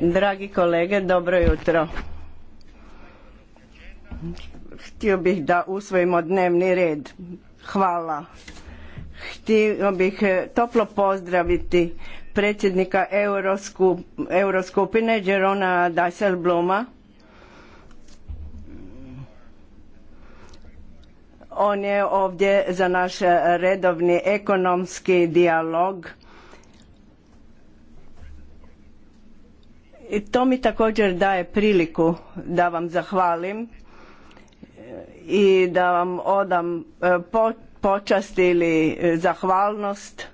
Dragi kolege, dobro jutro. Htio bih da usvojimo dnevni red. Hvala. Htio bih eh, toplo pozdraviti predsjednika Euroskupine Gerona Bluma. On je ovdje za naš redovni ekonomski dijalog to mi također daje priliku da vam zahvalim e, i da vam odam e, počast ili e, zahvalnost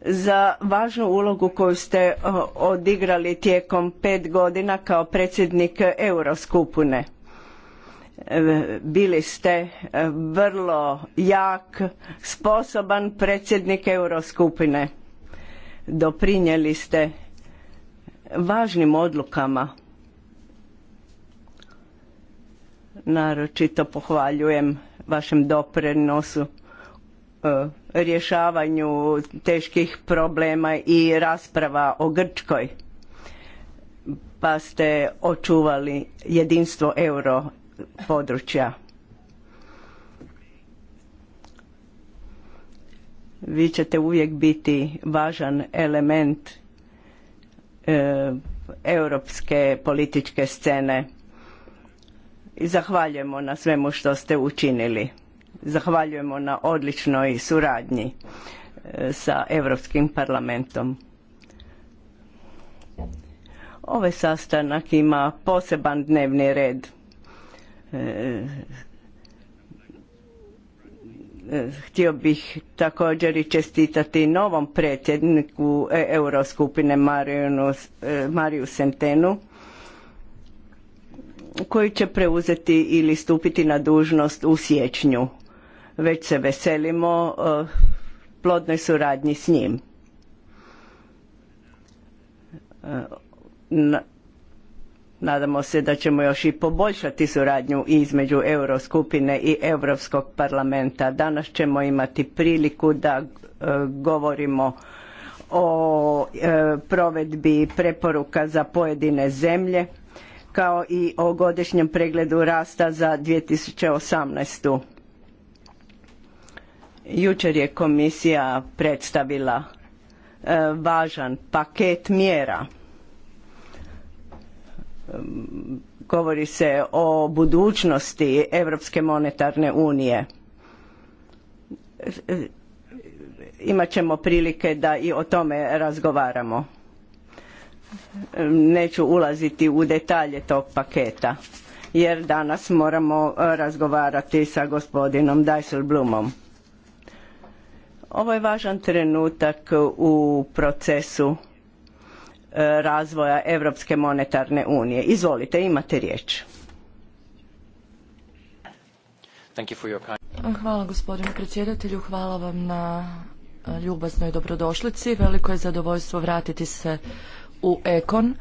za važnu ulogu koju ste odigrali tijekom pet godina kao predsjednik Euroskupine. Bili ste vrlo jak, sposoban predsjednik Euroskupine. Doprinijeli ste važnim odlukama. Naročito pohvaljujem vašem doprinosu e, rješavanju teških problema i rasprava o Grčkoj pa ste očuvali jedinstvo euro područja. Vi ćete uvijek biti važan element E, europske političke scene i zahvaljujemo na svemu što ste učinili. Zahvaljujemo na odličnoj suradnji e, sa Europskim parlamentom. Ovaj sastanak ima poseban dnevni red e, E, htio bih također i čestitati novom predsjedniku e, Euroskupine e, Mariju Sentenu koji će preuzeti ili stupiti na dužnost u siječnju. Već se veselimo plodnoj suradnji s njim. Nadamo se da ćemo još i poboljšati suradnju između Euroskupine i Europskog parlamenta. Danas ćemo imati priliku da e, govorimo o e, provedbi preporuka za pojedine zemlje kao i o godišnjem pregledu rasta za 2018. Jučer je komisija predstavila e, važan paket mjera govori se o budućnosti Europske monetarne unije. Imat ćemo prilike da i o tome razgovaramo. Neću ulaziti u detalje tog paketa jer danas moramo razgovarati sa gospodinom Dijsselblumom. Ovo je važan trenutak u procesu razvoja Europske monetarne unije. Izvolite, imate riječ. Hvala gospodine predsjedatelju, hvala vam na e, ljubaznoj dobrodošlici. Veliko je zadovoljstvo vratiti se u Ekon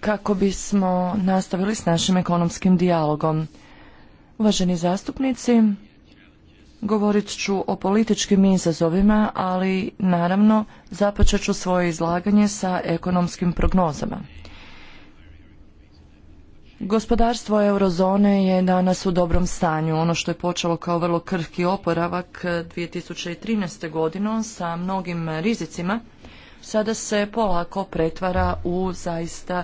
kako bismo nastavili s našim ekonomskim dijalogom. Uvaženi zastupnici, Govorit ću o političkim izazovima, ali naravno započet ću svoje izlaganje sa ekonomskim prognozama. Gospodarstvo eurozone je danas u dobrom stanju. Ono što je počelo kao vrlo krhki oporavak 2013. godinu sa mnogim rizicima, sada se polako pretvara u zaista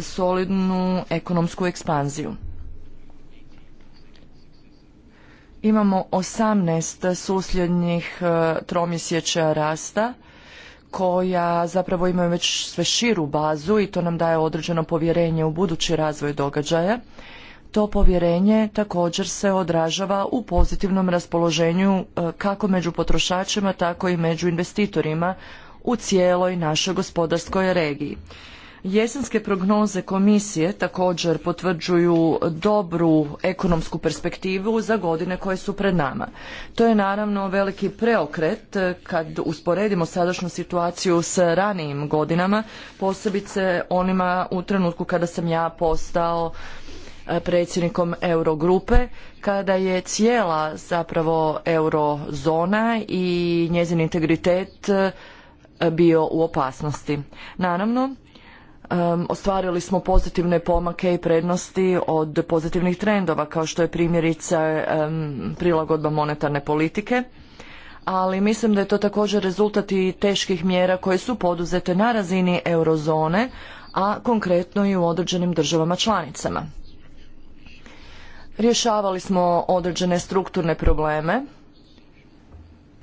solidnu ekonomsku ekspanziju. imamo 18 susljednjih e, tromjesječja rasta koja zapravo imaju već sve širu bazu i to nam daje određeno povjerenje u budući razvoj događaja. To povjerenje također se odražava u pozitivnom raspoloženju e, kako među potrošačima, tako i među investitorima u cijeloj našoj gospodarskoj regiji. Jesenske prognoze komisije također potvrđuju dobru ekonomsku perspektivu za godine koje su pred nama. To je naravno veliki preokret kad usporedimo sadašnju situaciju s ranijim godinama, posebice onima u trenutku kada sam ja postao eh, predsjednikom Eurogrupe kada je cijela zapravo eurozona i njezin integritet eh, bio u opasnosti. Naravno, ostvarili smo pozitivne pomake i prednosti od pozitivnih trendova kao što je primjerice prilagodba monetarne politike ali mislim da je to također rezultat i teških mjera koje su poduzete na razini eurozone a konkretno i u određenim državama članicama rješavali smo određene strukturne probleme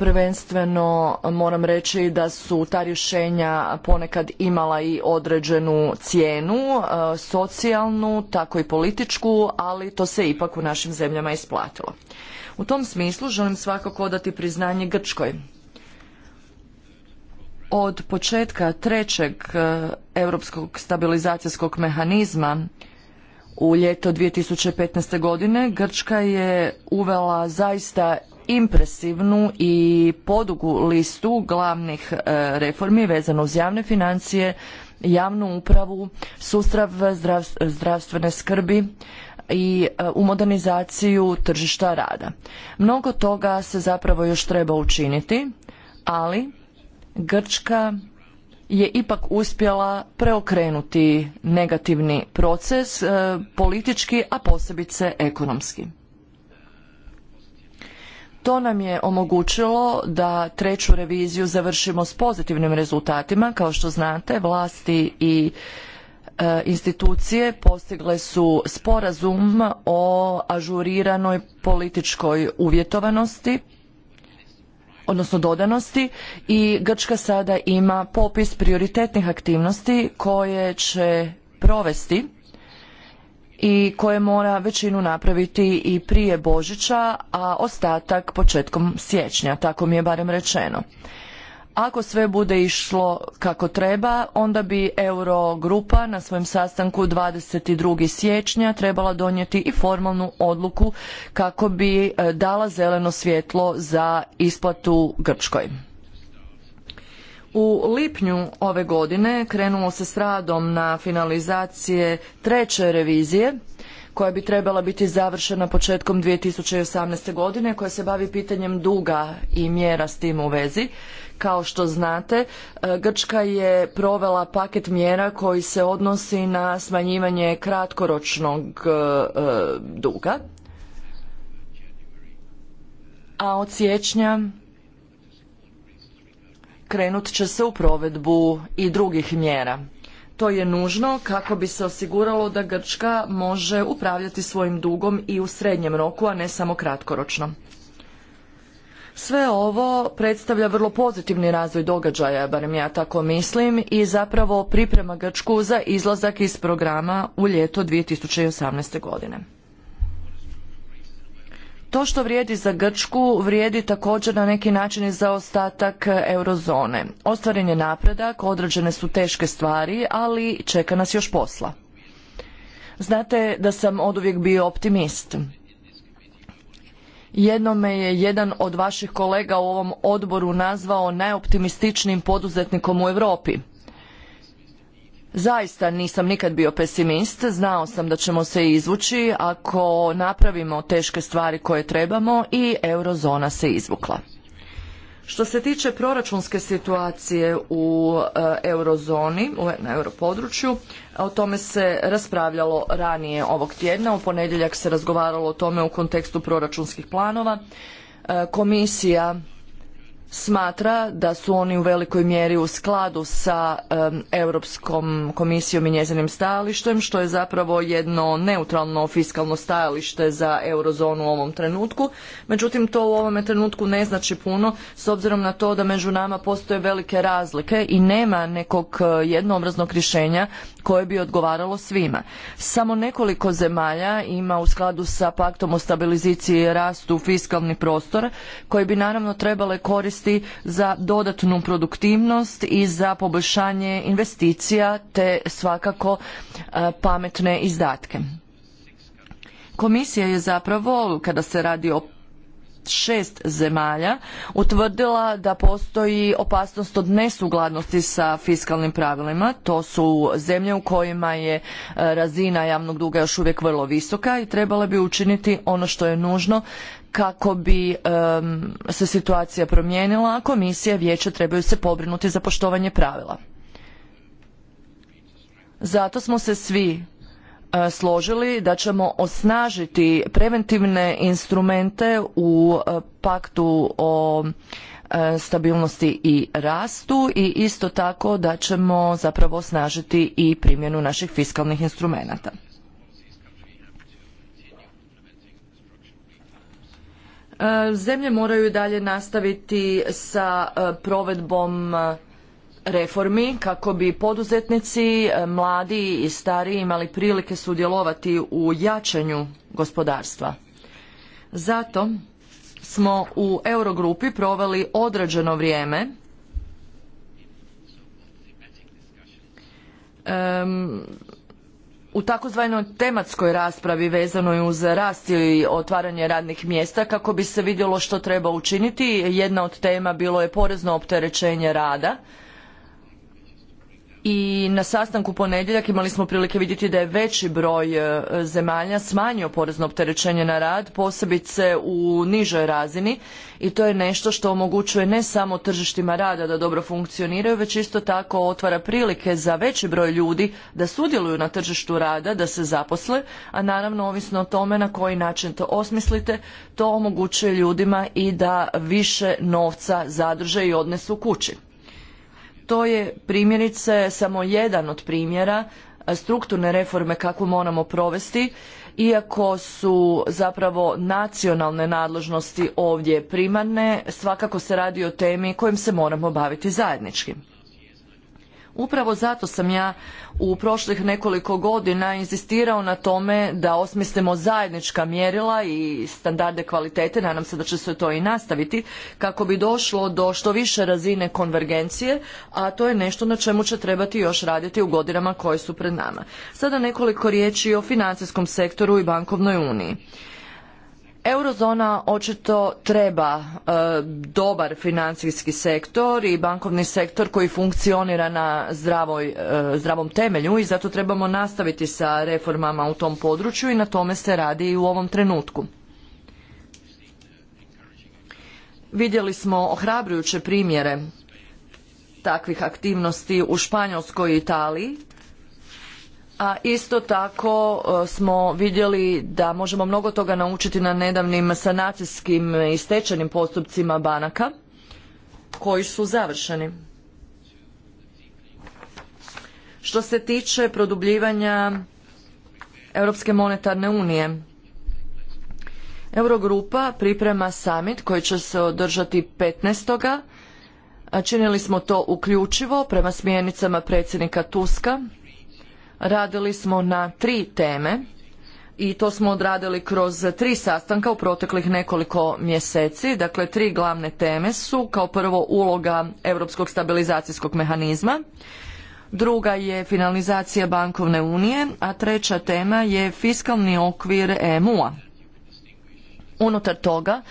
Prvenstveno moram reći da su ta rješenja ponekad imala i određenu cijenu, e, socijalnu, tako i političku, ali to se ipak u našim zemljama isplatilo. U tom smislu želim svakako odati priznanje Grčkoj. Od početka trećeg e, europskog stabilizacijskog mehanizma u ljeto 2015. godine Grčka je uvela zaista impresivnu i podugu listu glavnih e, reformi vezano uz javne financije, javnu upravu, sustav zdravstvene skrbi i e, u modernizaciju tržišta rada. Mnogo toga se zapravo još treba učiniti, ali Grčka je ipak uspjela preokrenuti negativni proces e, politički, a posebice ekonomski. To nam je omogućilo da treću reviziju završimo s pozitivnim rezultatima. Kao što znate, vlasti i e, institucije postigle su sporazum o ažuriranoj političkoj uvjetovanosti odnosno dodanosti i Grčka sada ima popis prioritetnih aktivnosti koje će provesti i koje mora većinu napraviti i prije Božića, a ostatak početkom siječnja, tako mi je barem rečeno. Ako sve bude išlo kako treba, onda bi Eurogrupa na svojem sastanku 22. siječnja trebala donijeti i formalnu odluku kako bi e, dala zeleno svjetlo za isplatu Grčkoj. U lipnju ove godine krenulo se s radom na finalizacije treće revizije koja bi trebala biti završena početkom 2018. godine koja se bavi pitanjem duga i mjera s tim u vezi. Kao što znate, e, Grčka je provela paket mjera koji se odnosi na smanjivanje kratkoročnog e, e, duga. A od siječnja krenut će se u provedbu i drugih mjera. To je nužno kako bi se osiguralo da Grčka može upravljati svojim dugom i u srednjem roku, a ne samo kratkoročno. Sve ovo predstavlja vrlo pozitivni razvoj događaja, barem ja tako mislim, i zapravo priprema Grčku za izlazak iz programa u ljeto 2018. godine. To što vrijedi za Grčku vrijedi također na neki način i za ostatak e, eurozone. Ostvaren je napredak, određene su teške stvari, ali čeka nas još posla. Znate da sam uvijek bio optimist. me je jedan od vaših kolega u ovom odboru nazvao najoptimističnijim poduzetnikom u Europi. Zaista nisam nikad bio pesimist, znao sam da ćemo se izvući ako napravimo teške stvari koje trebamo i eurozona se izvukla. Što se tiče proračunske situacije u e, eurozoni, na europodručju, o tome se raspravljalo ranije ovog tjedna. U ponedjeljak se razgovaralo o tome u kontekstu proračunskih planova. E, komisija smatra da su oni u velikoj mjeri u skladu sa Europskom komisijom i njezinim stajalištem, što je zapravo jedno neutralno fiskalno stajalište za eurozonu u ovom trenutku. Međutim, to u ovome trenutku ne znači puno, s obzirom na to da među nama postoje velike razlike i nema nekog eh, jednoobraznog rješenja koje bi odgovaralo svima. Samo nekoliko zemalja ima u skladu sa paktom o stabilizaciji i rastu fiskalni prostor koji bi naravno trebale koristi za dodatnu produktivnost i za poboljšanje investicija te svakako e, pametne izdatke. Komisija je zapravo, kada se radi o šest zemalja utvrdila da postoji opasnost od nesugladnosti sa fiskalnim pravilima. To su zemlje u kojima je e, razina javnog duga još uvijek vrlo visoka i trebale bi učiniti ono što je nužno kako bi se situacija promijenila, a komisija vijeće trebaju se pobrinuti za poštovanje pravila. Zato smo se svi E, složili da ćemo osnažiti preventivne instrumente u e, paktu o e, stabilnosti i rastu i isto tako da ćemo zapravo osnažiti i primjenu naših fiskalnih instrumenata. Zemlje moraju dalje nastaviti sa provedbom reformi kako bi poduzetnici, e, mladi i stariji imali prilike sudjelovati u jačanju gospodarstva. Zato smo u Eurogrupi proveli određeno vrijeme um, u takozvanoj tematskoj raspravi vezanoj uz rast i otvaranje radnih mjesta kako bi se vidjelo što treba učiniti. Jedna od tema bilo je porezno opterećenje rada i na sastanku ponedjeljak imali smo prilike vidjeti da je veći broj e, zemalja smanjio porezno opterećenje na rad, posebice u nižoj razini i to je nešto što omogućuje ne samo tržištima rada da dobro funkcioniraju, već isto tako otvara prilike za veći broj ljudi da sudjeluju na tržištu rada, da se zaposle, a naravno ovisno o tome na koji način to osmislite, to omogućuje ljudima i da više novca zadrže i odnesu kući. To je primjerice samo jedan od primjera e, strukturne reforme kakvu moramo provesti iako su zapravo nacionalne nadležnosti ovdje primarne, svakako se radi o temi kojim se moramo baviti zajednički. Upravo zato sam ja u prošlih nekoliko godina inzistirao na tome da osmislimo zajednička mjerila i standarde kvalitete, nadam se da će se to i nastaviti, kako bi došlo do što više razine konvergencije, a to je nešto na čemu će trebati još raditi u godinama koje su pred nama. Sada nekoliko riječi o financijskom sektoru i bankovnoj uniji. Eurozona očito treba e, dobar financijski sektor i bankovni sektor koji funkcionira na e, zdravom temelju i zato trebamo nastaviti sa reformama u tom području i na tome se radi i u ovom trenutku. Vidjeli smo ohrabrujuće primjere takvih aktivnosti u Španjolskoj i Italiji a isto tako e, smo vidjeli da možemo mnogo toga naučiti na nedavnim sanacijskim i stečajnim postupcima banaka koji su završeni. Što se tiče produbljivanja Europske monetarne unije, Eurogrupa priprema summit koji će se održati 15. Činili smo to uključivo prema smjernicama predsjednika Tuska Radili smo na tri teme i to smo odradili kroz tri sastanka u proteklih nekoliko mjeseci. Dakle, tri glavne teme su kao prvo uloga Europskog stabilizacijskog mehanizma, druga je finalizacija bankovne unije, a treća tema je fiskalni okvir EMU-a. Unutar toga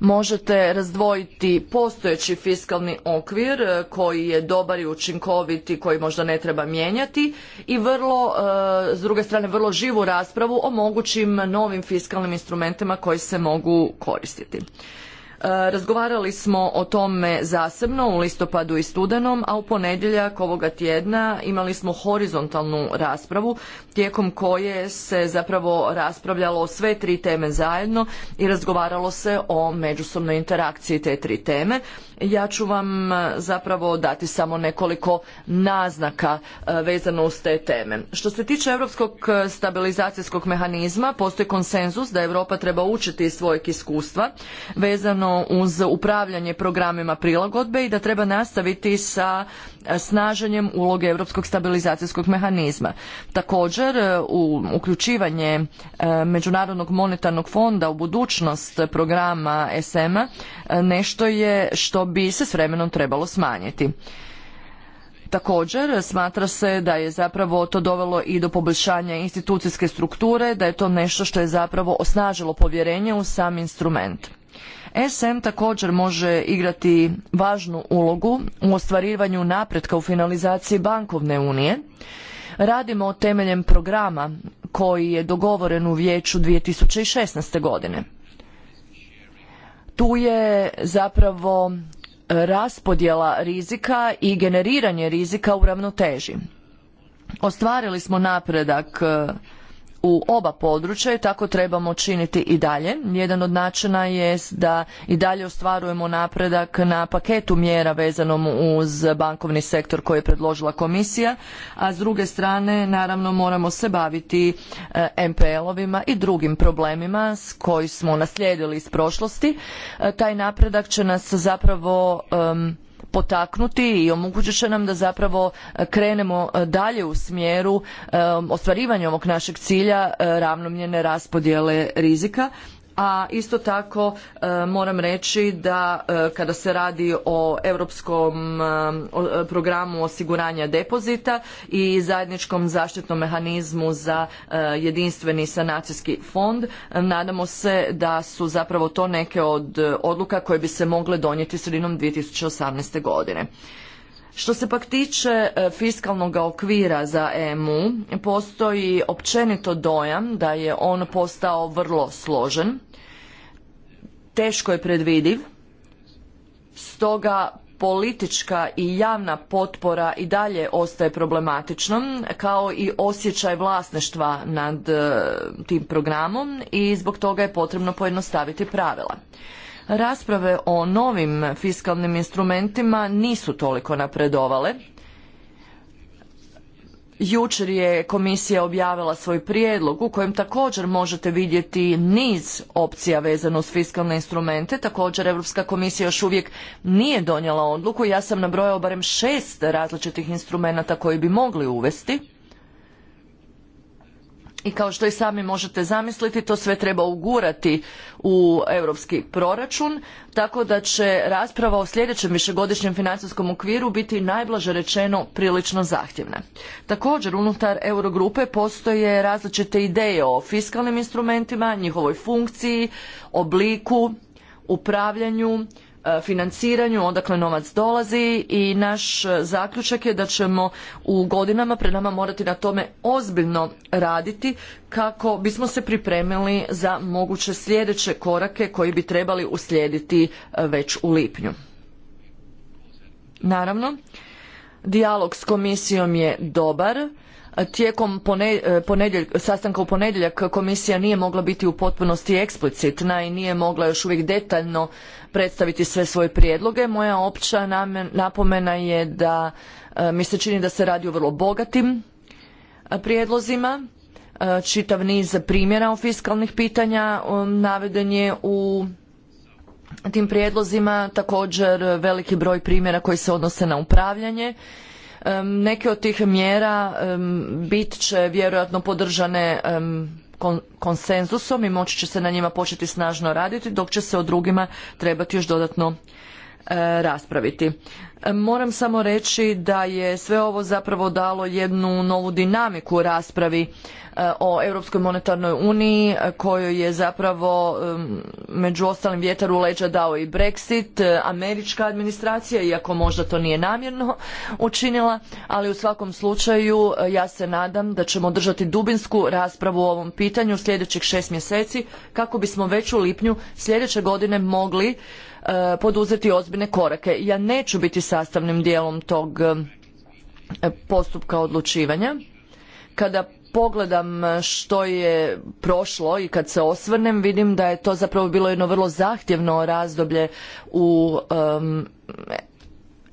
možete razdvojiti postojeći fiskalni okvir e, koji je dobar i učinkovit i koji možda ne treba mijenjati i vrlo, e, s druge strane vrlo živu raspravu o mogućim novim fiskalnim instrumentima koji se mogu koristiti. E, razgovarali smo o tome zasebno u listopadu i studenom, a u ponedjeljak ovoga tjedna imali smo horizontalnu raspravu tijekom koje se zapravo raspravljalo o sve tri teme zajedno i razgovaralo se o međusobnoj interakciji te tri teme. Ja ću vam e, zapravo dati samo nekoliko naznaka e, vezano uz te teme. Što se tiče Europskog stabilizacijskog mehanizma, postoji konsenzus da Europa treba učiti iz svojeg iskustva vezano uz upravljanje programima prilagodbe i da treba nastaviti sa e, snaženjem uloge Europskog stabilizacijskog mehanizma. Također, e, u uključivanje e, Međunarodnog monetarnog fonda u budućnost programa SM-a nešto je što bi se s vremenom trebalo smanjiti. Također, smatra se da je zapravo to dovelo i do poboljšanja institucijske strukture, da je to nešto što je zapravo osnažilo povjerenje u sam instrument. SM također može igrati važnu ulogu u ostvarivanju napretka u finalizaciji bankovne unije. Radimo temeljem programa koji je dogovoren u vijeću 2016. godine. Tu je zapravo raspodjela rizika i generiranje rizika u ravnoteži. Ostvarili smo napredak u oba područja i tako trebamo činiti i dalje. Jedan od načina je da i dalje ostvarujemo napredak na paketu mjera vezanom uz bankovni sektor koji je predložila komisija, a s druge strane naravno moramo se baviti e, MPL-ovima i drugim problemima s koji smo naslijedili iz prošlosti. E, taj napredak će nas zapravo potaknuti i omogućit će nam da zapravo e, krenemo e, dalje u smjeru e, ostvarivanja ovog našeg cilja ravnomjerne raspodjele rizika a isto tako e, moram reći da e, kada se radi o europskom e, programu osiguranja depozita i zajedničkom zaštitnom mehanizmu za jedinstveni sanacijski fond nadamo se da su zapravo to neke od odluka koje bi se mogle donijeti sredinom 2018. godine. Što se pak tiče fiskalnog okvira za EMU, postoji općenito dojam da je on postao vrlo složen teško je predvidiv, stoga politička i javna potpora i dalje ostaje problematičnom, kao i osjećaj vlasništva nad e, tim programom i zbog toga je potrebno pojednostaviti pravila. Rasprave o novim fiskalnim instrumentima nisu toliko napredovale, Jučer je komisija objavila svoj prijedlog u kojem također možete vidjeti niz opcija vezano s fiskalne instrumente. Također Europska komisija još uvijek nije donijela odluku. Ja sam nabrojao barem šest različitih instrumenata koji bi mogli uvesti i kao što i sami možete zamisliti to sve treba ugurati u europski proračun tako da će rasprava o sljedećem višegodišnjem financijskom okviru biti najblaže rečeno prilično zahtjevna. Također unutar Eurogrupe postoje različite ideje o fiskalnim instrumentima, njihovoj funkciji, obliku, upravljanju E, financiranju, odakle novac dolazi i naš e, zaključak je da ćemo u godinama pred nama morati na tome ozbiljno raditi kako bismo se pripremili za moguće sljedeće korake koji bi trebali uslijediti e, već u lipnju. Naravno, dijalog s komisijom je dobar tijekom e, sastanka u ponedjeljak komisija nije mogla biti u potpunosti eksplicitna i nije mogla još uvijek detaljno predstaviti sve svoje prijedloge. Moja opća napomena je da e, mi se čini da se radi o vrlo bogatim e, prijedlozima. Čitav niz primjera o fiskalnih pitanja naveden je u tim prijedlozima također veliki broj primjera koji se odnose na upravljanje Neke od tih mjera bit će vjerojatno podržane konsenzusom i moći će se na njima početi snažno raditi, dok će se o drugima trebati još dodatno e, raspraviti. Moram samo reći da je sve ovo zapravo dalo jednu novu dinamiku raspravi e, o Europskoj monetarnoj uniji kojoj je zapravo među ostalim vjetar u leđa dao i Brexit, e, američka administracija, iako možda to nije namjerno učinila, ali u svakom slučaju e, ja se nadam da ćemo držati dubinsku raspravu o ovom pitanju sljedećih šest mjeseci kako bismo već u lipnju sljedeće godine mogli Eh, poduzeti ozbiljne korake. Ja neću biti sastavnim dijelom tog eh, postupka odlučivanja. Kada pogledam eh, što je prošlo i kad se osvrnem vidim da je to zapravo bilo jedno vrlo zahtjevno razdoblje u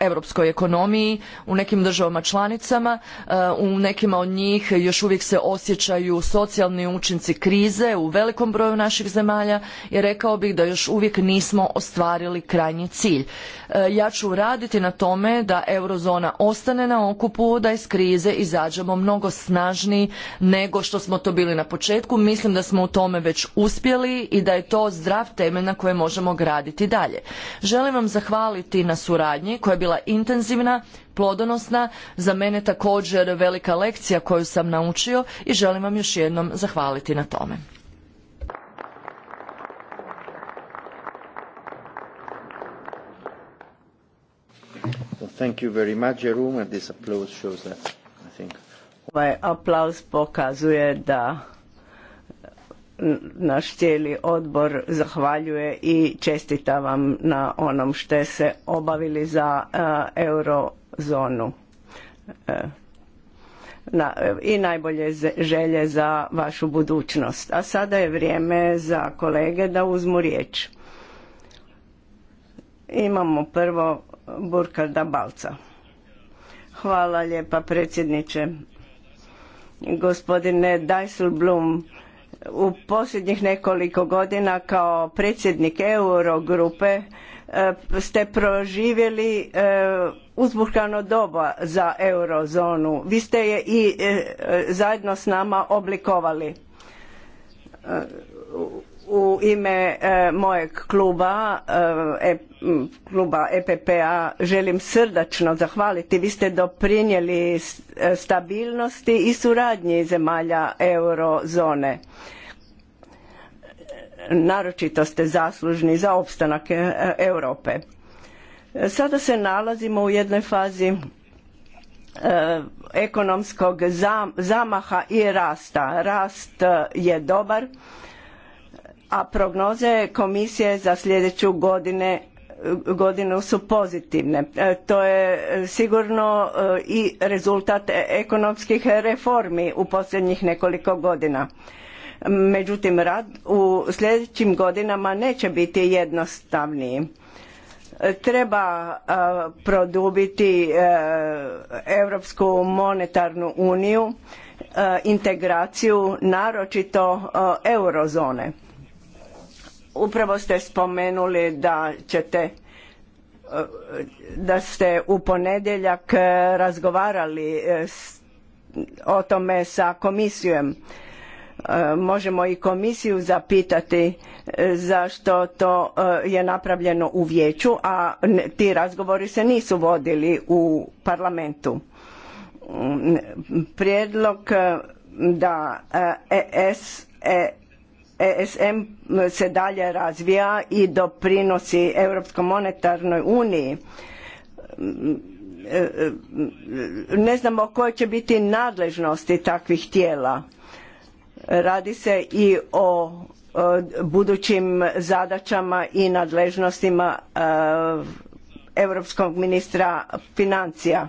europskoj ekonomiji, u nekim državama članicama, eh, u nekima od njih još uvijek se osjećaju socijalni učinci krize u velikom broju naših zemalja i rekao bih da još uvijek nismo ostvarili krajnji cilj. E, ja ću raditi na tome da eurozona ostane na okupu, da iz krize izađemo mnogo snažniji nego što smo to bili na početku. Mislim da smo u tome već uspjeli i da je to zdrav temelj na koje možemo graditi dalje. Želim vam zahvaliti na suradnji koja je bila intenzivna, plodonosna, za mene također velika lekcija koju sam naučio i želim vam još jednom zahvaliti na tome. Thank you Jerome, I Ovaj aplauz pokazuje da naš cijeli odbor zahvaljuje i čestita vam na onom što se obavili za eh, eurozonu. Eh, i najbolje želje za vašu budućnost. A sada je vrijeme za kolege da uzmu riječ. Imamo prvo Burkarda Balca. Hvala lijepa predsjedniče. Gospodine Blum, u posljednjih nekoliko godina kao predsjednik Eurogrupe e, ste proživjeli e, uzburkano doba za eurozonu. Vi ste je i e, zajedno s nama oblikovali u ime e, mojeg kluba e, e, kluba EPP-a želim srdačno zahvaliti vi ste doprinijeli stabilnosti i suradnji zemalja eurozone naročito ste zaslužni za opstanak Europe sada se nalazimo u jednoj fazi ekonomskog zamaha i rasta. Rast je dobar, a prognoze komisije za sljedeću godine godinu su pozitivne. E, to je e, sigurno e, i rezultat ekonomskih reformi u posljednjih nekoliko godina. Međutim, rad u sljedećim godinama neće biti jednostavniji. Treba produbiti Europsku monetarnu uniju, integraciju, naročito eurozone Upravo ste spomenuli da ćete da ste u ponedjeljak razgovarali e, o tome sa komisijom. E, možemo i komisiju zapitati e, zašto to je napravljeno u vijeću, a ti razgovori se nisu vodili u parlamentu. Mm, prijedlog da ES, ESM se dalje razvija i doprinosi Europskoj monetarnoj uniji. Ne znamo koje će biti nadležnosti takvih tijela. Radi se i o budućim zadaćama i nadležnostima e, europskog ministra financija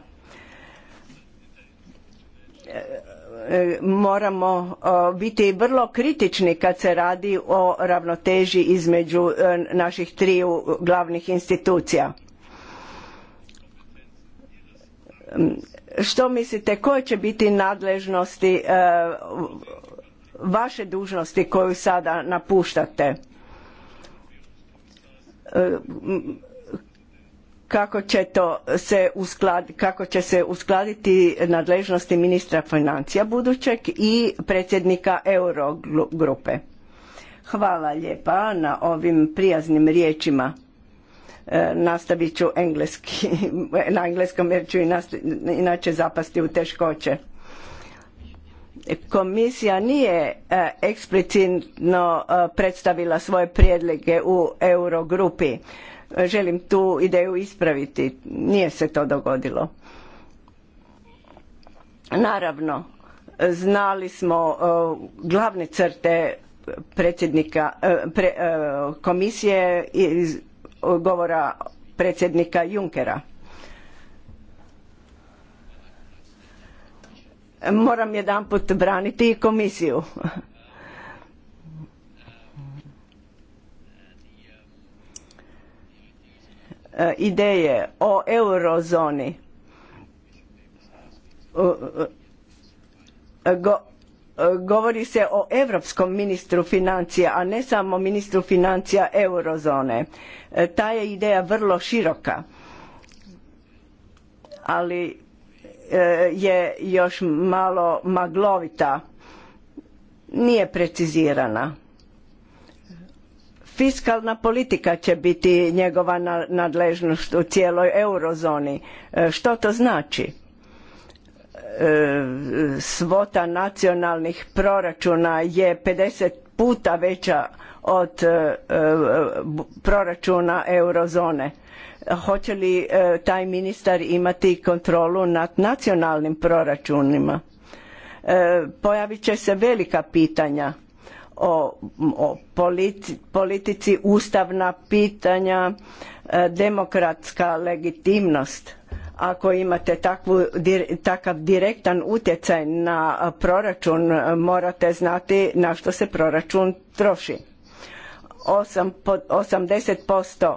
E, moramo e, biti vrlo kritični kad se radi o ravnoteži između e, naših triju glavnih institucija. Što mislite, koje će biti nadležnosti vaše dužnosti koju sada napuštate? kako će to se kako će se uskladiti nadležnosti ministra financija budućeg i predsjednika Eurogrupe. Hvala lijepa na ovim prijaznim riječima. E, nastavit ću engleski, na engleskom jer ću inače zapasti u teškoće. Komisija nije e, eksplicitno e, predstavila svoje prijedloge u Eurogrupi Želim tu ideju ispraviti. Nije se to dogodilo. Naravno, znali smo e, glavne crte predsjednika e, e, komisije iz govora predsjednika Junkera. Moram jedanput braniti i komisiju E, ideje o eurozoni e, e, govori se o europskom ministru financija a ne samo ministru financija eurozone ta je ideja vrlo široka ali je još malo maglovita nije precizirana fiskalna politika će biti njegova nadležnost u cijeloj eurozoni. E, što to znači? E, svota nacionalnih proračuna je 50 puta veća od e, proračuna eurozone. Hoće li taj ministar imati kontrolu nad nacionalnim proračunima? Pojavit će se velika pitanja o, politici ustavna pitanja e, demokratska legitimnost ako imate takav direktan utjecaj na proračun morate znati na što se proračun troši 80%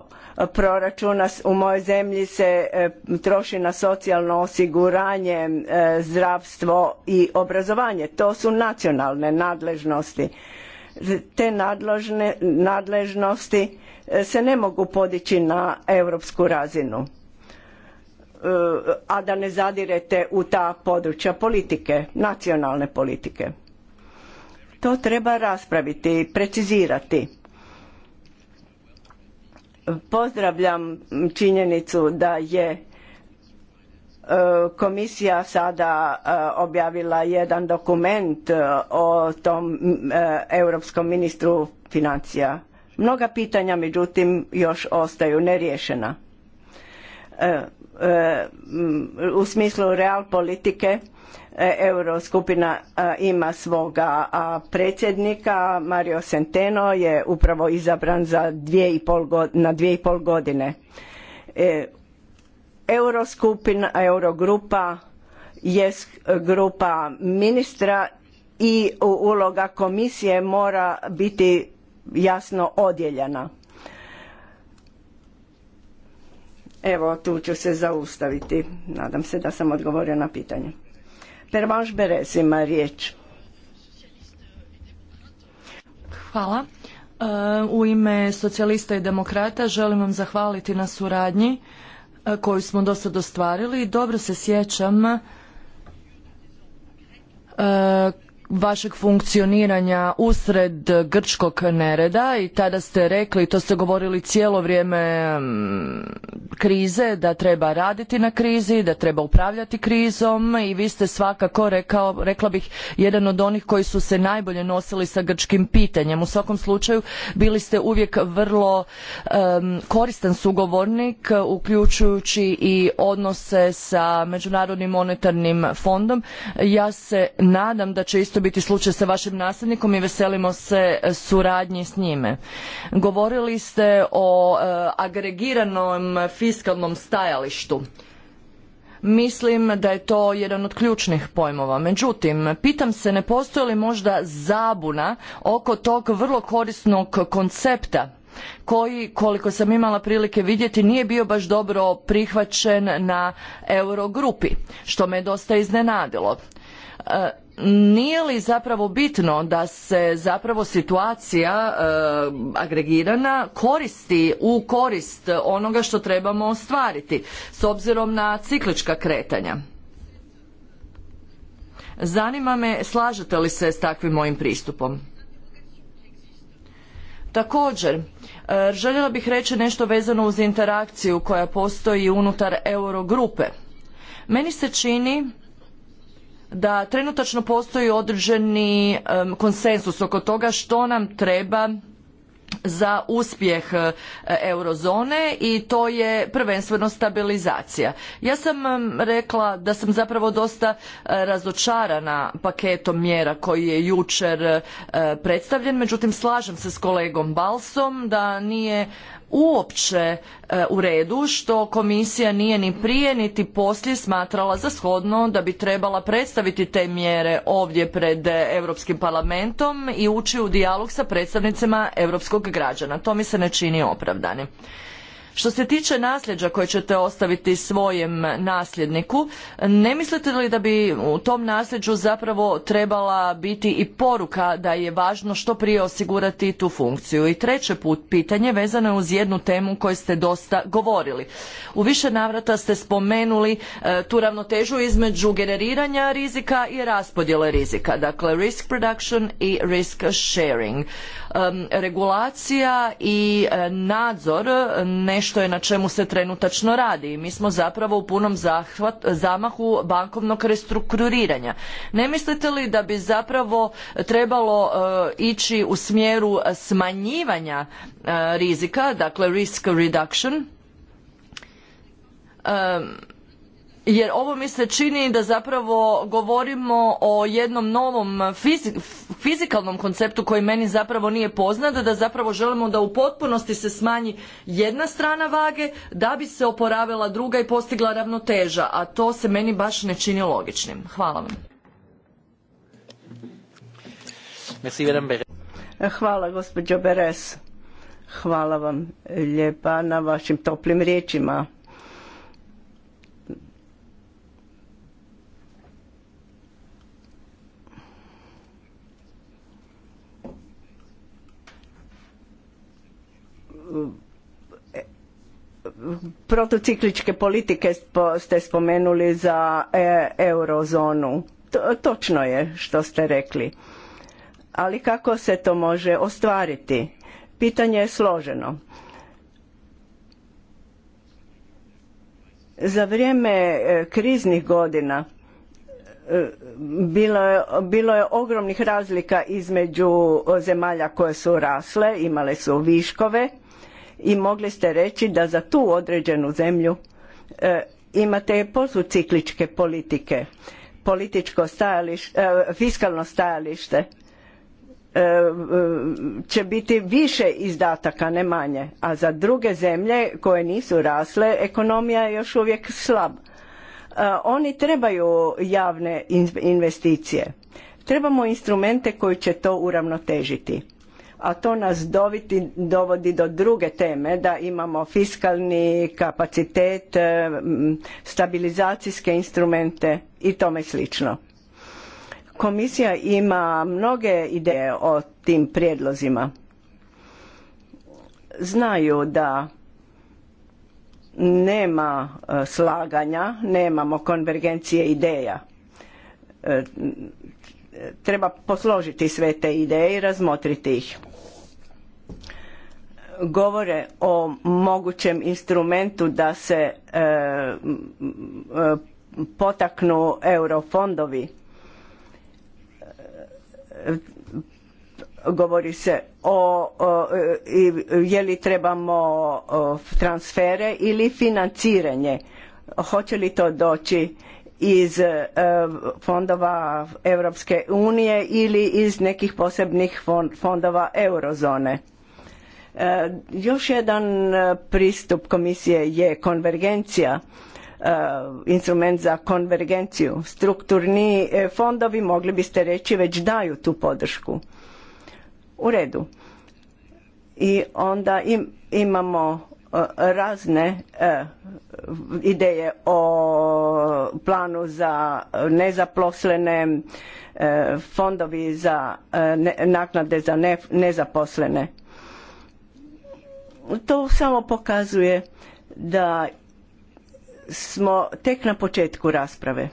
proračuna u mojoj zemlji se e, troši na socijalno osiguranje, e, zdravstvo i obrazovanje. To su nacionalne nadležnosti te nadležnosti e, se ne mogu podići na europsku razinu e, a da ne zadirete u ta područja politike, nacionalne politike. To treba raspraviti i precizirati. Pozdravljam činjenicu da je E, komisija sada e, objavila jedan dokument e, o tom europskom ministru financija. Mnoga pitanja međutim još ostaju neriješena. U smislu real politike Euroskupina ima svoga predsjednika, Mario Centeno je upravo izabran za dvije na dvije i pol godine Euroskupina, Eurogrupa je grupa ministra i uloga komisije mora biti jasno odijeljena. Evo, tu ću se zaustaviti. Nadam se da sam odgovorio na pitanje. ima riječ. Hvala. E, u ime socijalista i demokrata želim vam zahvaliti na suradnji koju smo do sad ostvarili. Dobro se sjećam vašeg funkcioniranja usred grčkog nereda i tada ste rekli, to ste govorili cijelo vrijeme mm, krize, da treba raditi na krizi, da treba upravljati krizom i vi ste svakako rekao, rekla bih, jedan od onih koji su se najbolje nosili sa grčkim pitanjem. U svakom slučaju bili ste uvijek vrlo koristan sugovornik, uključujući i odnose sa Međunarodnim monetarnim fondom. Ja se nadam da će isto isto biti slučaj sa vašim nasljednikom i veselimo se e, suradnji s njime. Govorili ste o e, agregiranom fiskalnom stajalištu. Mislim da je to jedan od ključnih pojmova. Međutim, pitam se ne postoji li možda zabuna oko tog vrlo korisnog koncepta koji, koliko sam imala prilike vidjeti, nije bio baš dobro prihvaćen na Eurogrupi, što me dosta iznenadilo. E, nije li zapravo bitno da se zapravo situacija eh, agregirana koristi u korist onoga što trebamo ostvariti s obzirom na ciklička kretanja? Zanima me slažete li se s takvim mojim pristupom? Također, eh, željela bih reći nešto vezano uz interakciju koja postoji unutar Eurogrupe. Meni se čini da trenutačno postoji određeni konsenzus konsensus oko toga što nam treba za uspjeh eh, eurozone i to je prvenstveno stabilizacija. Ja sam rekla da sam zapravo dosta eh, razočarana paketom mjera koji je jučer eh, predstavljen, međutim slažem se s kolegom Balsom da nije uopće e, u redu što komisija nije ni prije niti poslije smatrala za shodno da bi trebala predstaviti te mjere ovdje pred e, Europskim parlamentom i ući u dijalog sa predstavnicima europskog građana. To mi se ne čini opravdanim. Što se tiče nasljeđa koje ćete ostaviti svojem nasljedniku, ne mislite li da bi u tom nasljeđu zapravo trebala biti i poruka da je važno što prije osigurati tu funkciju? I treće put pitanje vezano je uz jednu temu koju ste dosta govorili. U više navrata ste spomenuli e, tu ravnotežu između generiranja rizika i raspodjele rizika, dakle risk production i risk sharing. regulacija i e, nadzor e, nešto što je na čemu se trenutačno radi i mi smo zapravo u punom zamahu bankovnog restrukturiranja. Ne mislite li da bi zapravo trebalo e, ići u smjeru smanjivanja e, rizika, dakle risk reduction? E, jer ovo mi se čini da zapravo govorimo o jednom novom fizikalnom konceptu koji meni zapravo nije poznat, da zapravo želimo da u potpunosti se smanji jedna strana vage da bi se oporavila druga i postigla ravnoteža, a to se meni baš ne čini logičnim. Hvala vam. Hvala gospođo Beres. Hvala vam lijepa na vašim toplim riječima. protocikličke politike ste spomenuli za e, eurozonu. Točno je što ste rekli. Ali kako se to može ostvariti? Pitanje je složeno. Za vrijeme e, kriznih godina e, bilo je, bilo je ogromnih razlika između zemalja koje su rasle, imale su viškove i mogli ste reći da za tu određenu zemlju e, imate posucikličke politike, političko stajalište, e, fiskalno stajalište e, e, će biti više izdataka, ne manje. A za druge zemlje koje nisu rasle, ekonomija je još uvijek slab. Oni trebaju javne investicije. Trebamo instrumente koji će to uravnotežiti a to nas doviti, dovodi do druge teme da imamo fiskalni kapacitet, e, stabilizacijske instrumente i tome slično. Komisija ima mnoge ideje o tim prijedlozima. Znaju da nema e, slaganja, nemamo konvergencije ideja. E, treba posložiti sve te ideje i razmotriti ih govore o mogućem instrumentu da se e, potaknu eurofondovi e, govori se o, je li trebamo transfere ili financiranje hoće li to doći iz e, fondova Europske unije ili iz nekih posebnih fondova eurozone E, još jedan e, pristup komisije je konvergencija, e, instrument za konvergenciju. Strukturni fondovi, mogli biste reći, već daju tu podršku. U redu. I onda imamo razne ideje o planu za nezaposlene, fondovi za naknade za nezaposlene. To samo pokazuje da smo tek na početku rasprave.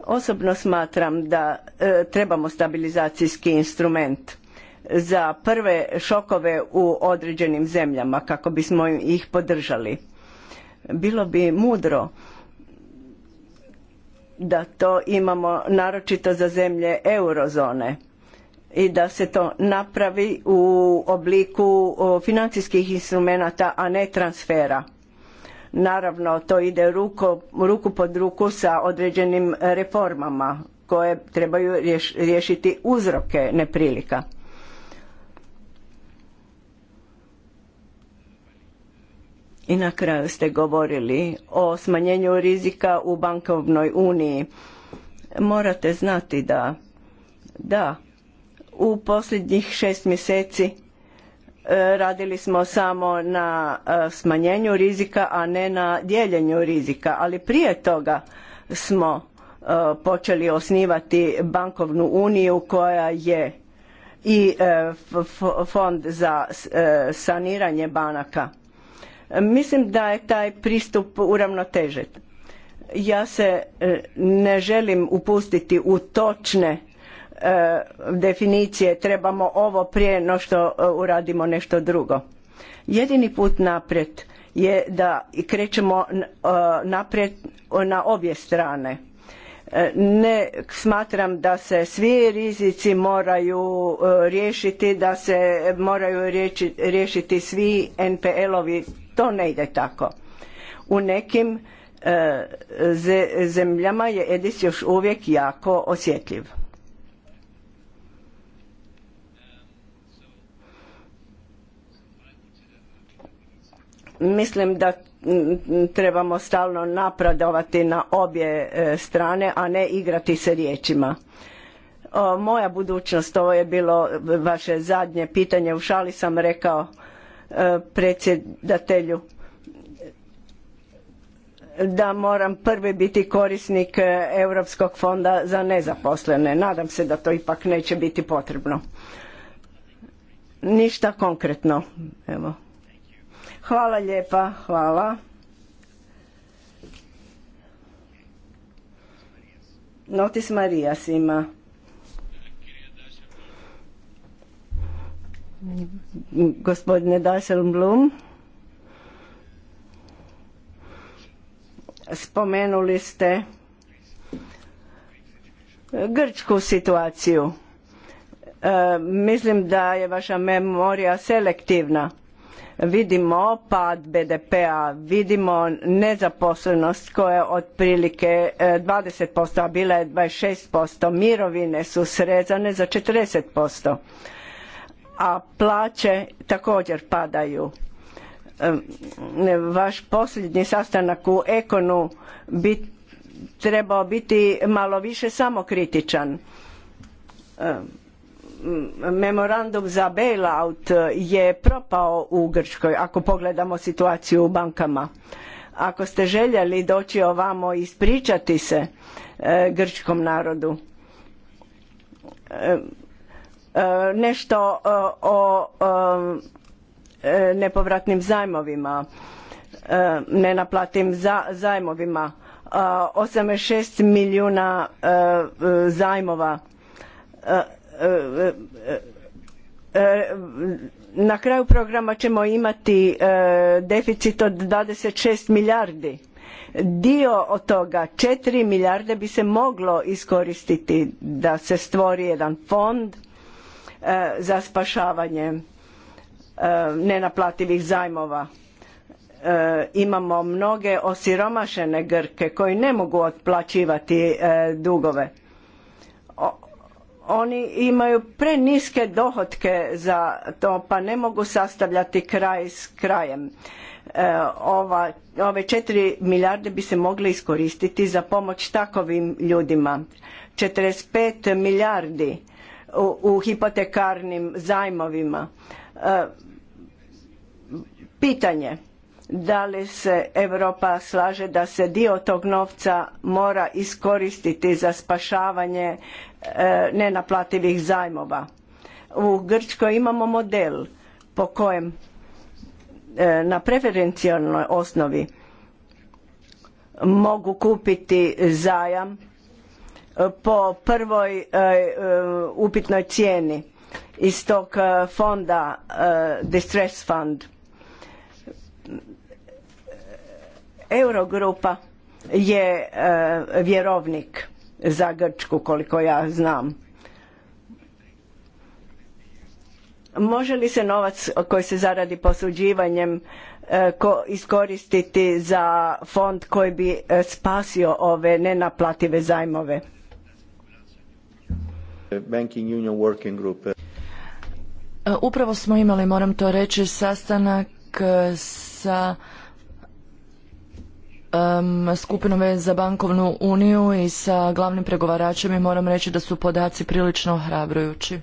Osobno smatram da e, trebamo stabilizacijski instrument za prve šokove u određenim zemljama kako bismo ih podržali. Bilo bi mudro da to imamo naročito za zemlje eurozone i da se to napravi u obliku financijskih instrumenata, a ne transfera. Naravno, to ide ruku pod ruku sa određenim reformama koje trebaju riješiti uzroke neprilika. I na kraju ste govorili o smanjenju rizika u bankovnoj uniji. Morate znati da, da, u posljednjih šest mjeseci e, radili smo samo na e, smanjenju rizika, a ne na dijeljenju rizika. Ali prije toga smo e, počeli osnivati bankovnu uniju koja je i fond za saniranje banaka. Mislim da je taj pristup uravnotežen. Ja se ne želim upustiti u točne E, definicije trebamo ovo prije no što e, uradimo nešto drugo. Jedini put naprijed je da krećemo e, naprijed na obje strane. Ne smatram da se svi rizici moraju riješiti, da se moraju riješiti svi NPL-ovi, to ne ide tako. U nekim zemljama je EDIS još uvijek jako osjetljiv. Mislim da mm, mm, trebamo stalno napredovati na obje e, strane, a ne igrati se riječima. moja budućnost, ovo je bilo vaše zadnje pitanje, u šali sam rekao e, predsjedatelju da moram prvi biti korisnik e, Europskog fonda za nezaposlene. Nadam se da to ipak neće biti potrebno. Ništa konkretno. Evo. Hvala lijepa, hvala. Notis Marijas ima. Gospodine Blum, spomenuli ste grčku situaciju. E, mislim da je vaša memorija selektivna Vidimo pad BDP-a, vidimo nezaposlenost koja je otprilike 20%, e, a bila je 26%, mirovine su srezane za 40%, a plaće također padaju e, vaš posljednji sastanak u Ekonu bi trebao biti malo više samokritičan. E, memorandum za bailout je propao u Grčkoj ako pogledamo situaciju u bankama. Ako ste željeli doći ovamo i ispričati se e, grčkom narodu e, e, nešto o nepovratnim zajmovima, nenaplatim za, zajmovima, 86 milijuna zajmova na kraju programa ćemo imati e, deficit od 26 milijardi. Dio od toga, 4 milijarde bi se moglo iskoristiti da se stvori jedan fond e, za spašavanje e, nenaplativih zajmova. Imamo mnoge osiromašene Grke koji ne mogu otplaćivati dugove oni imaju preniske dohotke za to pa ne mogu sastavljati kraj s krajem. E, ova, ove 4 milijarde bi se mogle iskoristiti za pomoć takovim ljudima. 45 milijardi u, u hipotekarnim zajmovima. E, pitanje da li se Europa slaže da se dio tog novca mora iskoristiti za spašavanje E, nenaplativih zajmova. U Grčkoj imamo model po kojem e, na preferencijalnoj osnovi mogu kupiti zajam po prvoj e, upitnoj cijeni iz tog fonda Distress Fund. Eurogrupa je vjerovnik za Grčku koliko ja znam. Može li se novac koji se zaradi posuđivanjem e, iskoristiti za fond koji bi e, spasio ove nenaplative zajmove? Banking e, Upravo smo imali, moram to reći, sastanak sa um, skupinom za bankovnu uniju i sa glavnim pregovaračem i moram reći da su podaci prilično ohrabrujući.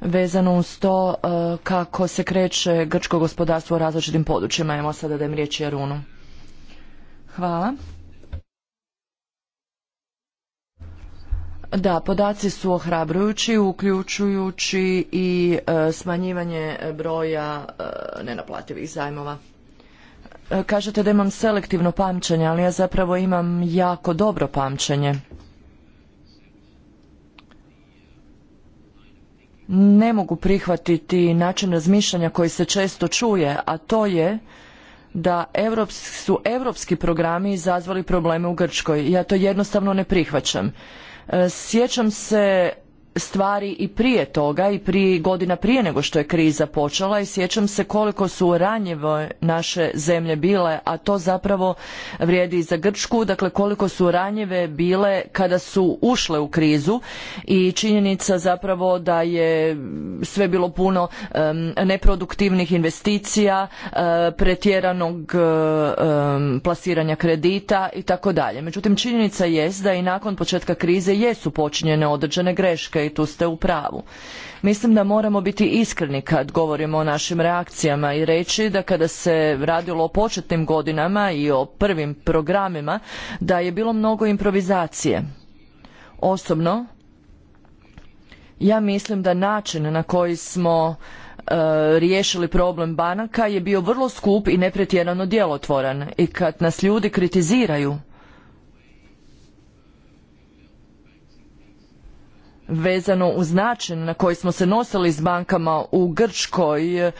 vezano uz to eh, kako se kreće grčko gospodarstvo u različitim područjima. Evo sada dajem riječ Jarunu. Hvala. Da, podaci su ohrabrujući, uključujući i eh, smanjivanje broja eh, nenaplativih zajmova. E, kažete da imam selektivno pamćenje, ali ja zapravo imam jako dobro pamćenje. Ne mogu prihvatiti način razmišljanja koji se često čuje, a to je da su europski programi izazvali probleme u Grčkoj. Ja to jednostavno ne prihvaćam. E, sjećam se stvari i prije toga i prije godina prije nego što je kriza počela i sjećam se koliko su ranjive naše zemlje bile, a to zapravo vrijedi i za Grčku, dakle koliko su ranjive bile kada su ušle u krizu i činjenica zapravo da je sve bilo puno neproduktivnih investicija, eh, pretjeranog eh, plasiranja kredita i tako dalje. Međutim, činjenica jest da i nakon početka krize jesu počinjene određene greške i tu ste u pravu. Mislim da moramo biti iskreni kad govorimo o našim reakcijama i reći da kada se radilo o početnim godinama i o prvim programima da je bilo mnogo improvizacije. Osobno ja mislim da način na koji smo e, riješili problem banaka je bio vrlo skup i nepretjerano djelotvoran i kad nas ljudi kritiziraju vezano uz način na koji smo se nosili s bankama u Grčkoj e,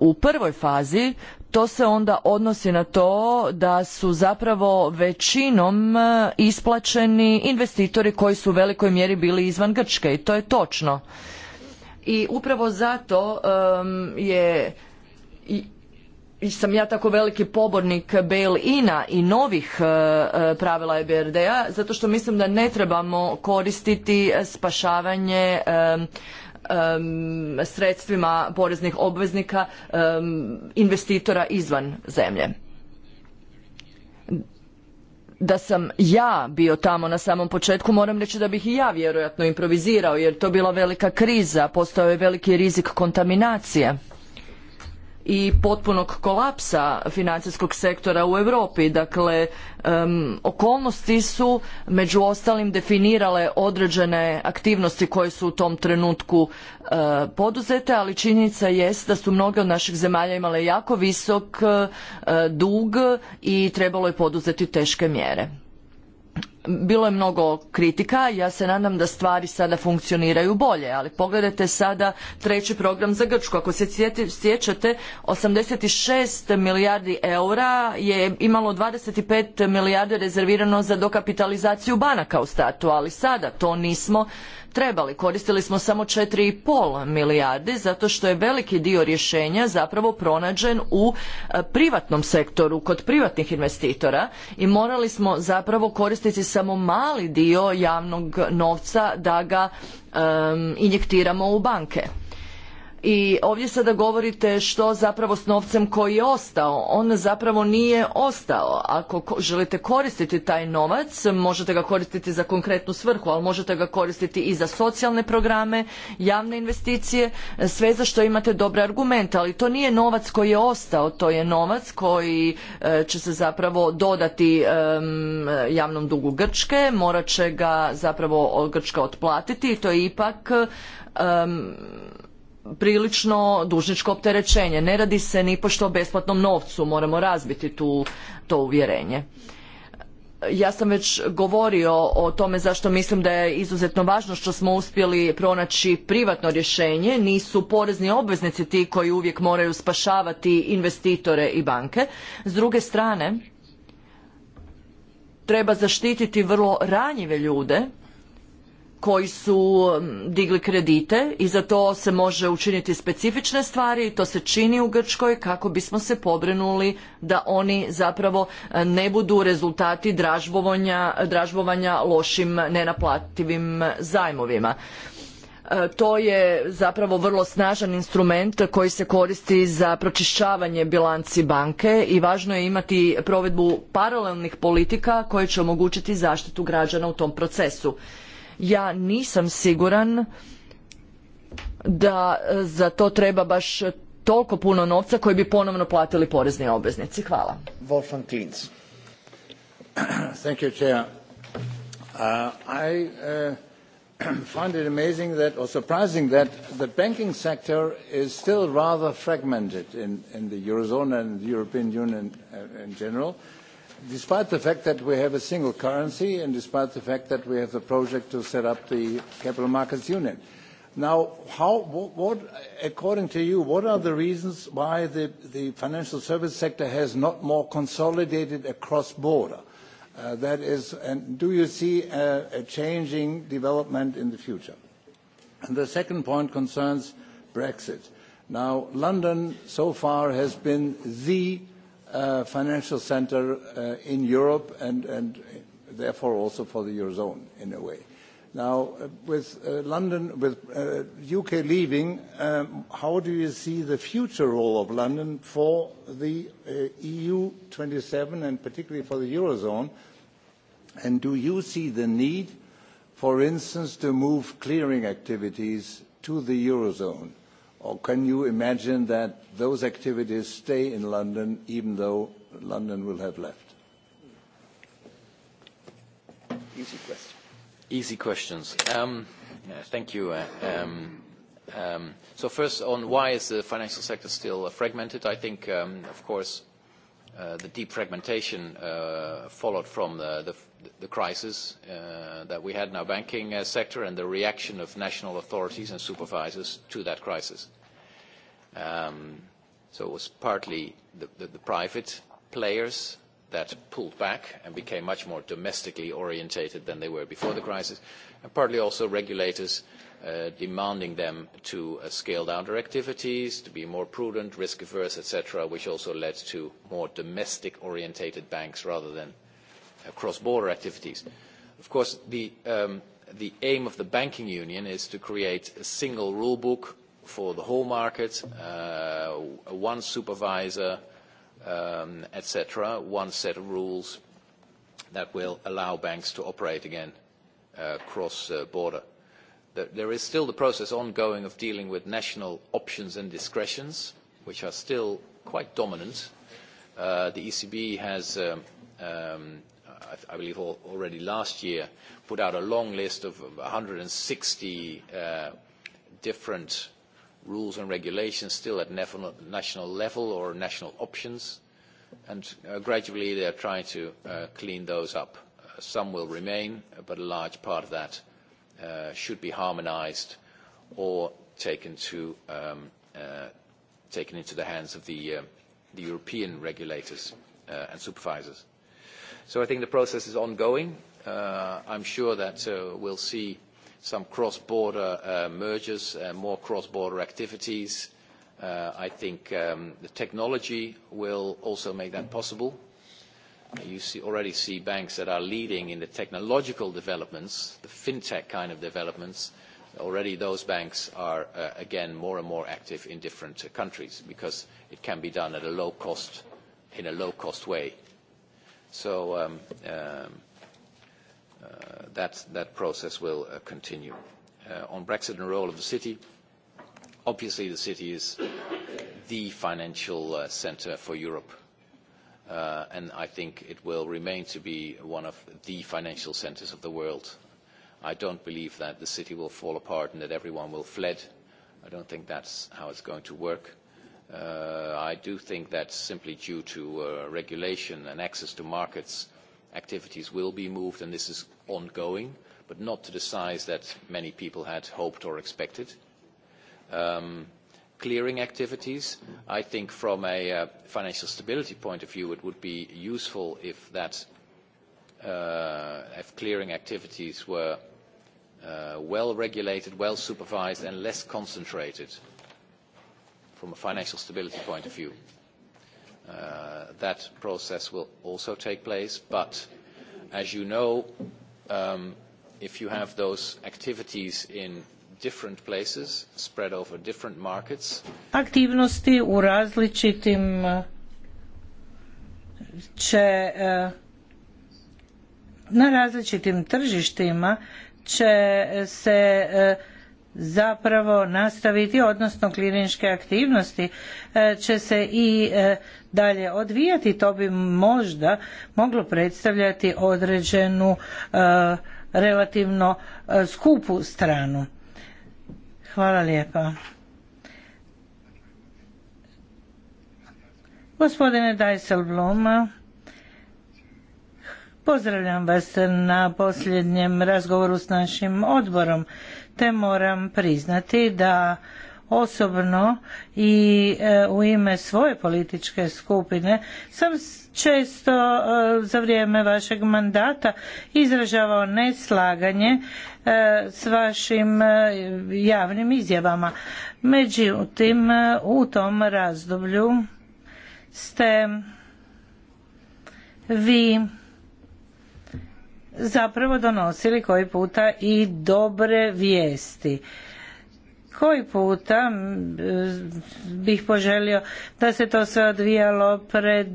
u prvoj fazi, to se onda odnosi na to da su zapravo većinom e, isplaćeni investitori koji su u velikoj mjeri bili izvan Grčke i to je točno. I upravo zato je sam ja tako veliki pobornik bail-ina i novih e, e, pravila EBRD-a zato što mislim da ne trebamo koristiti spašavanje e, sredstvima poreznih obveznika investitora izvan zemlje da sam ja bio tamo na samom početku moram reći da bih i ja vjerojatno improvizirao jer to bila velika kriza postojao je veliki rizik kontaminacije i potpunog kolapsa financijskog sektora u Europi. Dakle, okolnosti su među ostalim definirale određene aktivnosti koje su u tom trenutku e, poduzete, ali činjenica jest da su mnoge od naših zemalja imale jako visok e, dug i trebalo je poduzeti teške mjere bilo je mnogo kritika, ja se nadam da stvari sada funkcioniraju bolje, ali pogledajte sada treći program za Grčku. Ako se sjećate, 86 milijardi eura je imalo 25 milijardi rezervirano za dokapitalizaciju banaka u statu, ali sada to nismo trebali. Koristili smo samo 4,5 milijarde zato što je veliki dio rješenja zapravo pronađen u e, privatnom sektoru, kod privatnih investitora i morali smo zapravo koristiti samo mali dio javnog novca da ga injektiramo u banke i ovdje sada govorite što zapravo s novcem koji je ostao. On zapravo nije ostao. Ako želite koristiti taj novac, možete ga koristiti za konkretnu svrhu, ali možete ga koristiti i za socijalne programe, javne investicije, sve za što imate dobre argumente, ali to nije novac koji je ostao, to je novac koji e, će se zapravo dodati javnom dugu Grčke, morat će ga zapravo Grčka otplatiti i to je ipak prilično dužničko opterećenje. Ne radi se ni pošto o besplatnom novcu, moramo razbiti tu, to uvjerenje. Ja sam već govorio o tome zašto mislim da je izuzetno važno što smo uspjeli pronaći privatno rješenje. Nisu porezni obveznici ti koji uvijek moraju spašavati investitore i banke. S druge strane, treba zaštititi vrlo ranjive ljude koji su mm, digli kredite i za to se može učiniti specifične stvari i to se čini u Grčkoj kako bismo se pobrinuli da oni zapravo e, ne budu rezultati dražbovanja lošim nenaplativim zajmovima e, to je zapravo vrlo snažan instrument koji se koristi za pročišćavanje bilanci banke i važno je imati provedbu paralelnih politika koje će omogućiti zaštitu građana u tom procesu. Ja nisam siguran da e, za to treba baš toliko puno novca koji bi ponovno platili porezni obveznici. Hvala. Wolfgang Klintz. Thank you, Chair. Uh, I uh, find it amazing that, or surprising that the banking sector is still rather fragmented in the Eurozone and the European Union uh, in general despite the fact that we have a single currency and despite the fact that we have the project to set up the capital markets union. Now, how, what, according to you, what are the reasons why the, the financial service sector has not more consolidated across border? Uh, that is, and do you see a, a changing development in the future? And the second point concerns Brexit. Now, London so far has been the Uh, financial center uh, in Europe and, and therefore also for the Eurozone in a way. Now, uh, with London, with UK leaving, um, how do you see the future role of London for the EU 27 and particularly for the Eurozone? And do you see the need, for instance, to move clearing activities to the Eurozone? or can you imagine that those activities stay in London even though London will have left? Easy questions. Easy questions. Um, yeah, thank you. Uh, um, um, so first on why is the financial sector still uh, fragmented? I think, um, of course, Uh, the deep fragmentation uh, followed from the, the, the crisis uh, that we had in our banking uh, sector and the reaction of national authorities and supervisors to that crisis. Um, so it was partly the, private players that pulled back and became much more domestically orientated than they were before the crisis, and partly also regulators uh, demanding them to uh, scale down their activities, to be more prudent, risk-averse, etc., which also led to more domestic-orientated banks rather than uh, cross-border activities. Of course, the, um, the aim of the banking union is to create a single rule book for the whole market, uh, one supervisor, um, etc., one set of rules that will allow banks to operate again uh, cross-border. Uh, there is still the process ongoing of dealing with national options and discretions, which are still quite dominant. The ECB has, um, um, I believe already last year, put out a long list of 160 different rules and regulations still at national level or national options, and uh, gradually they are trying to uh, clean those up. Uh, some will remain, but a large part of that uh, should be harmonized or taken, to, um, uh, taken into the hands of the, um, the European regulators uh, and supervisors. So I think the process is ongoing. I'm sure that we'll see some cross-border uh, mergers, uh, more cross-border activities. Uh, I think um, the technology will also make that possible. You already see banks that are leading in the technological developments, the fintech kind of developments. Already those banks are, again, more and more active in different countries because it can be done at a low cost, in a low-cost way. So um, um, Uh, that, that process will uh, continue. Uh, on Brexit and role of the city, obviously the city is the financial center for Europe. and I think it will remain to be one of the financial centers of the world. I don't believe that the city will fall apart and that everyone will fled. I don't think that's how it's going to work. I do think that simply due to regulation and access to markets, activities will be moved, and this is ongoing, but not to the size that many people had hoped or expected. Um, clearing activities, I think from a uh, financial stability point of view, it would be useful if that uh, clearing activities were uh, well regulated, well supervised, and less concentrated from a financial stability point of view. That process will also take place, but as you know, Um, if you have those activities in different places spread over different markets aktivnosti u različitim uh, će uh, na različitim tržištima će uh, se zapravo nastaviti, odnosno kliničke aktivnosti e, će se i e, dalje odvijati, to bi možda moglo predstavljati određenu e, relativno skupu stranu. Hvala lijepa. Gospodine Dijsselblom, pozdravljam vas na posljednjem razgovoru s našim odborom te moram priznati da osobno i e, u ime svoje političke skupine sam često e, za vrijeme vašeg mandata izražavao neslaganje e, s vašim javnim izjavama. Međutim, u tom razdoblju ste vi zapravo donosili koji puta i dobre vijesti koji puta bih poželio da se to sve odvijalo pred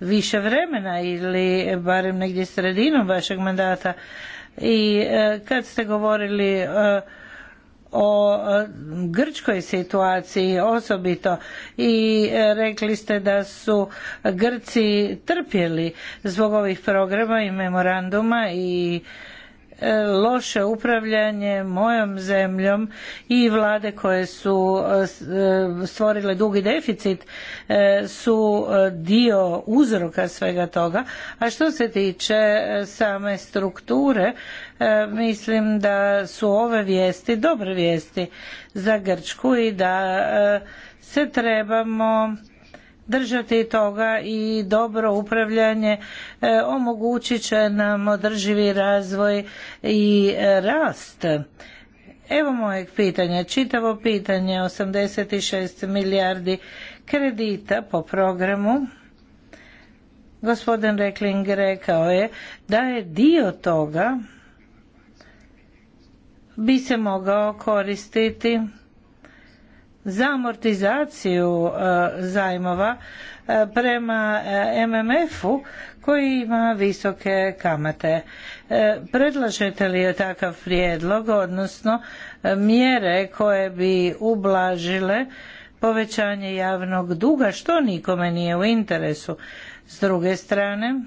više vremena ili barem negdje sredinom vašeg mandata i e, kad ste govorili e, o grčkoj situaciji osobito i e, rekli ste da su Grci trpjeli zbog ovih programa i memoranduma i e, loše upravljanje mojom zemljom i vlade koje su e, stvorile dugi deficit su dio uzroka svega toga. A što se tiče same strukture E, mislim da su ove vijesti dobre vijesti za Grčku i da e, se trebamo držati toga i dobro upravljanje e, omogućit će nam održivi razvoj i rast. Evo mojeg pitanja, čitavo pitanje 86 milijardi kredita po programu. Gospodin Rekling rekao je da je dio toga bi se mogao koristiti za amortizaciju e, zajmova e, prema e, MMF-u koji ima visoke kamate. Predlažete li je takav prijedlog, odnosno mjere koje bi ublažile povećanje javnog duga, što nikome nije u interesu. S druge strane,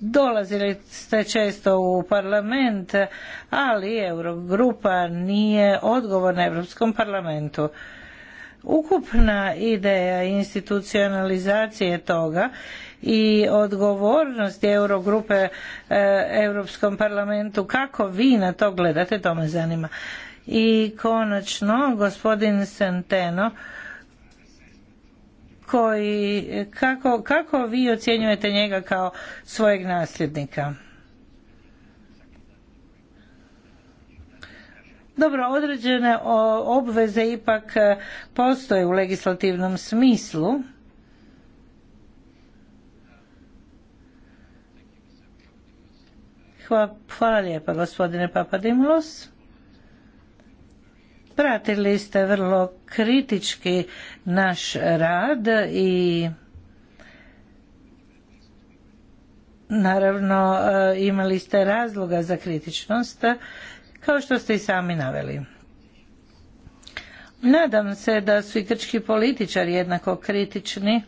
dolazili ste često u parlament, ali Eurogrupa nije odgovorna na Europskom parlamentu. Ukupna ideja institucionalizacije toga i odgovornost Eurogrupe e, Europskom parlamentu, kako vi na to gledate, to me zanima. I konačno, gospodin Santeno, koji, kako, kako vi ocjenjujete njega kao svojeg nasljednika? Dobro, određene obveze ipak e, postoje u legislativnom smislu. Hvala, hvala lijepa gospodine Papadimulos. Pratili ste vrlo kritički naš rad i naravno e, imali ste razloga za kritičnost kao što ste i sami naveli. Nadam se da su i grčki političari jednako kritični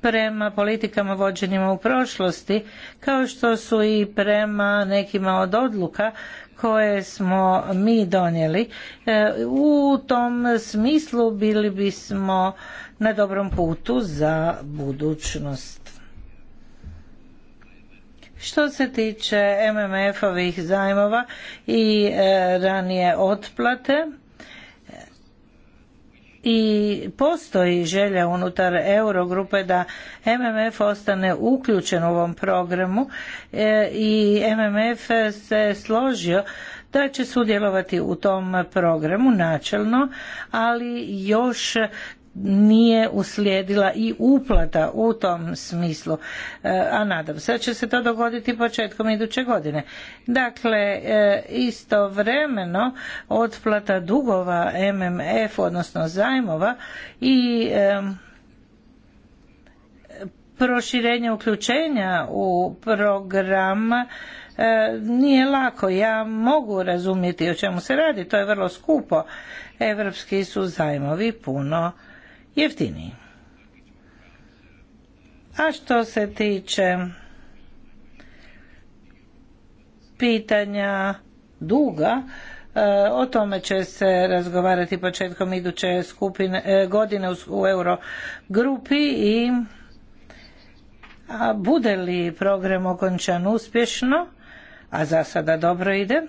prema politikama vođenima u prošlosti, kao što su i prema nekima od odluka koje smo mi donijeli. E, u tom smislu bili bismo na dobrom putu za budućnost. Što se tiče MMF-ovih zajmova i e, ranije otplate, i postoji želja unutar Eurogrupe da MMF ostane uključen u ovom programu e, i MMF se složio da će sudjelovati u tom programu načelno, ali još nije uslijedila i uplata u tom smislu, e, a nadam se da će se to dogoditi početkom iduće godine. Dakle, e, istovremeno otplata dugova MMF, odnosno zajmova i e, proširenje uključenja u program nije lako. Ja mogu razumjeti o čemu se radi, to je vrlo skupo. Evropski su zajmovi puno jeftiniji. A što se tiče pitanja duga, e, o tome će se razgovarati početkom iduće skupine, e, godine u Eurogrupi i a bude li program okončan uspješno, a za sada dobro ide,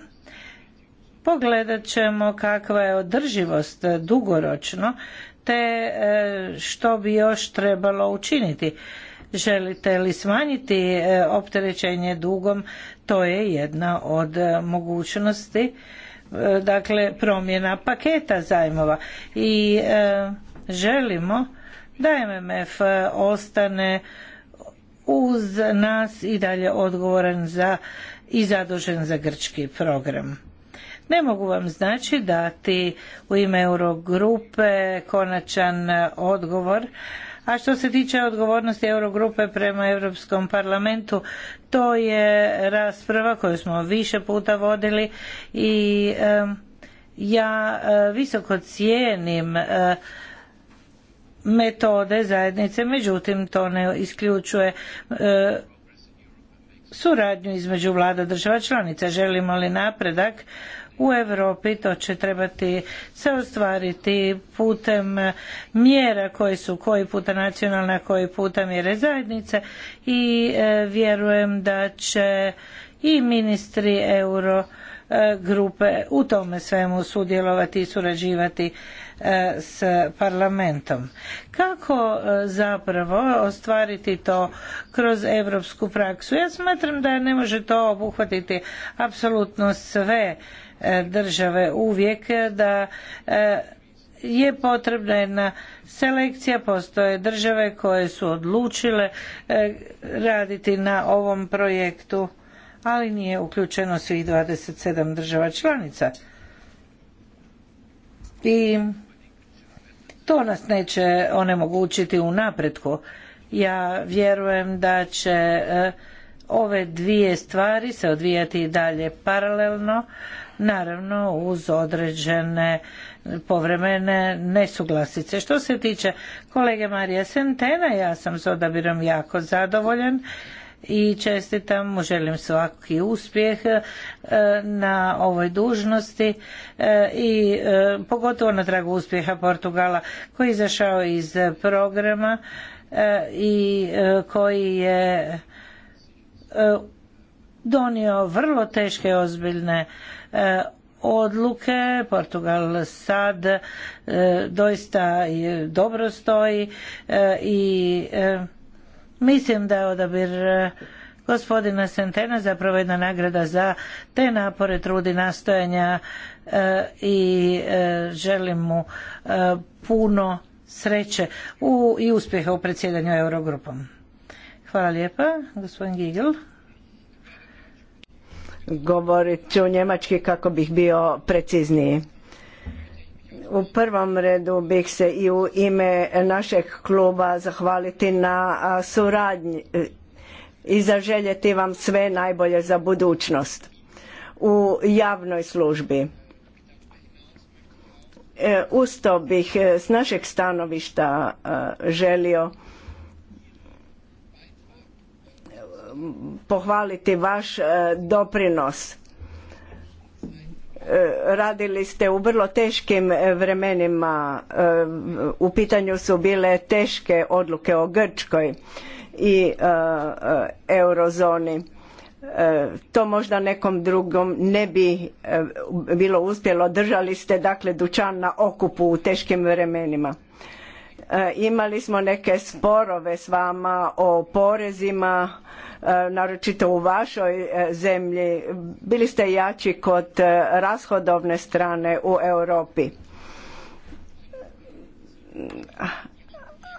pogledat ćemo kakva je održivost dugoročno te e, što bi još trebalo učiniti. Želite li smanjiti e, opterećenje dugom, to je jedna od e, mogućnosti, dakle promjena paketa zajmova i želimo da MMF ostane uz nas i dalje odgovoran za i zadužen za grčki program. Ne mogu vam znači dati u ime Eurogrupe konačan e, odgovor. A što se tiče odgovornosti Eurogrupe prema Europskom parlamentu, to je rasprava koju smo više puta vodili i ja e, visoko cijenim e, metode zajednice, međutim to ne isključuje suradnju između vlada država članica. Želimo li napredak u Europi to će trebati se ostvariti putem mjera koje su koji puta nacionalna, koji puta mjere zajednice i e, vjerujem da će i ministri euro e, grupe u tome svemu sudjelovati i surađivati e, s parlamentom. Kako zapravo ostvariti to kroz europsku praksu? Ja smatram da ne može to obuhvatiti apsolutno sve E, države uvijek e, da e, je potrebna jedna selekcija, postoje države koje su odlučile raditi na ovom projektu, ali nije uključeno svih 27 država članica. I to nas neće onemogućiti u napretku. Ja vjerujem da će ove dvije stvari se odvijati i dalje paralelno naravno uz određene povremene nesuglasice. Što se tiče kolege Marija Sentena, ja sam s odabirom jako zadovoljan i čestitam mu želim svaki uspjeh e, na ovoj dužnosti e, i e, pogotovo na tragu uspjeha Portugala koji je izašao iz programa i koji je donio vrlo teške ozbiljne E, odluke. Portugal sad e, doista dobro stoji e, i mislim da je odabir gospodina Sentena zapravo jedna nagrada za te napore, trudi, nastojanja i želim mu puno sreće i uspjeha u predsjedanju Eurogrupom. Hvala lijepa, gospodin Gigel. Govorit ću njemački kako bih bio precizniji. U prvom redu bih se i u ime našeg kluba zahvaliti na suradnji i zaželjeti vam sve najbolje za budućnost u javnoj službi. E, uz to bih e, s našeg stanovišta želio pohvaliti vaš e, doprinos. E, radili ste u vrlo teškim vremenima, e, u pitanju su bile teške odluke o Grčkoj i eurozoni. To možda nekom drugom ne bi bilo uspjelo, držali ste dakle dućan na okupu u teškim vremenima E, imali smo neke sporove s vama o porezima, e, naročito u vašoj e, zemlji. Bili ste jači kod rashodovne strane u Europi.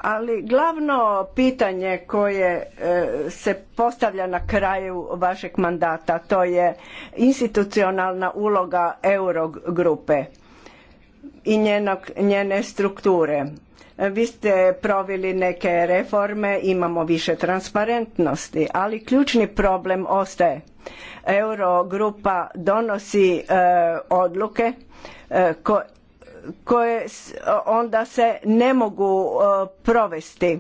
Ali glavno pitanje koje se postavlja na kraju vašeg mandata to je institucionalna uloga Eurogrupe i njene strukture vi ste proveli neke reforme, imamo više transparentnosti, ali ključni problem ostaje. Eurogrupa donosi e, odluke e, koje onda se ne mogu e, provesti.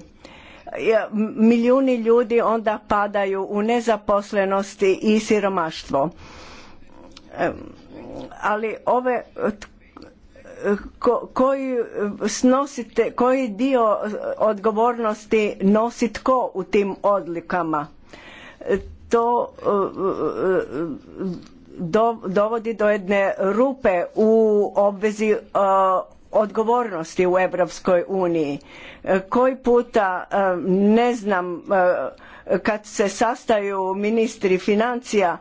Milijuni ljudi onda padaju u nezaposlenosti i siromaštvo ali ove koji snosite, koji dio odgovornosti nosi tko u tim odlikama. To e, e, dovodi do jedne rupe u obvezi e, odgovornosti u Europskoj uniji. Koji puta, ne znam, kad se sastaju ministri financija,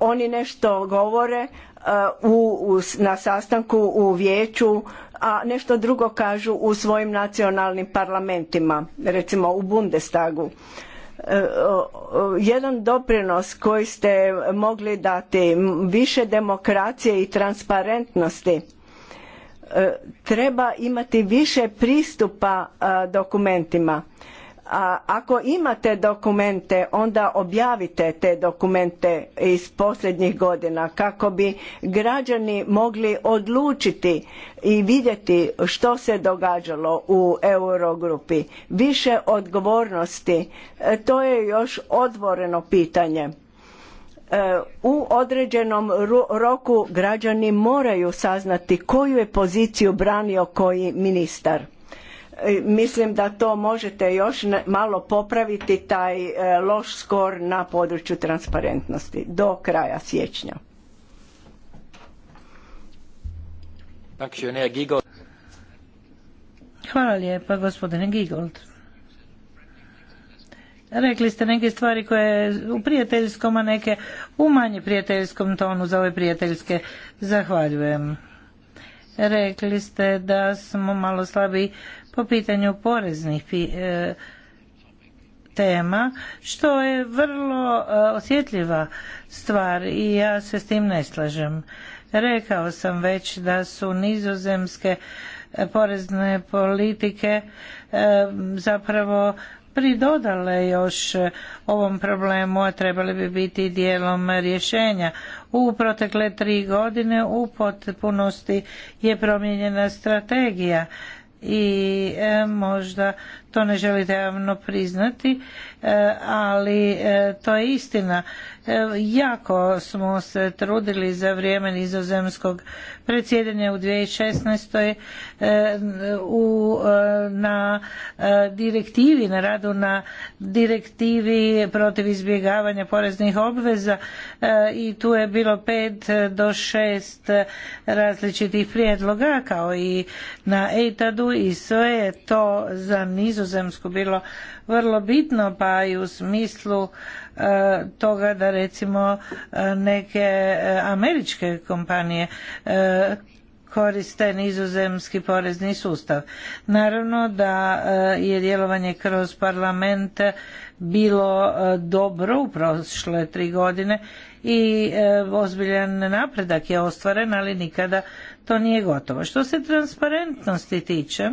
oni nešto govore, Eh, u, na sastanku u vijeću, a nešto drugo kažu u svojim nacionalnim parlamentima, recimo u Bundestagu. Eh, jedan doprinos koji ste mogli dati više demokracije i transparentnosti eh, treba imati više pristupa dokumentima a ako imate dokumente, onda objavite te dokumente iz posljednjih godina kako bi građani mogli odlučiti i vidjeti što se događalo u Eurogrupi. Više odgovornosti, e, to je još odvoreno pitanje. E, u određenom roku građani moraju saznati koju je poziciju branio koji ministar E, mislim da to možete još malo popraviti taj e, loš skor na području transparentnosti do kraja siječnja. Hvala lijepa gospodine Rekli ste neke stvari koje u prijateljskom, a neke u manje prijateljskom tonu za ove prijateljske. Zahvaljujem. Rekli ste da smo malo slabi po pitanju poreznih e, tema što je vrlo e, osjetljiva stvar i ja se s tim ne slažem. Rekao sam već da su nizozemske e, porezne politike zapravo pridodale još ovom problemu, a trebali bi biti dijelom rješenja. U protekle tri godine u potpunosti je promijenjena strategija i e, možda to ne želite javno priznati, e, ali e, to je istina. E, jako smo se trudili za vrijeme nizozemskog predsjedanja u 2016. U, na direktivi, na radu na direktivi protiv izbjegavanja poreznih obveza i tu je bilo pet do šest različitih prijedloga kao i na EITAD-u i sve je to za nizozemsku Nizozemsku bilo vrlo bitno pa i u smislu e, toga da recimo e, neke e, američke kompanije koriste nizozemski porezni sustav. Naravno da je djelovanje kroz parlament bilo dobro u prošle tri godine i ozbiljan napredak je ostvaren, ali nikada to nije gotovo. Što se transparentnosti tiče,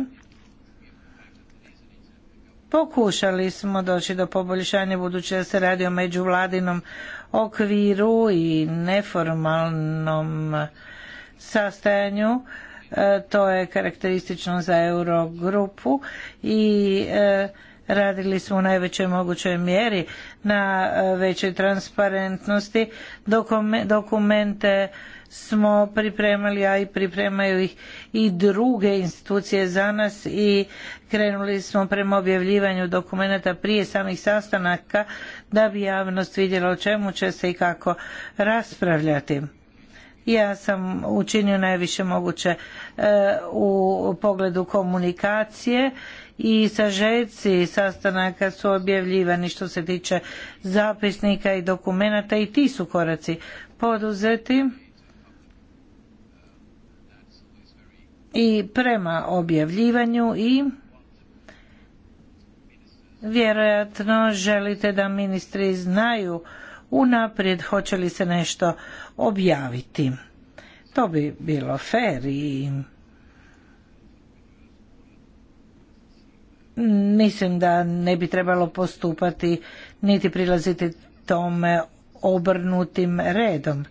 Pokušali smo doći do poboljšanja budući da se radi o međuvladinom okviru i neformalnom sastajanju. E, to je karakteristično za Eurogrupu i e, radili smo u najvećoj mogućoj mjeri na e, većoj transparentnosti dokumente smo pripremali, a i pripremaju ih i druge institucije za nas i krenuli smo prema objavljivanju dokumenata prije samih sastanaka da bi javnost vidjela o čemu će se i kako raspravljati. Ja sam učinio najviše moguće e, u pogledu komunikacije i sažeci sastanaka su objavljivani što se tiče zapisnika i dokumenata i ti su koraci poduzeti i prema objavljivanju i vjerojatno želite da ministri znaju unaprijed hoće li se nešto objaviti. To bi bilo fer i mislim da ne bi trebalo postupati niti prilaziti tome obrnutim redom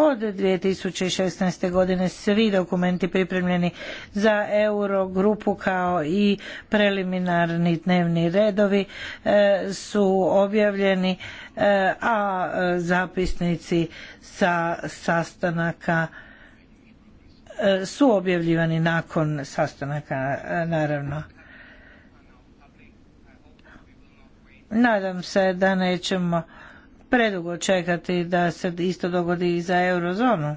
od 2016. godine svi dokumenti pripremljeni za Eurogrupu kao i preliminarni dnevni redovi e, su objavljeni e, a e, zapisnici sa sastanaka su objavljivani nakon sastanaka naravno nadam se da nećemo predugo čekati da se isto dogodi i za eurozonu.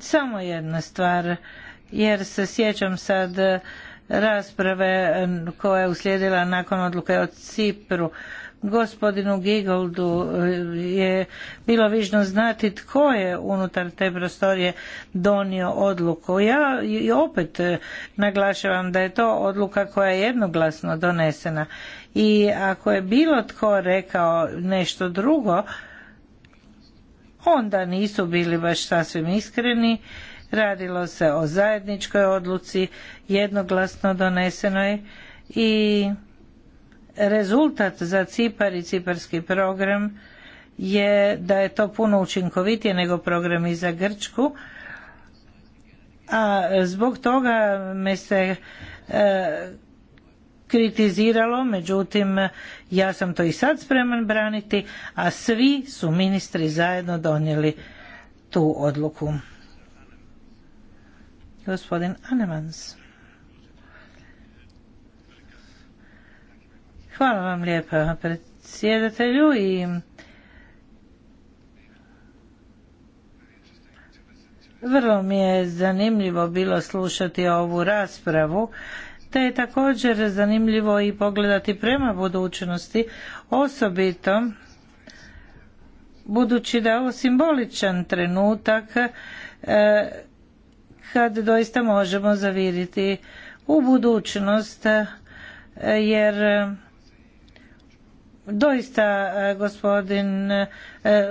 Samo jedna stvar, jer se sjećam sad rasprave koja je uslijedila nakon odluke o Cipru gospodinu Gigoldu eh, je bilo vižno znati tko je unutar te prostorije donio odluku. Ja i opet eh, naglašavam da je to odluka koja je jednoglasno donesena i ako je bilo tko rekao nešto drugo onda nisu bili baš sasvim iskreni radilo se o zajedničkoj odluci jednoglasno donesenoj i rezultat za Cipar i ciparski program je da je to puno učinkovitije nego program i za Grčku a zbog toga me se e, kritiziralo međutim ja sam to i sad spreman braniti a svi su ministri zajedno donijeli tu odluku gospodin Anemans Hvala vam lijepa predsjedatelju i Vrlo mi je zanimljivo bilo slušati ovu raspravu, te je također zanimljivo i pogledati prema budućnosti, osobito budući da je ovo simboličan trenutak e, kad doista možemo zaviriti u budućnost e, jer doista e, gospodin e,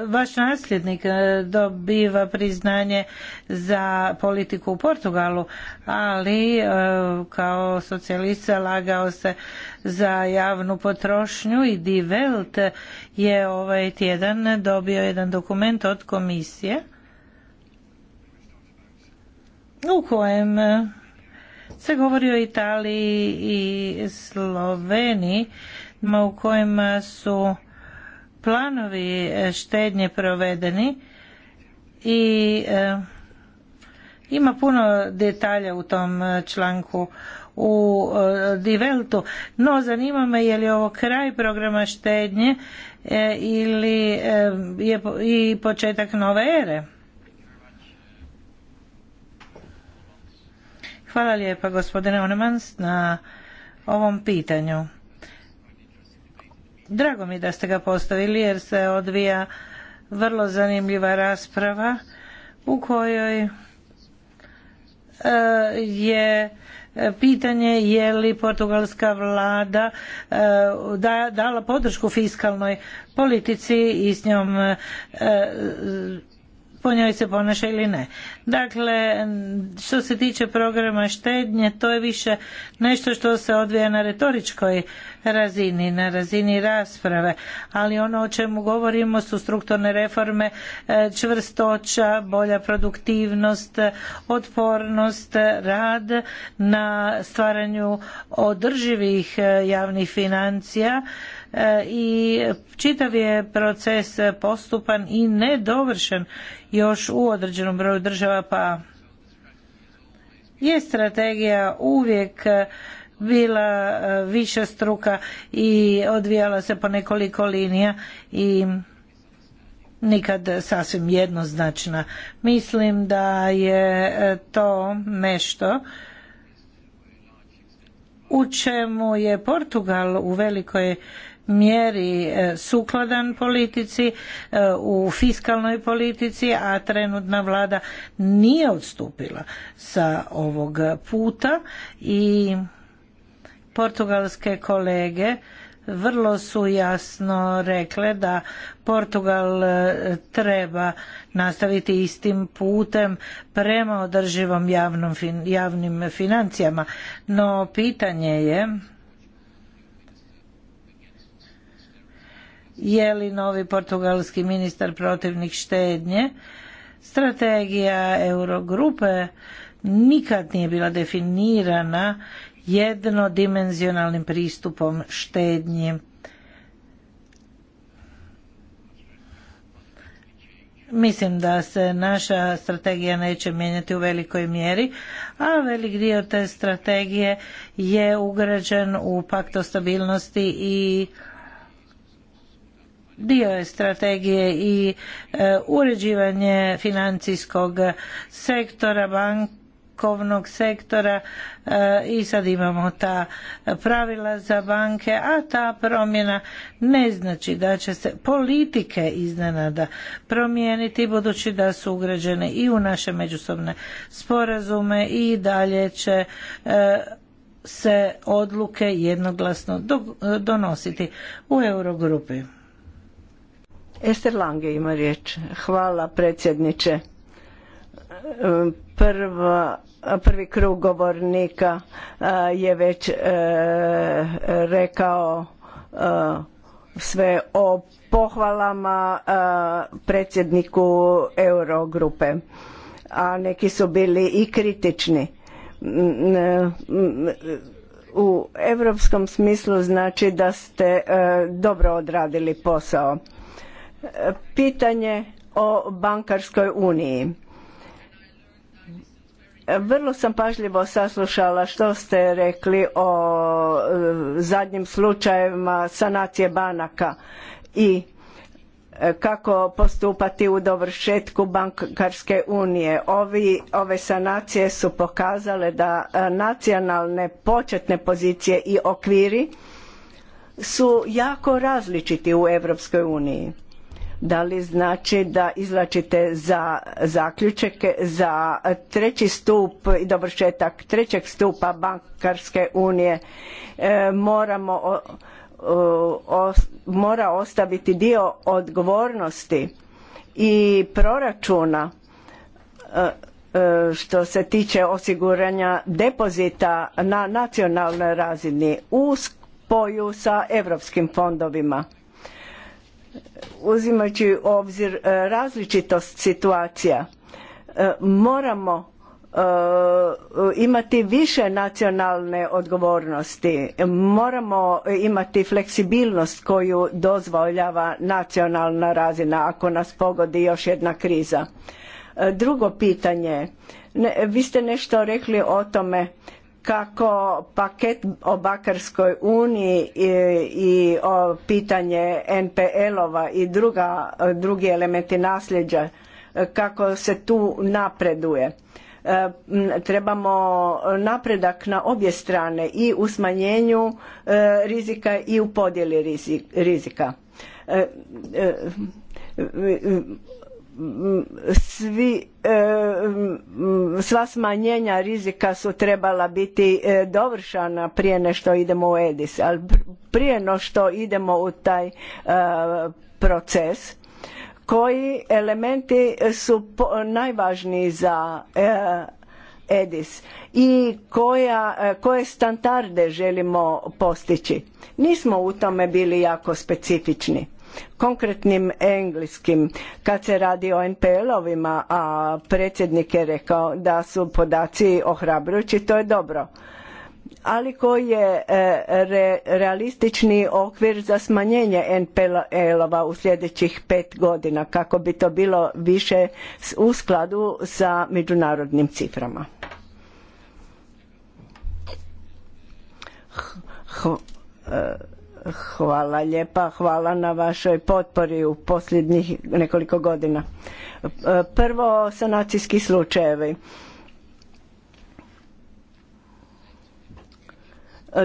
vaš nasljednik e, dobiva priznanje za politiku u Portugalu ali kao socijalista lagao se za javnu potrošnju i Die Welt je ovaj tjedan dobio jedan dokument od komisije u kojem se govori o Italiji i Sloveniji u kojima su planovi e, štednje provedeni i e, ima puno detalja u tom e, članku u Diveltu. No, zanima me je li ovo kraj programa štednje ili je i početak nove ere. Hvala lijepa gospodine Onemans na ovom pitanju. Drago mi da ste ga postavili jer se odvija vrlo zanimljiva rasprava u kojoj e, je pitanje je li portugalska vlada e, dala podršku fiskalnoj politici i s njom e, po njoj se ponaša ili ne. Dakle, što se tiče programa štednje, to je više nešto što se odvija na retoričkoj razini, na razini rasprave, ali ono o čemu govorimo su strukturne reforme, e, čvrstoća, bolja produktivnost, e, otpornost, e, rad na stvaranju održivih javnih financija, E, i čitav je proces postupan i nedovršen još u određenom broju država pa je strategija uvijek bila e, više struka i odvijala se po nekoliko linija i nikad sasvim jednoznačna. Mislim da je e, to nešto u čemu je Portugal u velikoj mjeri e, sukladan politici e, u fiskalnoj politici a trenutna vlada nije odstupila sa ovog puta i portugalske kolege vrlo su jasno rekle da Portugal e, treba nastaviti istim putem prema održivom javnim financijama no pitanje je je li novi portugalski ministar protivnik štednje. Strategija Eurogrupe nikad nije bila definirana jednodimenzionalnim pristupom štednje. Mislim da se naša strategija neće mijenjati u velikoj mjeri, a velik dio te strategije je ugrađen u pakt o stabilnosti i dio je strategije i e, uređivanje financijskog sektora bankovnog sektora e, i sad imamo ta pravila za banke a ta promjena ne znači da će se politike iznenada promijeniti budući da su ugrađene i u naše međusobne sporazume i dalje će e, se odluke jednoglasno donositi u Eurogrupi. Ester Lange ima riječ. Hvala predsjedniče. Prva, prvi krug govornika je već e, rekao e, sve o pohvalama e, predsjedniku Eurogrupe, a neki su bili i kritični. Mm, mm, u europskom smislu znači da ste dobro odradili posao pitanje o bankarskoj uniji. Vrlo sam pažljivo saslušala što ste rekli o e, zadnjim slučajevima sanacije banaka i e, kako postupati u dovršetku bankarske unije. Ovi, ove sanacije su pokazale da nacionalne početne pozicije i okviri su jako različiti u Europskoj uniji da li znači da izlačite za zaključke za treći stup i dovršetak trećeg stupa bankarske unije e, moramo mora ostaviti dio odgovornosti i proračuna e, e, što se tiče osiguranja depozita na nacionalnoj razini u spoju sa europskim fondovima uzimajući u obzir e, različitost situacija e, moramo e, imati više nacionalne odgovornosti moramo imati fleksibilnost koju dozvoljava nacionalna razina ako nas pogodi još jedna kriza drugo pitanje vi ste nešto rekli o tome kako paket o bakarskoj uniji i, o pitanje NPL-ova i drugi elementi nasljeđa, kako se tu napreduje. E, trebamo napredak na obje strane i u smanjenju e, rizika i u podjeli rizika. E, svi, e, sva smanjenja rizika su trebala biti e, dovršana prije nego što idemo u EDIS, ali prije no što idemo u taj e, proces, koji elementi su najvažniji za EDIS i koje standarde želimo postići. Nismo u tome bili jako specifični konkretnim engleskim. Kad se radi o NPL-ovima, a predsjednik je rekao da su podaci ohrabrujući, to je dobro. Ali koji je e, realistični okvir za smanjenje NPL-ova u sljedećih pet godina kako bi to bilo više u skladu sa međunarodnim ciframa? E, Hvala lijepa, hvala na vašoj potpori u posljednjih nekoliko godina. Prvo, sanacijski slučajevi.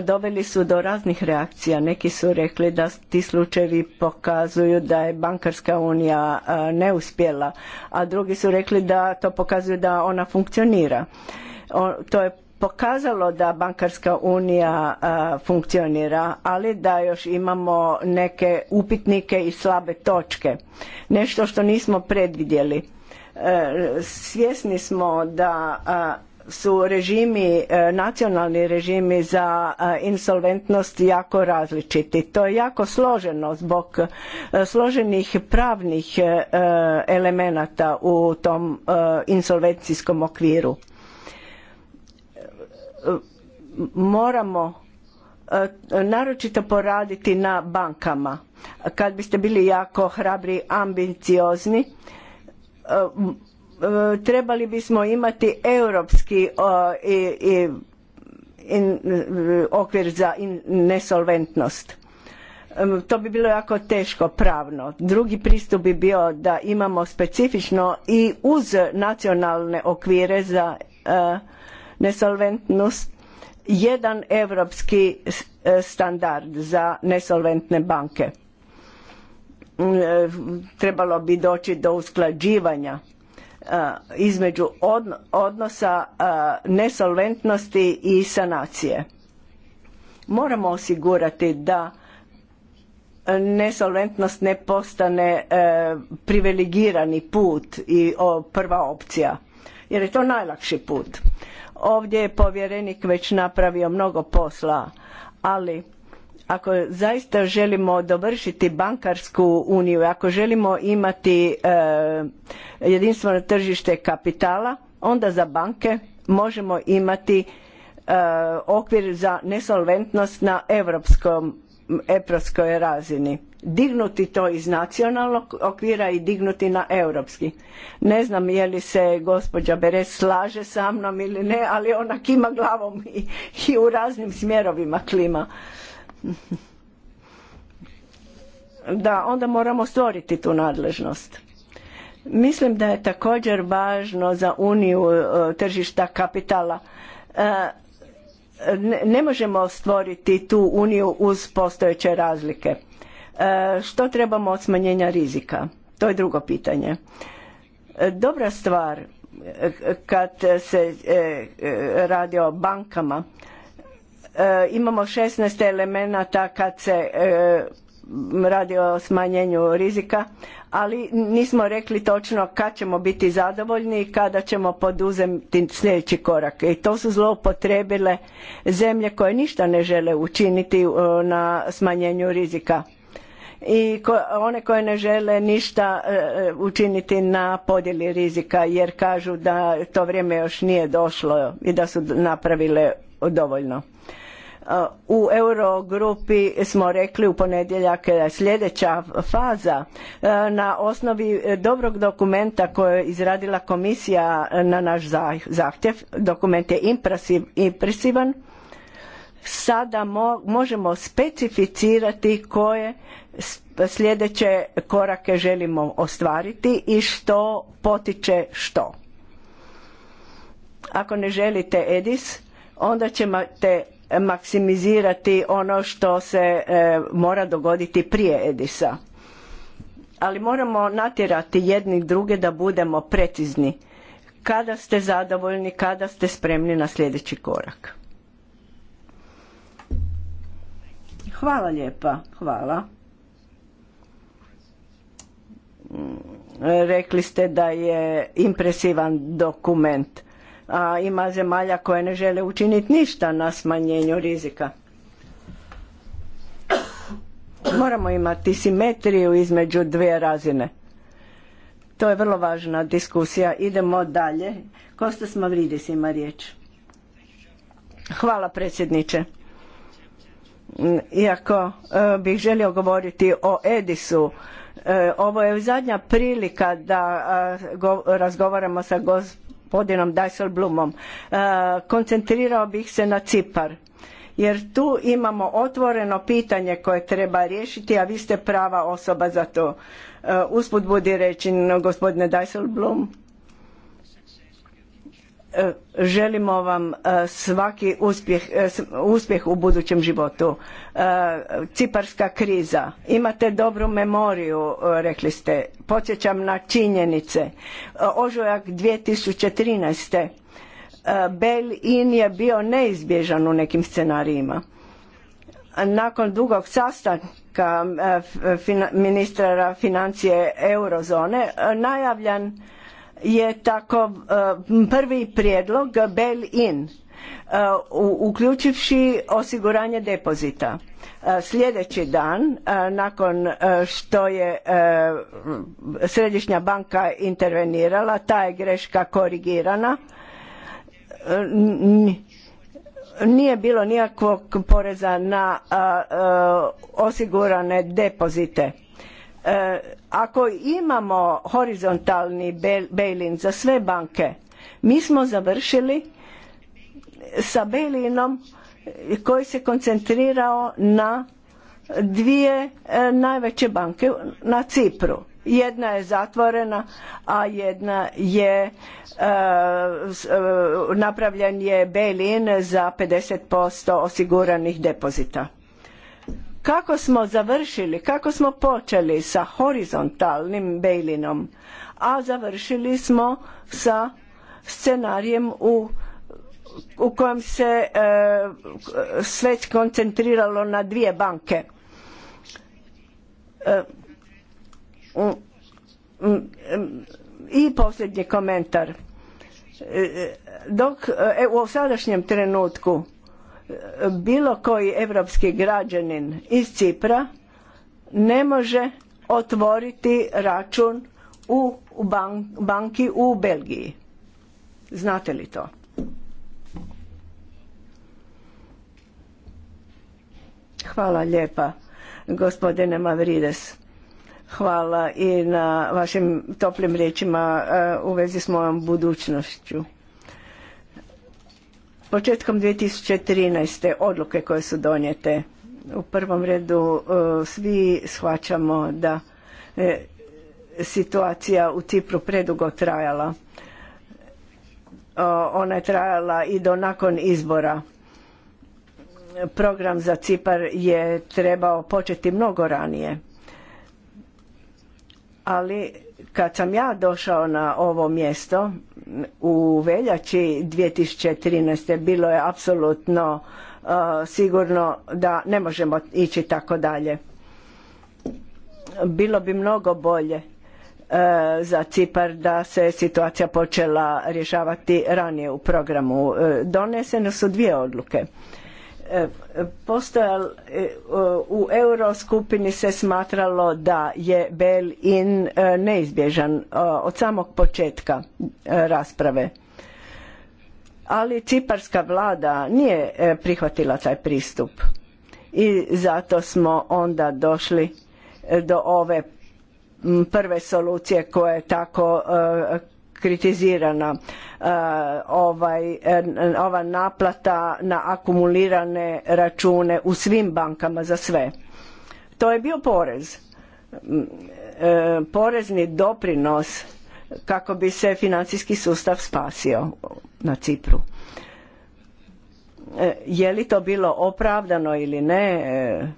Doveli su do raznih reakcija. Neki su rekli da ti slučajevi pokazuju da je bankarska unija neuspjela, a drugi su rekli da to pokazuje da ona funkcionira. To je pokazalo da bankarska unija funkcionira, ali da još imamo neke upitnike i slabe točke. Nešto što nismo predvidjeli. E, svjesni smo da su režimi, e, nacionalni režimi za insolventnost jako različiti. To je jako složeno zbog e, složenih pravnih elemenata u tom insolvencijskom okviru moramo e, naročito poraditi na bankama. Kad biste bili jako hrabri, ambiciozni, e, e, trebali bismo imati europski okvir za nesolventnost. To bi bilo jako teško pravno. Drugi pristup bi bio da imamo specifično i uz nacionalne okvire za nesolventnost jedan europski e, standard za nesolventne banke. Mm, e, trebalo bi doći do usklađivanja e, između odnosa nesolventnosti i sanacije. Moramo osigurati da nesolventnost ne postane privilegirani put i prva opcija jer je to najlakši put Ovdje je povjerenik već napravio mnogo posla, ali ako zaista želimo dovršiti bankarsku uniju, ako želimo imati e, jedinstveno tržište kapitala, onda za banke možemo imati e, okvir za nesolventnost na europskom europskoj razini dignuti to iz nacionalnog okvira i dignuti na europski. Ne znam je li se gospođa Beres slaže sa mnom ili ne, ali ona kima glavom i, i u raznim smjerovima klima. Da, onda moramo stvoriti tu nadležnost. Mislim da je također važno za uniju e, tržišta kapitala. E, ne možemo stvoriti tu uniju uz postojeće razlike. E, što trebamo od smanjenja rizika? To je drugo pitanje. E, dobra stvar e, kad se radi o bankama, imamo 16 elemenata kad se radi o smanjenju rizika, ali nismo rekli točno kad ćemo biti zadovoljni i kada ćemo poduzeti sljedeći korak. I to su zloupotrebile zemlje koje ništa ne žele učiniti uh, na smanjenju rizika i one koje ne žele ništa uh, uh, učiniti na podjeli rizika jer kažu da to vrijeme još nije došlo i da su napravile dovoljno u Eurogrupi smo rekli u ponedjeljak sljedeća faza e, na osnovi dobrog dokumenta koje je izradila komisija na naš zahtjev, dokument je impresivan, sada možemo specificirati koje sljedeće korake želimo ostvariti i što potiče što. Ako ne želite EDIS, onda ćete maksimizirati ono što se e, mora dogoditi prije Edisa. Ali moramo natjerati jedni druge da budemo precizni. Kada ste zadovoljni, kada ste spremni na sljedeći korak. Hvala lijepa, hvala. Mm, rekli ste da je impresivan dokument a ima zemalja koje ne žele učiniti ništa na smanjenju rizika. Moramo imati simetriju između dvije razine. To je vrlo važna diskusija. Idemo dalje. Kosta Mavridis ima riječ. Hvala predsjedniče. Iako e, bih želio govoriti o Edisu, e, ovo je zadnja prilika da razgovaramo sa gospodinom gospodinom Dijsselblumom. E, koncentrirao bih se na Cipar jer tu imamo otvoreno pitanje koje treba riješiti, a vi ste prava osoba za to. E, usput budi rečeno, gospodine Blum. E, želimo vam e, svaki uspjeh, e, uspjeh u budućem životu. Ciparska kriza. Imate dobru memoriju, rekli ste. Podsjećam na činjenice. Ožujak 2013. Bel-in je bio neizbježan u nekim scenarijima. Nakon dugog sastanka ministra financije eurozone najavljan je tako e, prvi prijedlog bail-in e, uključivši osiguranje depozita. E, sljedeći dan, nakon što je Središnja banka intervenirala, ta je greška korigirana, nije bilo nikakvog poreza na osigurane depozite E, ako imamo horizontalni bail-in za sve banke, mi smo završili sa bail-inom koji se koncentrirao na dvije e, najveće banke na Cipru. Jedna je zatvorena, a jedna je e, napravljen je bail-in za 50% osiguranih depozita kako smo završili, kako smo počeli sa horizontalnim bejlinom, a završili smo sa scenarijem u u kojem se e, sve koncentriralo na dvije banke. E, I posljednji komentar. E, e dok u sadašnjem trenutku bilo koji europski građanin iz Cipra ne može otvoriti račun u banki u Belgiji. Znate li to? Hvala lijepa, gospodine Mavrides. Hvala i na vašim toplim riječima e, u vezi s mojom budućnošću početkom 2013. odluke koje su donijete. U prvom redu e, svi shvaćamo da e, situacija u Cipru predugo trajala. E, ona je trajala i do nakon izbora. Program za Cipar je trebao početi mnogo ranije. Ali kad sam ja došao na ovo mjesto, u veljači 2013. bilo je apsolutno uh, sigurno da ne možemo ići tako dalje. Bilo bi mnogo bolje uh, za Cipar da se situacija počela rješavati ranije u programu. Uh, donesene su dvije odluke. E, postojal e, u euroskupini se smatralo da je bel in e, neizbježan od samog početka rasprave ali ciparska vlada nije prihvatila taj pristup i zato smo onda došli do ove prve solucije koja je tako kritizirana e, ovaj, e, ova naplata na akumulirane račune u svim bankama za sve. To je bio porez. Mm, e, porezni doprinos kako bi se financijski sustav spasio na Cipru. Je li to bilo opravdano ili ne?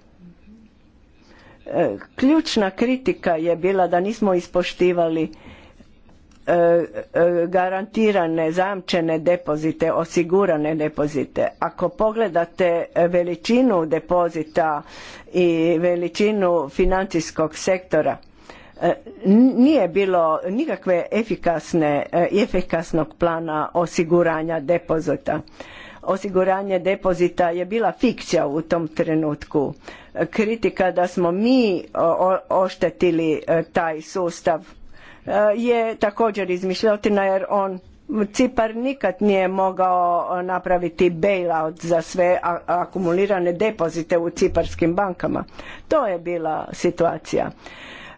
Ključna kritika je bila da nismo ispoštivali E, e, garantirane, zamčene depozite, osigurane depozite. Ako pogledate veličinu depozita i veličinu financijskog sektora, e, nije bilo nikakve efikasne, efikasnog plana osiguranja depozita. Osiguranje depozita je bila fikcija u tom trenutku. Kritika da smo mi oštetili taj sustav Eh, je također izmišljotina jer on Cipar nikad nije mogao eh, napraviti bailout za sve akumulirane depozite u ciparskim bankama. To je bila situacija.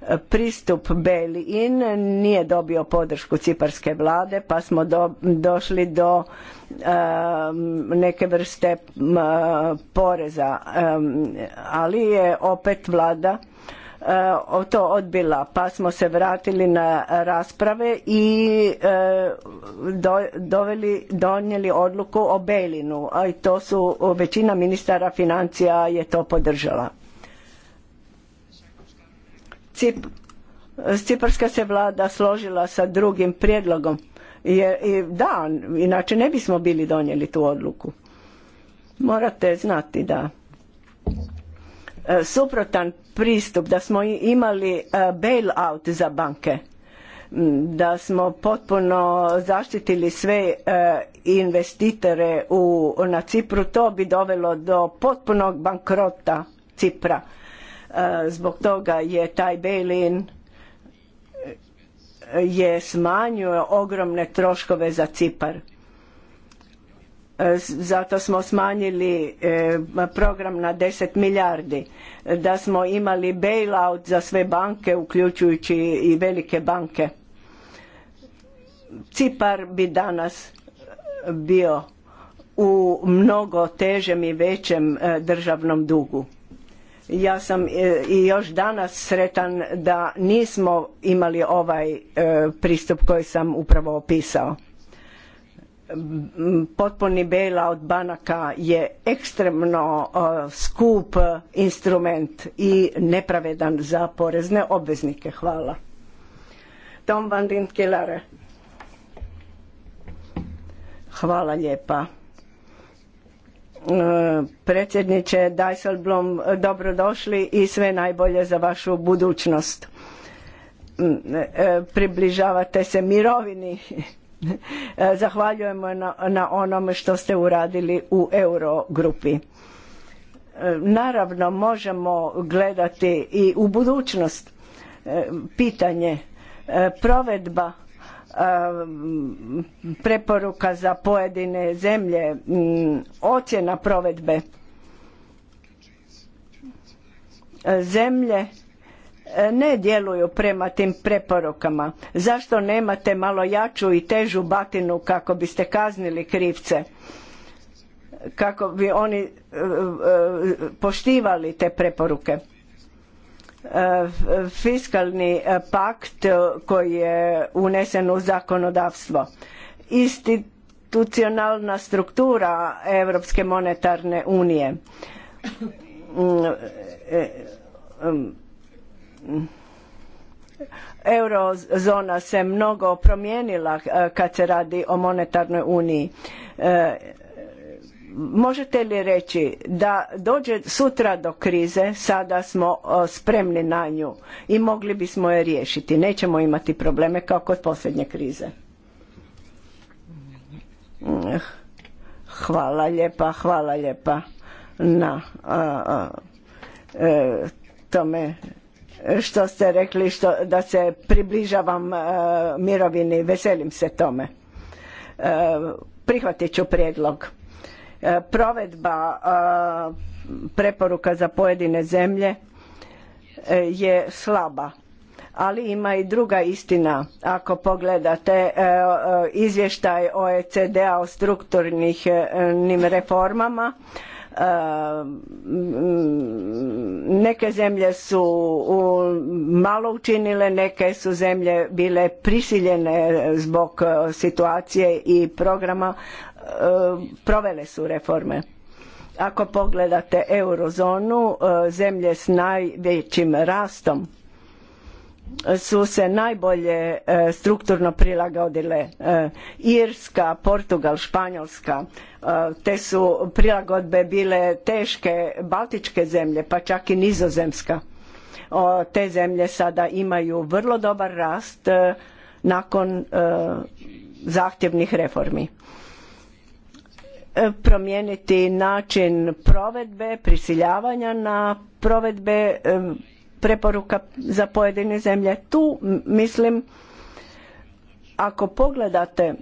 Eh, pristup bail-in nije dobio podršku ciparske vlade pa smo došli do ehm, neke vrste poreza, ehm, ali je opet vlada E, to odbila pa smo se vratili na rasprave i e, doveli, donijeli odluku o Belinu a i to su većina ministara financija je to podržala. Cip, Ciparska se vlada složila sa drugim prijedlogom jer i da, inače ne bismo bili donijeli tu odluku. Morate znati da E, suprotan pristup da smo imali e, bailout out za banke da smo potpuno zaštitili sve e, investitore na Cipru, to bi dovelo do potpunog bankrota Cipra. Zbog toga je taj bail-in je smanjio ogromne troškove za Cipar zato smo smanjili e, program na 10 milijardi da smo imali bailout za sve banke uključujući i velike banke Cipar bi danas bio u mnogo težem i većem e, državnom dugu ja sam e, i još danas sretan da nismo imali ovaj pristup koji sam upravo opisao potpuni od banaka je ekstremno e, skup instrument i nepravedan za porezne obveznike. Hvala. Tom van den Hvala lijepa. E, predsjedniče Dijsselblom, dobrodošli i sve najbolje za vašu budućnost. Mm, e, približavate se mirovini Zahvaljujemo na, na onome što ste uradili u Eurogrupi. E, naravno, možemo gledati i u budućnost e, pitanje e, provedba preporuka za pojedine zemlje, ocjena provedbe zemlje E, ne djeluju prema tim preporukama. Zašto nemate malo jaču i težu batinu kako biste kaznili krivce? Kako bi oni e, e, poštivali te preporuke? Fiskalni pakt koji je unesen u zakonodavstvo. Institucionalna struktura Europske monetarne unije mm, eurozona se mnogo promijenila eh, kad se radi o monetarnoj uniji. Eh, možete li reći da dođe sutra do krize, sada smo eh, spremni na nju i mogli bismo je riješiti. Nećemo imati probleme kao kod posljednje krize. Hvala lijepa, hvala lijepa na tome što ste rekli da se približavam e, mirovini, veselim se tome. E, prihvatit ću prijedlog. E, provedba preporuka za pojedine zemlje je slaba ali ima i druga istina ako pogledate izvještaj OECD-a o strukturnim reformama Ehm, neke zemlje su malo učinile, neke su zemlje bile prisiljene zbog e, situacije i programa, e, provele su reforme. Ako pogledate eurozonu, e, zemlje s najvećim rastom su se najbolje e, strukturno prilagodile e, Irska, Portugal, Španjolska. E, te su prilagodbe bile teške baltičke zemlje, pa čak i nizozemska. Te zemlje sada imaju vrlo dobar rast nakon zahtjevnih reformi promijeniti način provedbe, prisiljavanja na provedbe preporuka za pojedine zemlje. Tu mislim, ako pogledate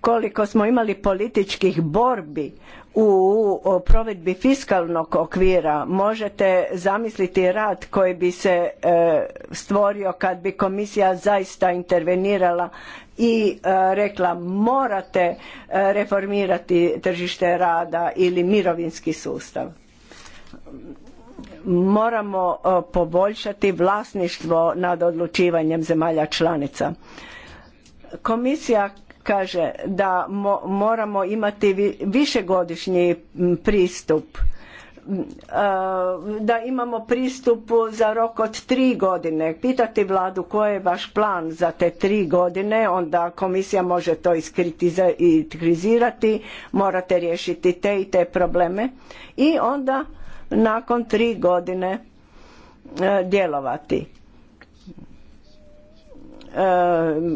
koliko smo imali političkih borbi u provedbi fiskalnog okvira možete zamisliti rad koji bi se e, stvorio kad bi komisija zaista intervenirala i e, rekla morate e, reformirati tržište rada ili mirovinski sustav moramo e, poboljšati vlasništvo nad odlučivanjem zemalja članica. Komisija kaže da moramo imati višegodišnji pristup e, da imamo pristup za rok od tri godine. Pitati vladu koji je vaš plan za te tri godine, onda komisija može to iskritizirati, morate riješiti te i te probleme i onda nakon tri godine e, djelovati. E,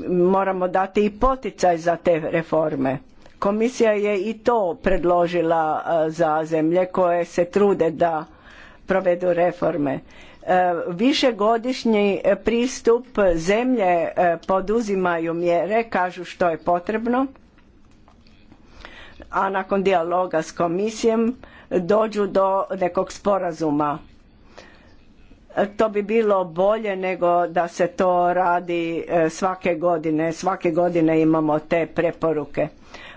moramo dati i poticaj za te reforme. Komisija je i to predložila e, za zemlje koje se trude da provedu reforme. Višegodišnji pristup zemlje poduzimaju mjere, kažu što je potrebno, a nakon dijaloga s komisijom dođu do nekog sporazuma. To bi bilo bolje nego da se to radi e, svake godine. Svake godine imamo te preporuke.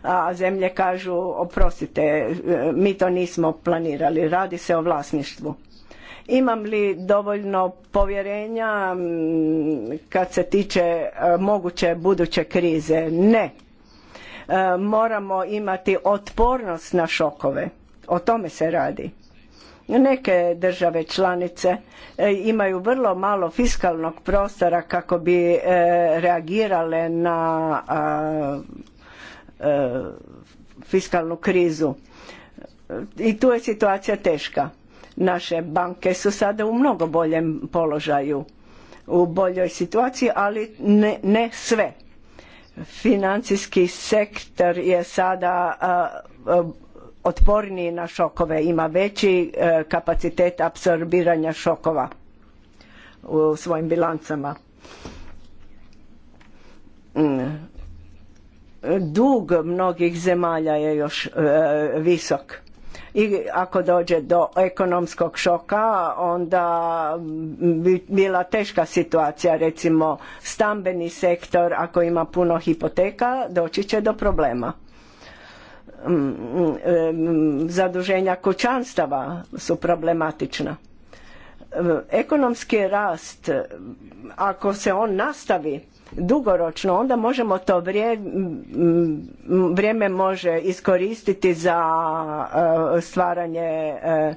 A zemlje kažu, oprostite, e, mi to nismo planirali, radi se o vlasništvu. Imam li dovoljno povjerenja kad se tiče e, moguće buduće krize? Ne. Moramo imati otpornost na šokove o tome se radi. Neke države članice e, imaju vrlo malo fiskalnog prostora kako bi e, reagirale na e, fiskalnu krizu. I tu je situacija teška. Naše banke su sada u mnogo boljem položaju, u boljoj situaciji, ali ne, ne sve. Financijski sektor je sada otporniji na šokove, ima veći e, kapacitet apsorbiranja šokova u svojim bilancama. Mm. Dug mnogih zemalja je još e, visok i ako dođe do ekonomskog šoka onda bi bila teška situacija recimo stambeni sektor ako ima puno hipoteka doći će do problema zaduženja kućanstava su problematična. Ekonomski rast, ako se on nastavi dugoročno, onda možemo to vrijeme može iskoristiti za e, stvaranje e,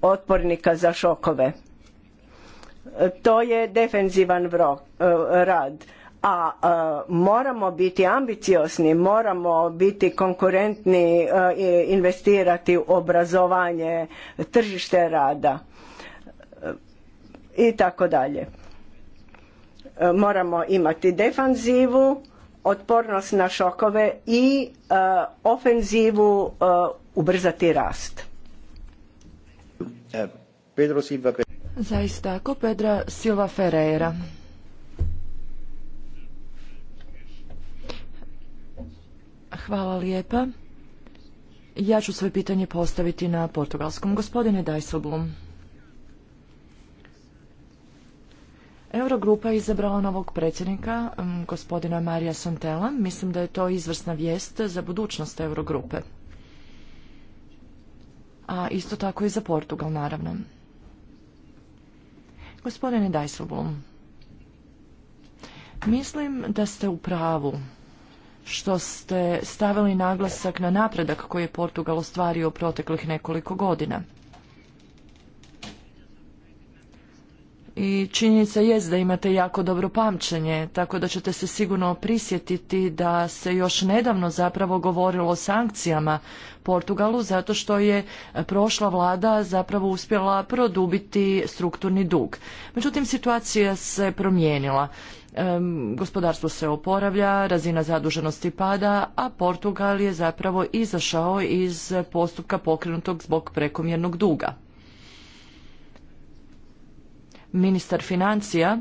otpornika za šokove to je defenzivan e, rad a e, moramo biti ambiciozni moramo biti konkurentni e, i investirati u obrazovanje tržište rada i tako dalje moramo imati defanzivu otpornost na šokove i ofenzivu ubrzati rast Pedro Silva Zaista tako, Pedra Silva Ferreira. Hvala lijepa. Ja ću svoje pitanje postaviti na portugalskom. Gospodine Dajsoblum. Eurogrupa je izabrala novog predsjednika, mm, gospodina Marija Santela. Mislim da je to izvrsna vijest za budućnost Eurogrupe. A isto tako i za Portugal, naravno. Gospodine Dajselblom, mislim da ste u pravu što ste stavili naglasak na napredak koji je Portugal ostvario u proteklih nekoliko godina. i činjenica jest da imate jako dobro pamćenje, tako da ćete se sigurno prisjetiti da se još nedavno zapravo govorilo o sankcijama Portugalu zato što je prošla vlada zapravo uspjela produbiti strukturni dug. Međutim, situacija se promijenila. gospodarstvo se oporavlja, razina zaduženosti pada, a Portugal je zapravo izašao iz postupka pokrenutog zbog prekomjernog duga ministar financija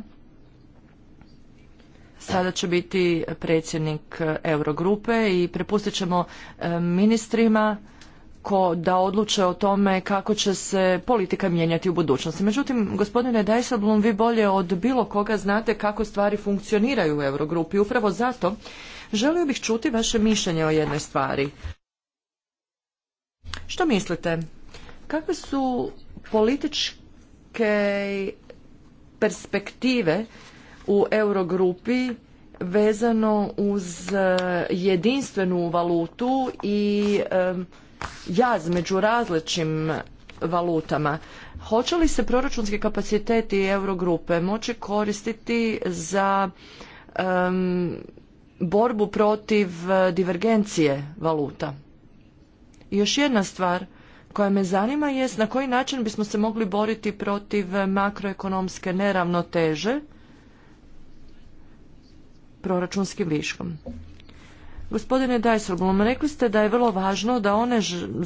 sada će biti predsjednik e, Eurogrupe i prepustit ćemo e, ministrima ko da odluče o tome kako će se politika mijenjati u budućnosti. Međutim, gospodine Dijsselblom, vi bolje od bilo koga znate kako stvari funkcioniraju u Eurogrupi. Upravo zato želio bih čuti vaše mišljenje o jednoj stvari. Što mislite? Kakve su političke perspektive u Eurogrupi vezano uz eh, jedinstvenu valutu i jaz među različitim valutama. Hoće li se proračunski kapaciteti Eurogrupe moći koristiti za borbu protiv eh, divergencije valuta? još jedna stvar, koja me zanima jest na koji način bismo se mogli boriti protiv makroekonomske neravnoteže proračunskim viškom. Gospodine Dijsselblom, rekli ste da je vrlo važno da one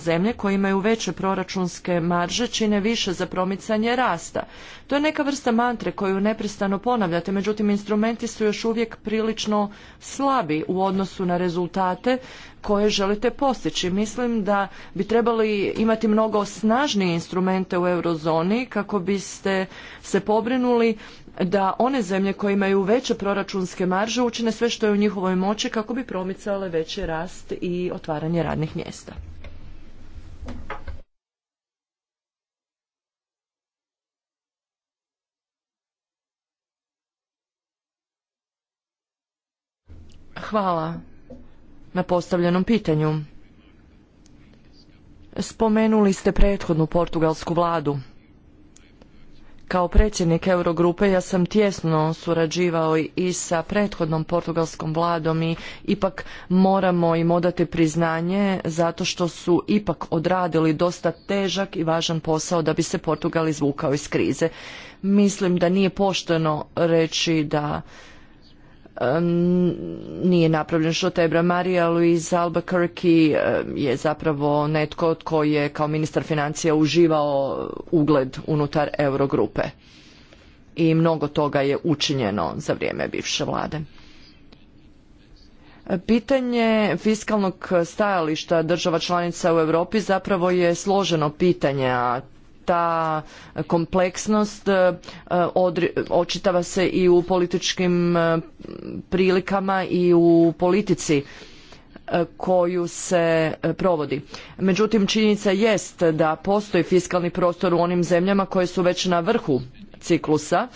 zemlje koje imaju veće proračunske marže čine više za promicanje rasta. To je neka vrsta mantre koju neprestano ponavljate, međutim instrumenti su još uvijek prilično slabi u odnosu na rezultate koje želite postići. Mislim da bi trebali imati mnogo snažnije instrumente u eurozoni kako biste se pobrinuli da one zemlje koje imaju veće proračunske marže učine sve što je u njihovoj moći kako bi promicale veći rast i otvaranje radnih mjesta. Hvala na postavljenom pitanju. Spomenuli ste prethodnu portugalsku vladu. Kao predsjednik Eurogrupe ja sam tjesno surađivao i sa prethodnom portugalskom vladom i ipak moramo im odati priznanje zato što su ipak odradili dosta težak i važan posao da bi se Portugal izvukao iz krize. Mislim da nije pošteno reći da nije napravljen Šotebra. Marija Luisa Albuquerque je zapravo netko koji je kao ministar financija uživao ugled unutar Eurogrupe. I mnogo toga je učinjeno za vrijeme bivše vlade. Pitanje fiskalnog stajališta država članica u Europi zapravo je složeno pitanje, a ta kompleksnost e, očitava se i u političkim e, prilikama i u politici e, koju se provodi. Međutim, činjenica jest da postoji fiskalni prostor u onim zemljama koje su već na vrhu ciklusa,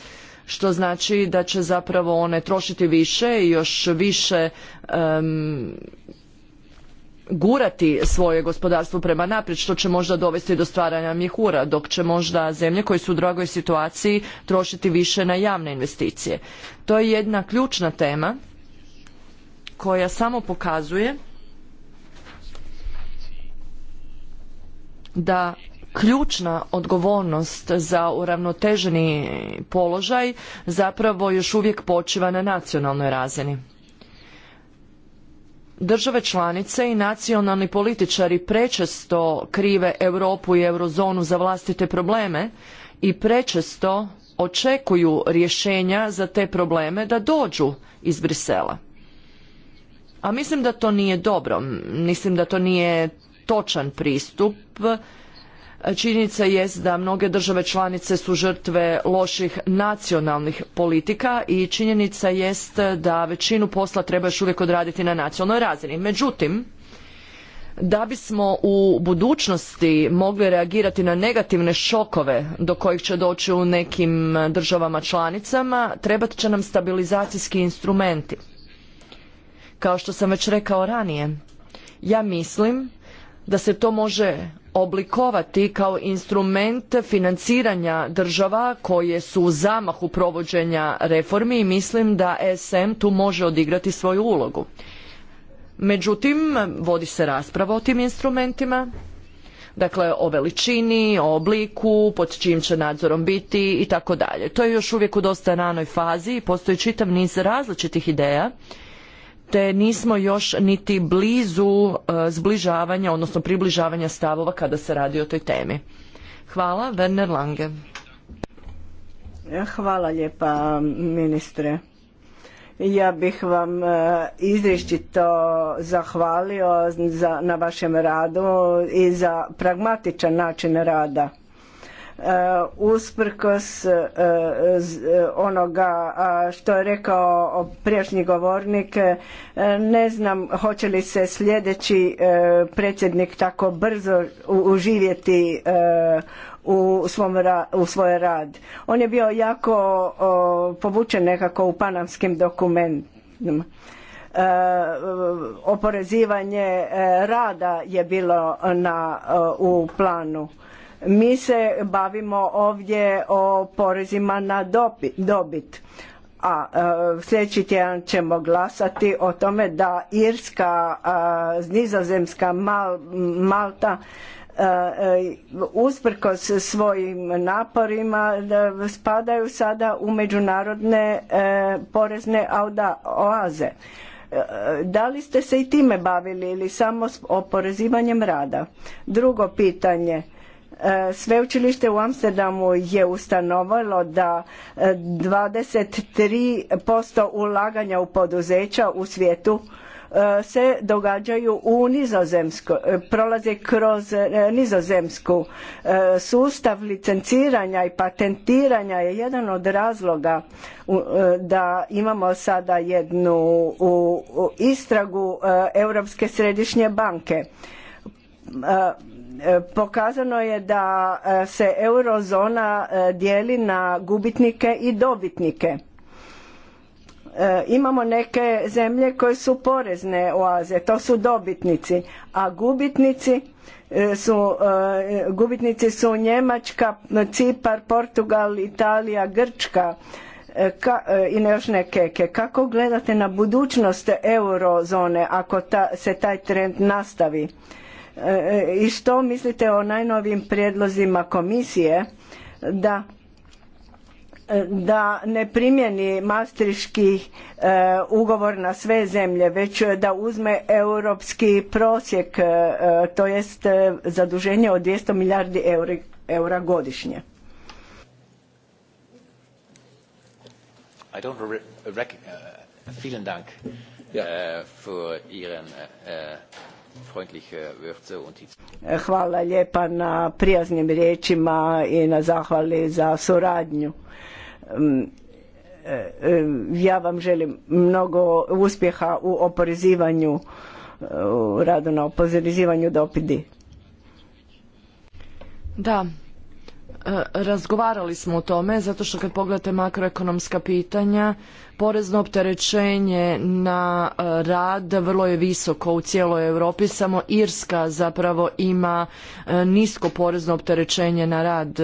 što znači da će zapravo one trošiti više i još više gurati svoje gospodarstvo prema naprijed što će možda dovesti do stvaranja mjehura dok će možda zemlje koje su u dragoj situaciji trošiti više na javne investicije. To je jedna ključna tema koja samo pokazuje da ključna odgovornost za uravnoteženi položaj zapravo još uvijek počiva na nacionalnoj razini. Države članice i nacionalni političari prečesto krive Europu i eurozonu za vlastite probleme i prečesto očekuju rješenja za te probleme da dođu iz Brisela. A mislim da to nije dobro, mislim da to nije točan pristup Činjenica jest da mnoge države članice su žrtve loših nacionalnih politika i činjenica jest da većinu posla treba još uvijek odraditi na nacionalnoj razini. Međutim, da bismo u budućnosti mogli reagirati na negativne šokove do kojih će doći u nekim državama članicama, trebat će nam stabilizacijski instrumenti. Kao što sam već rekao ranije, ja mislim da se to može oblikovati kao instrument financiranja država koje su u zamahu provođenja reformi i mislim da SM tu može odigrati svoju ulogu. Međutim, vodi se rasprava o tim instrumentima, dakle o veličini, o obliku, pod čim će nadzorom biti i tako dalje. To je još uvijek u dosta ranoj fazi i postoji čitav niz različitih ideja te nismo još niti blizu e, zbližavanja, odnosno približavanja stavova kada se radi o toj temi. Hvala, Werner Lange. Hvala lijepa, ministre. Ja bih vam e, izričito zahvalio na vašem radu i za pragmatičan način rada E, usprkos e, e, onoga što je rekao prijašnji govornik ne znam hoće li se sljedeći predsjednik tako brzo uživjeti u, svoj rad. On je bio jako povučen nekako u panamskim dokumentima. oporezivanje rada je bilo na, u planu mi se bavimo ovdje o porezima na dobit, a e, sljedeći tjedan ćemo glasati o tome da Irska, Nizozemska, Malta e, e, usprkos svojim naporima spadaju sada u međunarodne porezne oaze. Da li ste se i time bavili ili samo oporezivanjem rada? Drugo pitanje E, sveučilište u Amsterdamu je ustanovilo da 23% e, ulaganja u poduzeća u svijetu e, se događaju u Nizozemskoj, prolaze kroz Nizozemsku. Sustav licenciranja i patentiranja je jedan od razloga da imamo sada jednu istragu Europske središnje banke E, pokazano je da e, se eurozona e, dijeli na gubitnike i dobitnike. Imamo neke zemlje koje su porezne oaze, to su dobitnici, a gubitnici su, gubitnici su Njemačka, Cipar, Portugal, Italija, Grčka ka, i još neke. Kako gledate na budućnost eurozone ako ta, se taj trend nastavi? i što mislite o najnovim prijedlozima komisije da da ne primjeni maastriški e, ugovor na sve zemlje već da uzme europski prosjek e, to jest e, zaduženje od 200 milijardi eura, godišnje uh, E, hvala lijepa na prijaznim riječima i na zahvali za suradnju. Mm, e, e, ja vam želim mnogo uspjeha u oporezivanju, u radu na oporezivanju dopidi. Da, razgovarali smo o tome zato što kad pogledate makroekonomska pitanja Porezno opterećenje na e, rad vrlo je visoko u cijeloj Europi, samo Irska zapravo ima e, nisko porezno opterećenje na rad,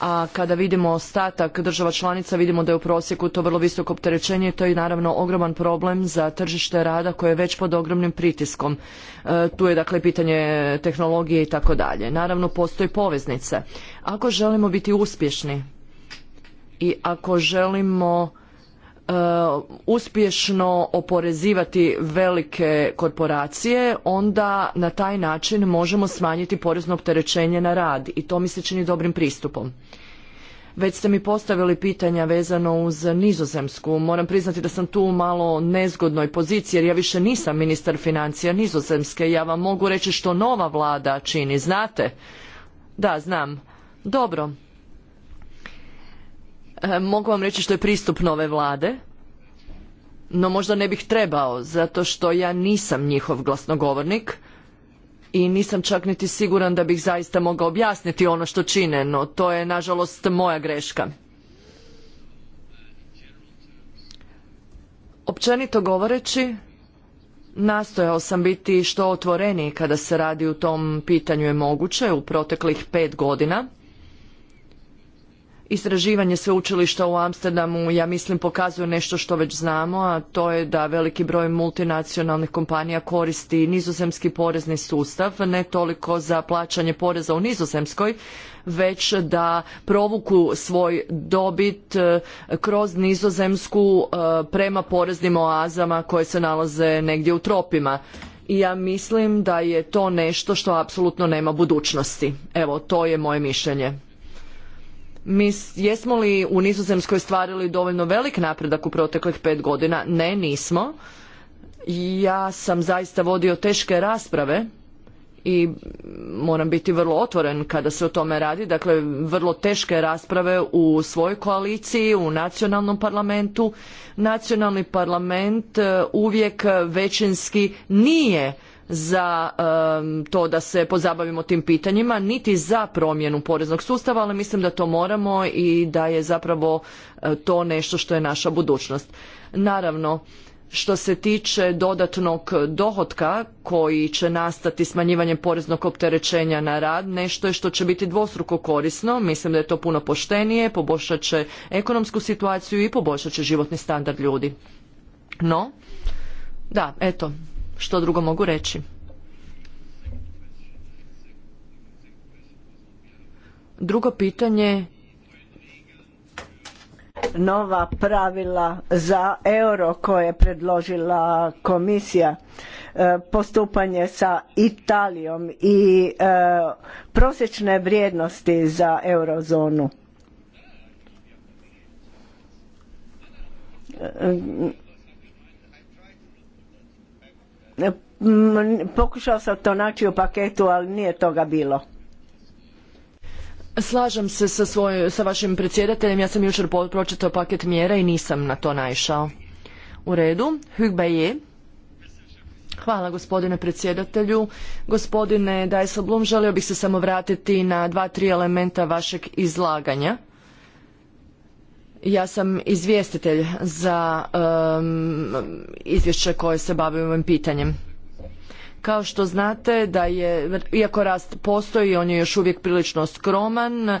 a kada vidimo ostatak država članica vidimo da je u prosjeku to vrlo visoko opterećenje i to je naravno ogroman problem za tržište rada koje je već pod ogromnim pritiskom. E, tu je dakle pitanje tehnologije i tako dalje. Naravno postoji poveznice. Ako želimo biti uspješni i ako želimo Uh, uspješno oporezivati velike korporacije, onda na taj način možemo smanjiti porezno opterećenje na rad i to mi se čini dobrim pristupom. Već ste mi postavili pitanja vezano uz Nizozemsku. Moram priznati da sam tu u malo nezgodnoj poziciji jer ja više nisam ministar financija Nizozemske. Ja vam mogu reći što nova vlada čini, znate? Da, znam. Dobro, E, mogu vam reći što je pristup nove vlade, no možda ne bih trebao, zato što ja nisam njihov glasnogovornik i nisam čak niti siguran da bih zaista mogao objasniti ono što čine, no to je nažalost moja greška. Općenito govoreći, nastojao sam biti što otvoreniji kada se radi u tom pitanju je moguće u proteklih pet godina. Istraživanje sveučilišta u Amsterdamu, ja mislim, pokazuje nešto što već znamo, a to je da veliki broj multinacionalnih kompanija koristi nizozemski porezni sustav, ne toliko za plaćanje poreza u nizozemskoj, već da provuku svoj dobit e, kroz nizozemsku e, prema poreznim oazama koje se nalaze negdje u tropima. I ja mislim da je to nešto što apsolutno nema budućnosti. Evo, to je moje mišljenje. Mi jesmo li u Nizozemskoj stvarili dovoljno velik napredak u proteklih pet godina? Ne, nismo. Ja sam zaista vodio teške rasprave i moram biti vrlo otvoren kada se o tome radi, dakle vrlo teške rasprave u svojoj koaliciji, u nacionalnom parlamentu. Nacionalni parlament e, uvijek većinski nije za to da se pozabavimo tim pitanjima niti za promjenu poreznog sustava ali mislim da to moramo i da je zapravo e, to nešto što je naša budućnost naravno što se tiče dodatnog dohotka koji će nastati smanjivanjem poreznog opterećenja na rad, nešto je što će biti dvostruko korisno, mislim da je to puno poštenije, poboljšat će ekonomsku situaciju i poboljšat će životni standard ljudi. No, da, eto, što drugo mogu reći? Drugo pitanje nova pravila za euro koje je predložila komisija e, postupanje sa Italijom i e, prosječne vrijednosti za eurozonu e, Mm, pokušao sam to naći u paketu, ali nije toga bilo. Slažem se sa, vašim predsjedateljem. Ja sam jučer pročitao paket mjera i nisam na to naišao. U redu. je. Hvala gospodine predsjedatelju. Gospodine Blum, želio bih se samo vratiti na dva, tri elementa vašeg izlaganja ja sam izvjestitelj za izvješće koje se bavi ovim pitanjem. Kao što znate da je, iako rast postoji, on je još uvijek prilično skroman,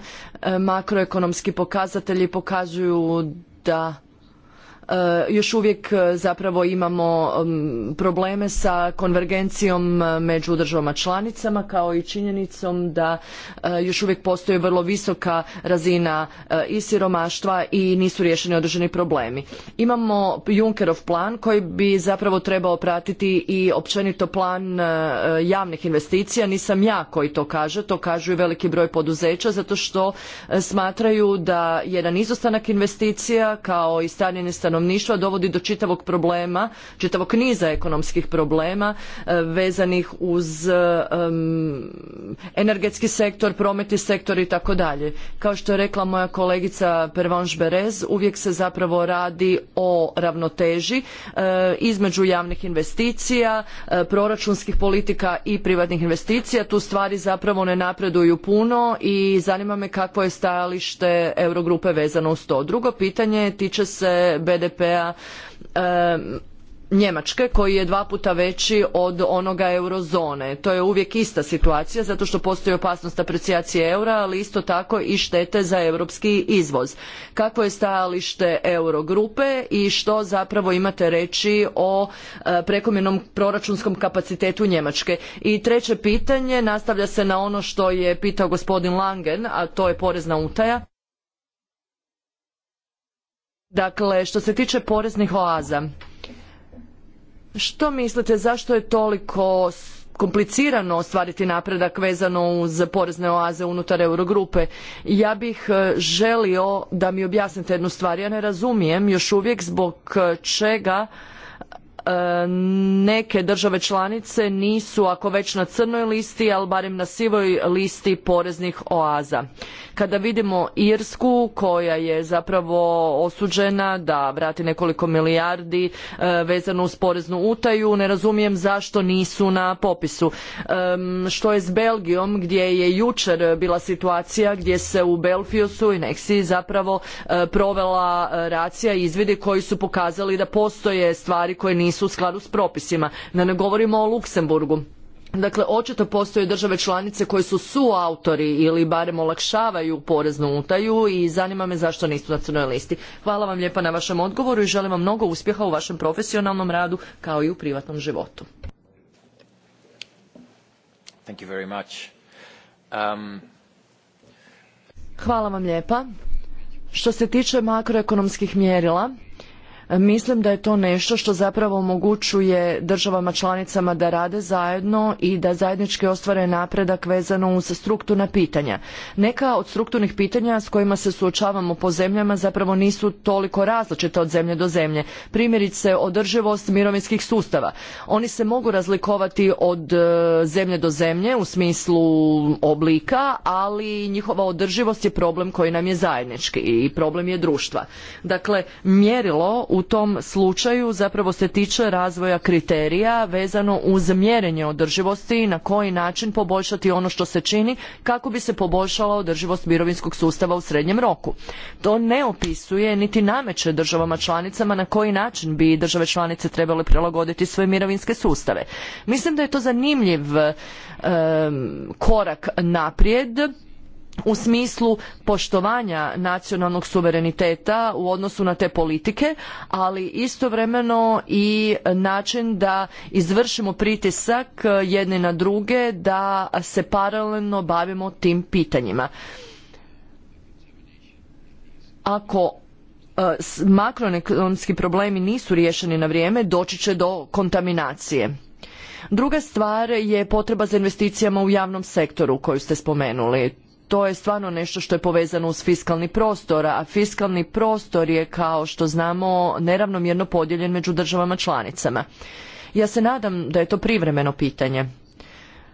makroekonomski pokazatelji pokazuju da Eh, još uvijek eh, zapravo imamo mm, probleme sa konvergencijom eh, među državama članicama kao i činjenicom da još uvijek postoji vrlo visoka razina i siromaštva i nisu riješeni određeni problemi. Imamo Junckerov plan koji bi zapravo trebao pratiti i općenito plan javnih investicija. Nisam ja koji to kaže, to kažu i veliki broj poduzeća zato što smatraju da jedan izostanak investicija kao i stanovništva stanovništva dovodi do čitavog problema, čitavog niza ekonomskih problema e, vezanih uz energetski sektor, prometni sektor i tako dalje. Kao što je rekla moja kolegica Pervanš Berez, uvijek se zapravo radi o ravnoteži e, između javnih investicija, e, proračunskih politika i privatnih investicija. Tu stvari zapravo ne napreduju puno i zanima me kakvo je stajalište Eurogrupe vezano uz to. Drugo pitanje tiče se BDP-a Njemačke koji je dva puta veći od onoga eurozone. To je uvijek ista situacija zato što postoji opasnost aprecijacije eura, ali isto tako i štete za europski izvoz. Kako je stajalište Eurogrupe i što zapravo imate reći o e, prekomjernom proračunskom kapacitetu Njemačke? I treće pitanje nastavlja se na ono što je pitao gospodin Langen, a to je porezna utaja Dakle, što se tiče poreznih oaza, što mislite zašto je toliko komplicirano ostvariti napredak vezano uz porezne oaze unutar Eurogrupe. Ja bih e, želio da mi objasnite jednu stvar. Ja ne razumijem još uvijek zbog e, čega E, neke države članice nisu ako već na crnoj listi, ali barem na sivoj listi poreznih oaza. Kada vidimo Irsku koja je zapravo osuđena da vrati nekoliko milijardi e, vezano uz poreznu utaju, ne razumijem zašto nisu na popisu. Što je s Belgijom gdje je jučer bila situacija gdje se u Belfiosu i Nexi zapravo e, provela racija i izvidi koji su pokazali da postoje stvari koje nisu su u skladu s propisima. Da ne govorimo o Luksemburgu. Dakle, očito postoje države članice koje su suautori ili barem olakšavaju poreznu utaju i zanima me zašto nisu nacionalisti. listi. Hvala vam lijepa na vašem odgovoru i želim vam mnogo uspjeha u vašem profesionalnom radu kao i u privatnom životu. Um, Hvala vam lijepa. Što se tiče makroekonomskih mjerila, Mislim da je to nešto što zapravo omogućuje državama članicama da rade zajedno i da zajednički ostvare napredak vezano uz strukturna pitanja. Neka od strukturnih pitanja s kojima se suočavamo po zemljama zapravo nisu toliko različita od zemlje do zemlje. Primjerice održivost mirovinskih sustava. Oni se mogu razlikovati od e, zemlje do zemlje u smislu oblika, ali njihova održivost je problem koji nam je zajednički i problem je društva. Dakle, mjerilo u tom slučaju zapravo se tiče razvoja kriterija vezano uz mjerenje održivosti i na koji način poboljšati ono što se čini kako bi se poboljšala održivost mirovinskog sustava u srednjem roku. To ne opisuje niti nameće državama članicama na koji način bi države članice trebale prilagoditi svoje mirovinske sustave. Mislim da je to zanimljiv korak naprijed u smislu poštovanja nacionalnog suvereniteta u odnosu na te politike, ali istovremeno i način da izvršimo pritisak jedne na druge da se paralelno bavimo tim pitanjima. Ako e, makroekonomski problemi nisu riješeni na vrijeme, doći će do kontaminacije. Druga stvar je potreba za investicijama u javnom sektoru koju ste spomenuli to je stvarno nešto što je povezano uz fiskalni prostor, a fiskalni prostor je kao što znamo neravnomjerno podijeljen među državama članicama. Ja se nadam da je to privremeno pitanje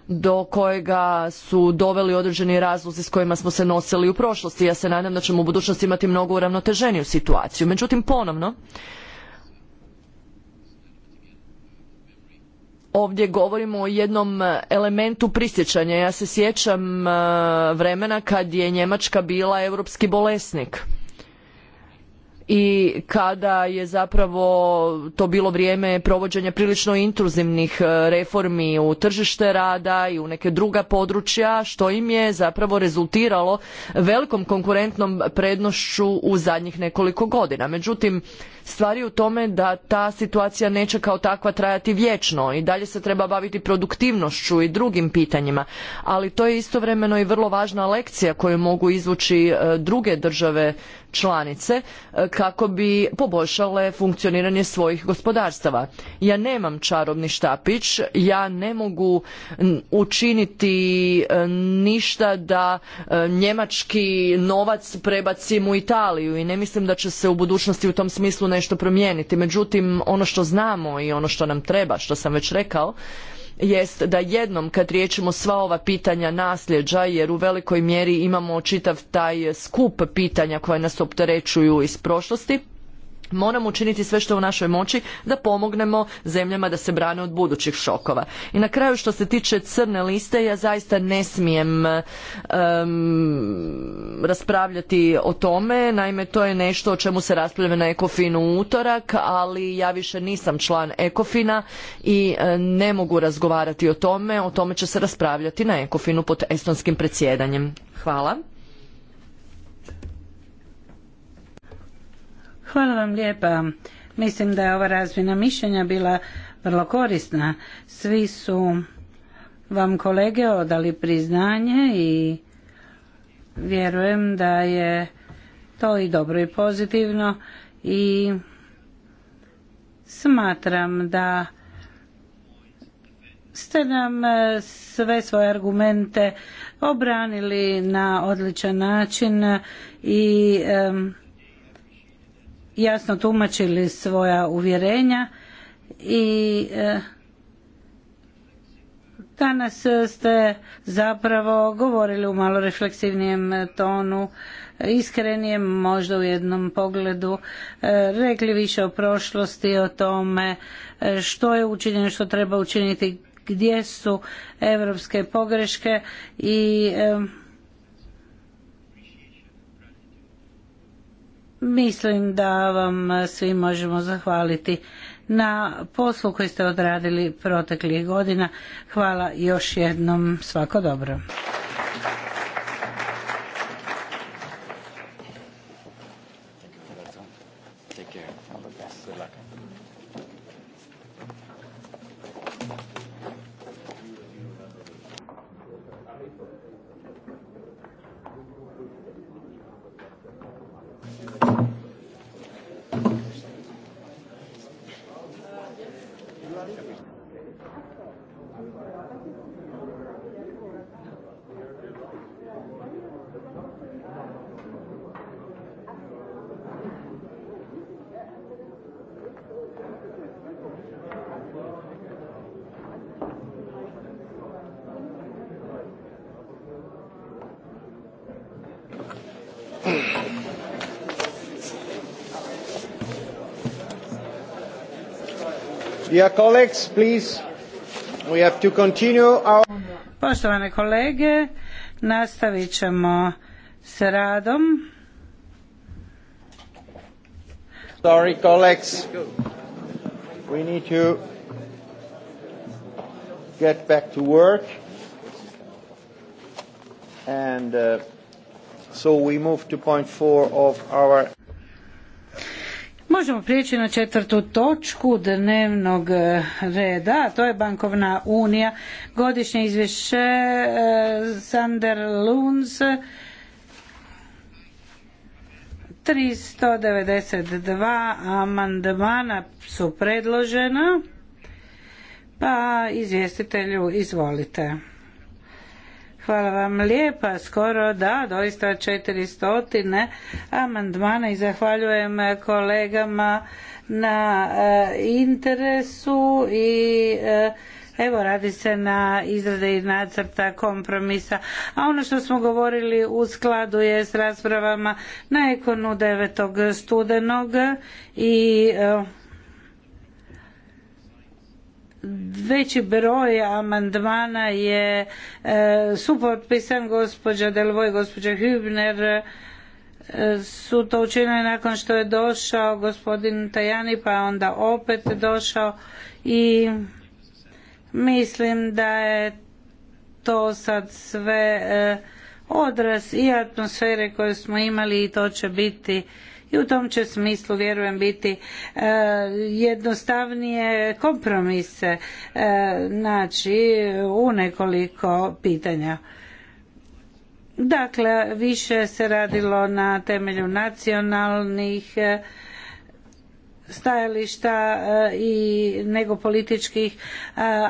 do kojega su doveli određeni razlozi s kojima smo se nosili u prošlosti. Ja se nadam da ćemo u budućnosti imati mnogo uravnoteženiju situaciju. Međutim, ponovno, ovdje govorimo o jednom e, elementu prisjećanja. Ja se sjećam e, vremena kad je Njemačka bila europski bolesnik i kada je zapravo to bilo vrijeme provođenja prilično intruzivnih e, reformi u tržište rada i u neke druga područja što im je zapravo rezultiralo velikom konkurentnom prednošću u zadnjih nekoliko godina. Međutim, Stvar je u tome da ta situacija neće kao takva trajati vječno i dalje se treba baviti produktivnošću i drugim pitanjima, ali to je istovremeno i vrlo važna lekcija koju mogu izvući e, druge države članice e, kako bi poboljšale funkcioniranje svojih gospodarstava. Ja nemam čarobni štapić, ja ne mogu učiniti e, ništa da njemački novac prebacim u Italiju i ne mislim da će se u budućnosti u tom smislu nešto promijeniti. Međutim, ono što znamo i ono što nam treba, što sam već rekao, jest da jednom kad riječimo sva ova pitanja nasljeđa, jer u velikoj mjeri imamo čitav taj skup pitanja koje nas opterećuju iz prošlosti, Moramo učiniti sve što je u našoj moći da pomognemo zemljama da se brane od budućih šokova. I na kraju što se tiče crne liste, ja zaista ne smijem raspravljati o tome. Naime, to je nešto o čemu se raspravlja na Ekofinu u utorak, ali ja više nisam član Ekofina i e, ne mogu razgovarati o tome. O tome će se raspravljati na Ekofinu pod estonskim predsjedanjem. Hvala. Hvala vam lijepa. Mislim da je ova razmjena mišljenja bila vrlo korisna. Svi su vam kolege odali priznanje i vjerujem da je to i dobro i pozitivno i smatram da ste nam e, sve svoje argumente obranili na odličan način i jasno tumačili svoja uvjerenja i e, danas ste zapravo govorili u malo refleksivnijem tonu iskrenijem možda u jednom pogledu e, rekli više o prošlosti o tome e, što je učinjeno što treba učiniti gdje su europske pogreške i Mislim da vam svi možemo zahvaliti na poslu koji ste odradili proteklih godina. Hvala još jednom, svako dobro. colleagues, please, we have to continue our... Poštovane kolege, nastavit ćemo s radom. Sorry, colleagues, we need to get back to work. And uh, so we move to point four of our Možemo prijeći na četvrtu točku dnevnog e, reda, to je Bankovna unija, godišnje izvješće e, Sander Luns, 392 amandmana su predložena, pa izvjestitelju izvolite. Hvala vam lijepa, skoro da, doista četiri stotine amandmana i zahvaljujem kolegama na e, interesu i e, Evo radi se na izrade i nacrta kompromisa. A ono što smo govorili u skladu je s raspravama na Ekonu 9. studenog i e, veći broj amandmana je e, supotpisan gospođa Delvoj, gospođa Hübner e, su to učinili nakon što je došao gospodin Tajani pa je onda opet došao i mislim da je to sad sve e, odraz i atmosfere koju smo imali i to će biti i u tom će smislu vjerujem biti e, jednostavnije kompromise e, naći u nekoliko pitanja. Dakle, više se radilo na temelju nacionalnih e, stajališta i nego političkih,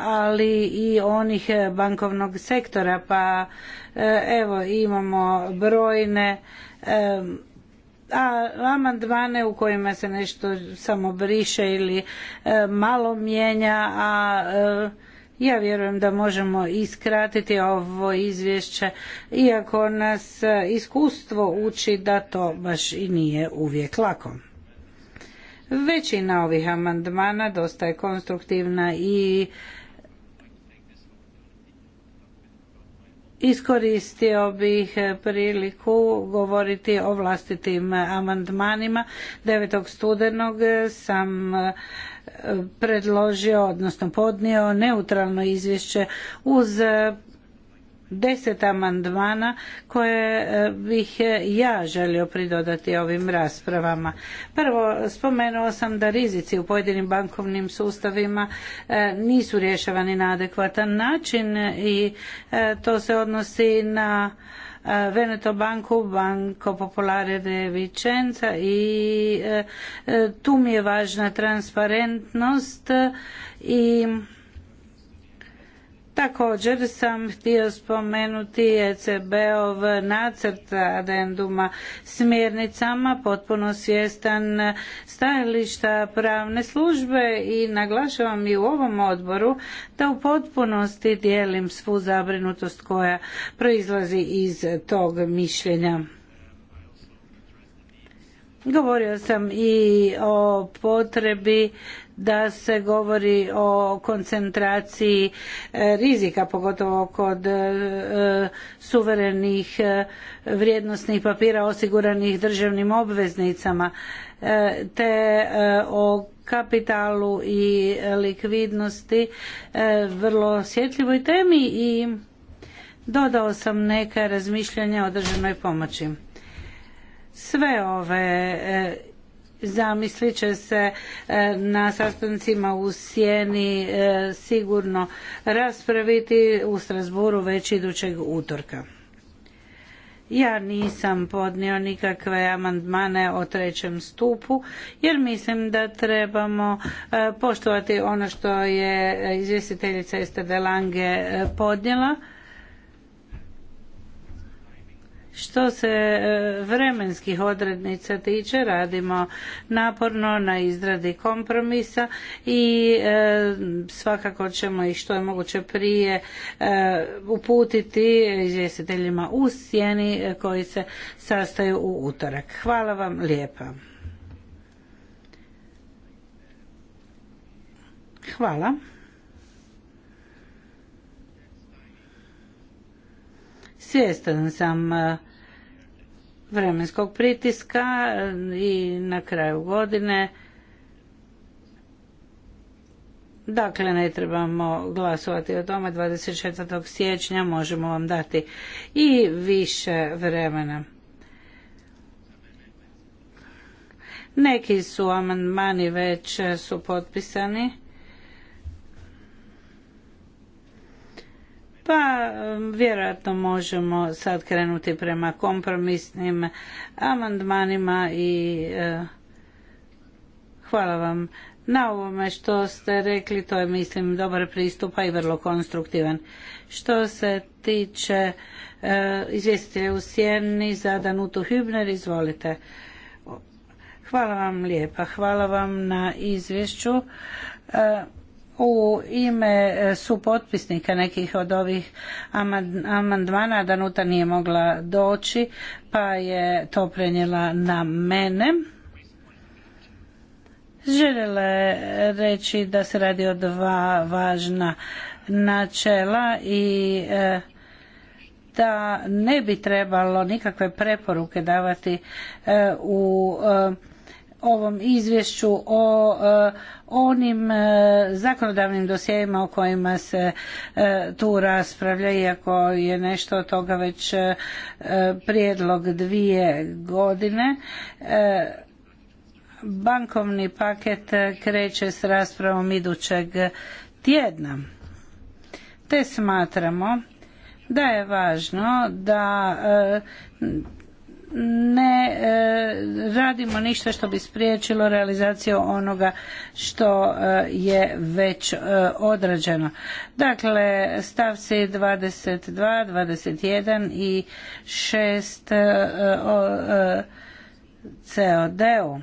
ali i onih bankovnog sektora. Pa evo imamo brojne a amandmane u kojima se nešto samo briše ili e, malo mijenja, a e, ja vjerujem da možemo iskratiti ovo izvješće, iako nas iskustvo uči da to baš i nije uvijek lako. Većina ovih amandmana dosta je konstruktivna i Iskoristio bih eh, priliku govoriti o vlastitim eh, amandmanima. 9. studenog eh, sam predložio, odnosno podnio neutralno izvješće uz deset amandmana koje eh, bih eh, ja želio pridodati ovim raspravama. Prvo, spomenuo sam da rizici u pojedinim bankovnim sustavima eh, nisu rješavani na adekvatan način i to se odnosi na Veneto banku, Banko Popolare de Vicenza i tu mi je važna transparentnost i Također sam htio spomenuti ECB-ov nacrt adenduma smjernicama, potpuno svjestan stajališta pravne službe i naglašavam i u ovom odboru da u potpunosti dijelim svu zabrinutost koja proizlazi iz tog mišljenja. Govorio sam i o potrebi da se govori o koncentraciji e, rizika, pogotovo kod e, suverenih e, vrijednosnih papira osiguranih državnim obveznicama, te o kapitalu i likvidnosti vrlo osjetljivoj temi i dodao sam neka razmišljanja o državnoj pomoći. Sve ove zamislit će se e, na sastancima u Sjeni e, sigurno raspraviti u Strasburu već idućeg utorka. Ja nisam podnio nikakve amandmane o trećem stupu jer mislim da trebamo e, poštovati ono što je izvjestiteljica Esther delange podnijela što se e, vremenskih odrednica tiče, radimo naporno na izradi kompromisa i e, svakako ćemo i što je moguće prije e, uputiti izvjestiteljima u sjeni koji se sastaju u utorak. Hvala vam lijepa. Hvala. Svjestan sam vremenskog pritiska eh, i na kraju godine. Dakle, ne trebamo glasovati o tome. 24. siječnja možemo vam dati i više vremena. Neki su amandmani već eh, su potpisani. pa vjerojatno možemo sad krenuti prema kompromisnim amandmanima i e, hvala vam na ovome što ste rekli, to je mislim dobar pristup i vrlo konstruktivan. Što se tiče e, izvjestitelja u Sjeni za Danutu Hübner, izvolite. Hvala vam lijepa, hvala vam na izvješću. E, u ime e, supotpisnika nekih od ovih amandmana Danuta nije mogla doći pa je to prenijela na mene. Željela je reći da se radi o dva važna načela i e, da ne bi trebalo nikakve preporuke davati e, u ovom izvješću o e, onim e, zakonodavnim dosjeima o kojima se e, tu raspravlja iako je nešto od toga već prijedlog dvije godine bankovni paket kreće s raspravom idućeg tjedna te smatramo da je važno da ne e, radimo ništa što bi spriječilo realizaciju onoga što e, je već e, odrađeno. Dakle, stavci 22, 21 i 6 COD-u.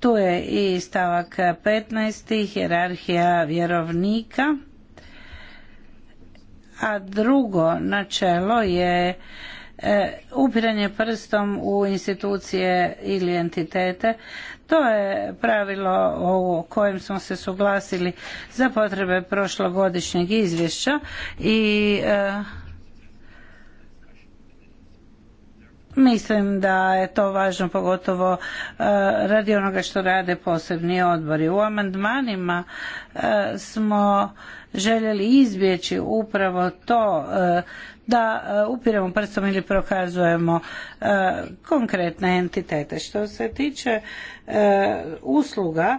Tu je i stavak 15. hjerarhija vjerovnika a drugo načelo je e, upiranje prstom u institucije ili entitete. To je pravilo o kojem smo se suglasili za potrebe prošlogodišnjeg izvješća i e, Mislim da je to važno pogotovo e, radi onoga što rade posebni odbori. U amandmanima e, smo željeli izbjeći upravo to e, da upiremo prstom ili prokazujemo konkretne entitete. Što se tiče usluga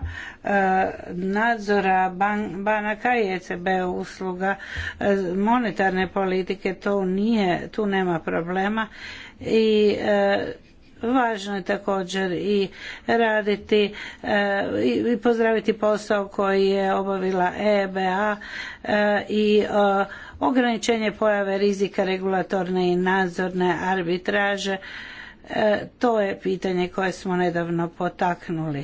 nadzora banaka i ECB usluga monetarne politike, to nije, tu nema problema i e, važno je također i raditi e, i pozdraviti posao koji je obavila EBA e, i ograničenje pojave rizika regulatorne i nadzorne arbitraže to je pitanje koje smo nedavno potaknuli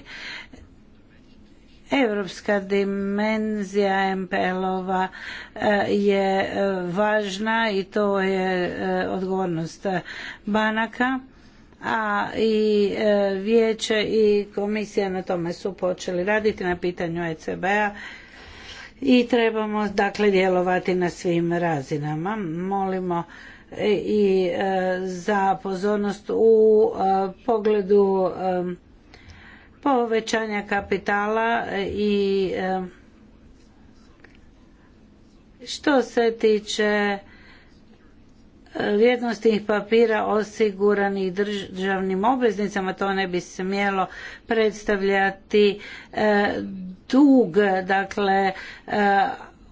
Europska dimenzija MPL-ova e, je e, važna i to je e, odgovornost banaka a i vijeće i komisija na tome su počeli raditi na pitanju ECB-a i trebamo dakle djelovati na svim razinama. Molimo i za pozornost u pogledu povećanja kapitala i e, što se tiče e, vrijednostnih papira osiguranih državnim obveznicama to ne bi smjelo predstavljati e, dug dakle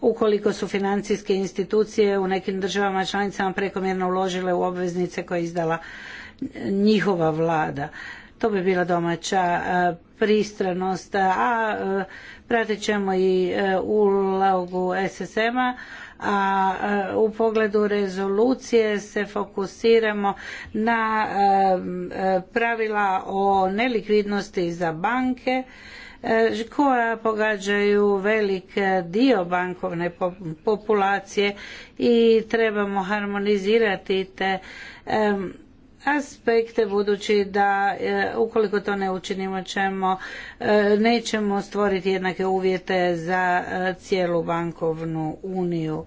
ukoliko su financijske institucije u nekim državama članicama prekomjerno uložile u obveznice koje je izdala njihova vlada to bi bila domaća e, pristranost, a e, pratit ćemo i e, ulogu SSM-a a u pogledu rezolucije se fokusiramo na pravila o nelikvidnosti za banke koja pogađaju velik dio bankovne populacije i trebamo harmonizirati te aspekte budući da e, ukoliko to ne učinimo ćemo e, nećemo stvoriti jednake uvjete za e, cijelu bankovnu uniju.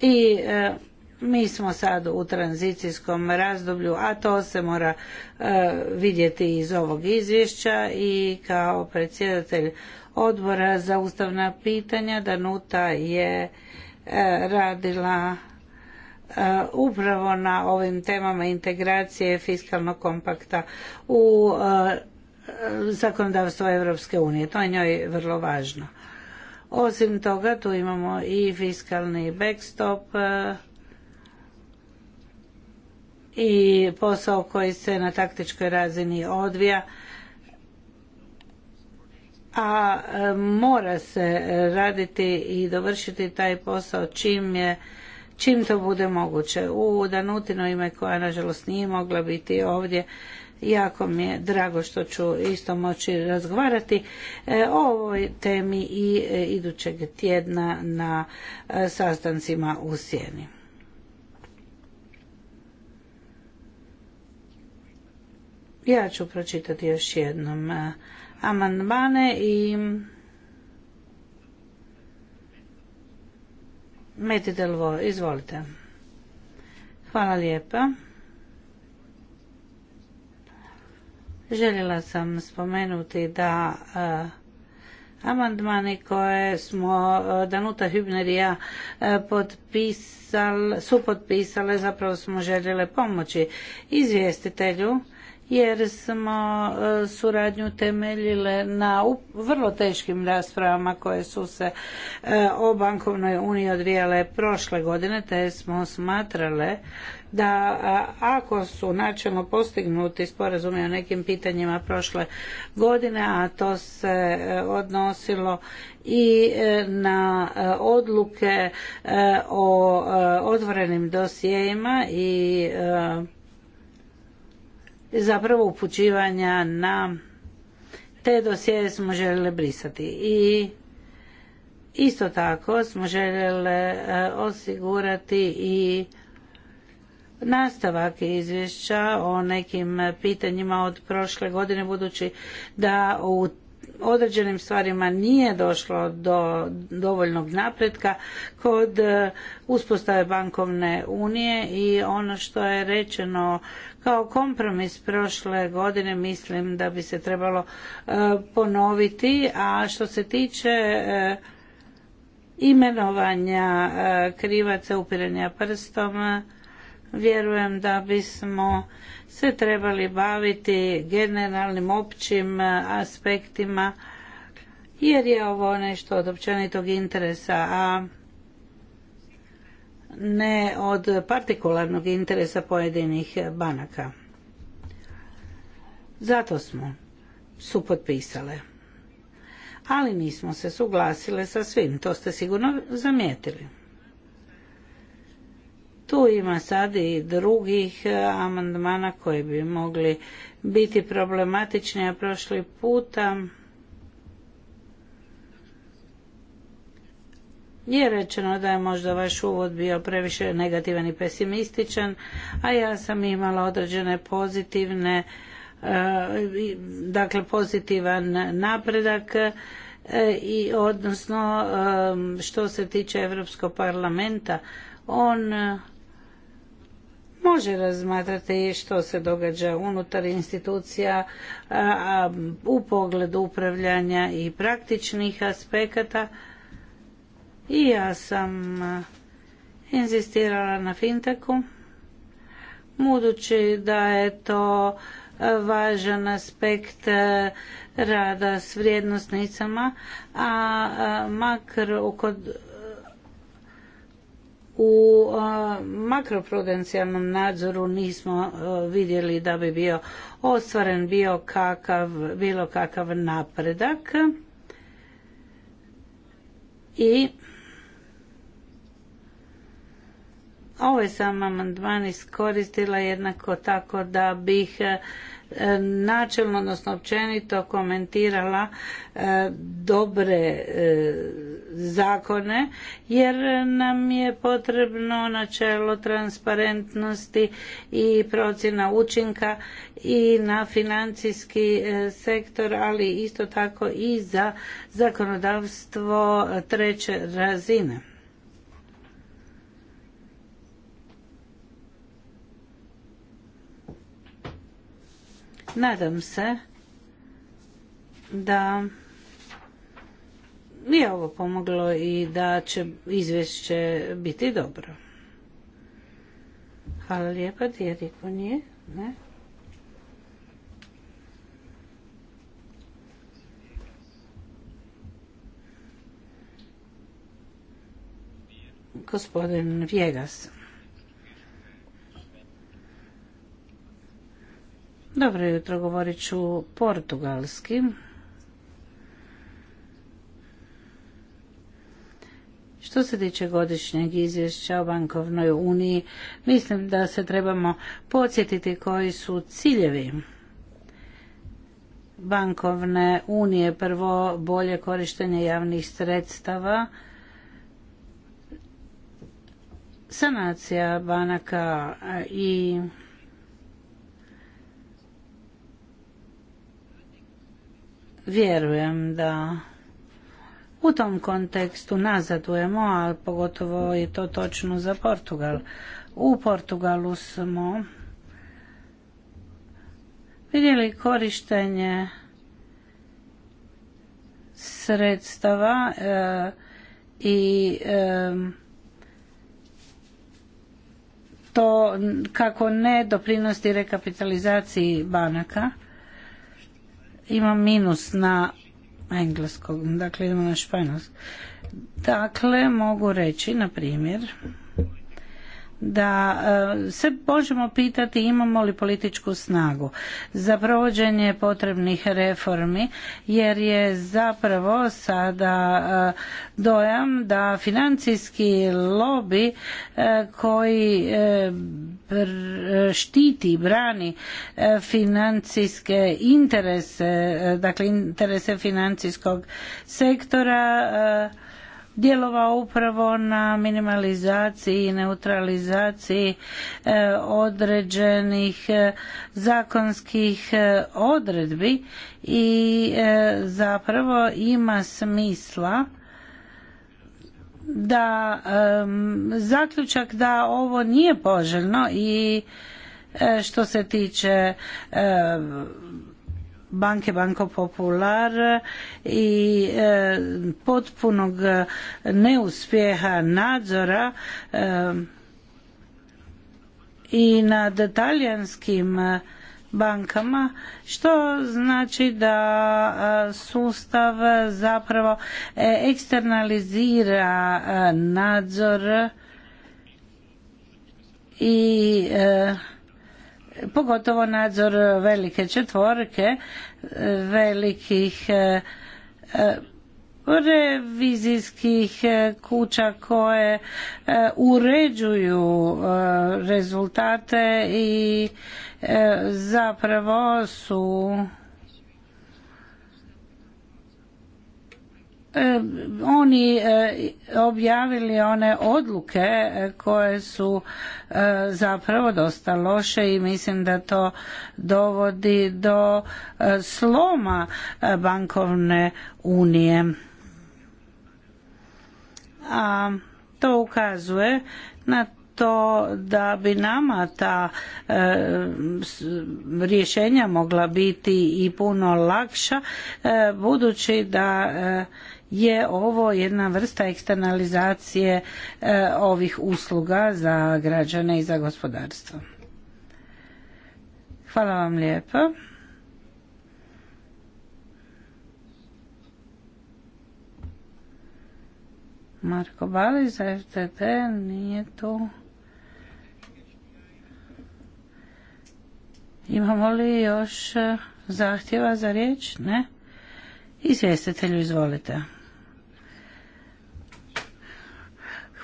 I mi smo sad u tranzicijskom razdoblju, a to se mora vidjeti iz ovog izvješća i kao predsjedatelj odbora za ustavna pitanja Danuta je radila E, upravo na ovim temama integracije fiskalnog kompakta u e, zakonodavstvo Europske unije. To je njoj vrlo važno. Osim toga, tu imamo i fiskalni backstop e, i posao koji se na taktičkoj razini odvija a mora se raditi i dovršiti taj posao čim je čim to bude moguće. U Danutino ime koja nažalost nije mogla biti ovdje, jako mi je drago što ću isto moći razgovarati e, o ovoj temi i e, idućeg tjedna na e, sastancima u Sjeni. Ja ću pročitati još jednom amandmane i Meti izvolite. Hvala lijepa. Željela sam spomenuti da e, amandmani koje smo e, Danuta Hübner i e, su potpisale, zapravo smo željele pomoći izvjestitelju jer smo e, suradnju temeljile na vrlo teškim raspravama koje su se e, o bankovnoj uniji odvijale prošle godine, te smo smatrale da ako su načelno postignuti sporazumi o nekim pitanjima prošle godine, a to se e, odnosilo i na odluke o otvorenim dosijejima i zapravo upućivanja na te dosije smo željeli brisati i isto tako smo željeli e, osigurati i nastavak izvješća o nekim pitanjima od prošle godine budući da u određenim stvarima nije došlo do dovoljnog napretka kod e, uspostave bankovne unije i ono što je rečeno kao kompromis prošle godine mislim da bi se trebalo e, ponoviti, a što se tiče e, imenovanja e, krivaca upirenja prstom, vjerujem da bismo se trebali baviti generalnim općim aspektima jer je ovo nešto od općenitog interesa, a ne od partikularnog interesa pojedinih banaka. Zato smo su potpisale. Ali nismo se suglasile sa svim, to ste sigurno zamijetili. Tu ima sad i drugih eh, amandmana koji bi mogli biti problematični, a prošli puta je rečeno da je možda vaš uvod bio previše negativan i pesimističan, a ja sam imala određene pozitivne, e, dakle pozitivan napredak e, i odnosno e, što se tiče Europskog parlamenta, on može razmatrati što se događa unutar institucija u pogledu upravljanja i praktičnih aspekata i ja sam inzistirala na finteku, budući da je to važan aspekt rada s vrijednosnicama, a makar kod u makroprudencijalnom nadzoru nismo vidjeli da bi bio ostvaren bio kakav, bilo kakav napredak i Ovaj sam amandman iskoristila jednako tako da bih e, načelno, odnosno općenito komentirala e, dobre e, zakone jer nam je potrebno načelo transparentnosti i procjena učinka i na financijski sektor, ali isto tako i za zakonodavstvo treće razine. Nadam se da je ovo pomoglo i da će izvješće biti dobro. Hvala lijepa, Dijeriko nije. Ne? Gospodin Vjegas. Dobro jutro, govorit ću portugalski. Što se tiče godišnjeg izvješća o bankovnoj uniji, mislim da se trebamo podsjetiti koji su ciljevi bankovne unije. Prvo, bolje korištenje javnih sredstava, sanacija banaka i vjerujem da u tom kontekstu nazadujemo, ali pogotovo je to točno za Portugal. U Portugalu smo vidjeli korištenje sredstava e, i e, to kako ne doprinosti rekapitalizaciji banaka imam minus na engleskom, dakle idemo na španjolski. Dakle, mogu reći, na primjer, da e, se možemo pitati imamo li političku snagu za provođenje potrebnih reformi jer je zapravo sada e, dojam da financijski lobby e, koji štiti brani financijske interese dakle interese financijskog sektora djelovao upravo na minimalizaciji i neutralizaciji e, određenih e, zakonskih e, odredbi i zapravo ima smisla da zaključak da ovo nije poželjno i što se tiče banke Banko Popular i e, potpunog neuspjeha nadzora e, i nad talijanskim bankama što znači da e, sustav zapravo eksternalizira nadzor i pogotovo nadzor velike četvorke velikih e, e, revizijskih e, kuća koje uređuju rezultate i zapravo su E, oni e, objavili one odluke e, koje su zapravo dosta loše i mislim da to dovodi do sloma bankovne unije. A to ukazuje na to da bi nama ta rješenja mogla biti i puno lakša budući da je ovo jedna vrsta eksternalizacije e, ovih usluga za građane i za gospodarstvo. Hvala vam lijepa. Marko Bali za FTP nije tu. Imamo li još e, zahtjeva za riječ? Ne. Izvjestitelju izvolite.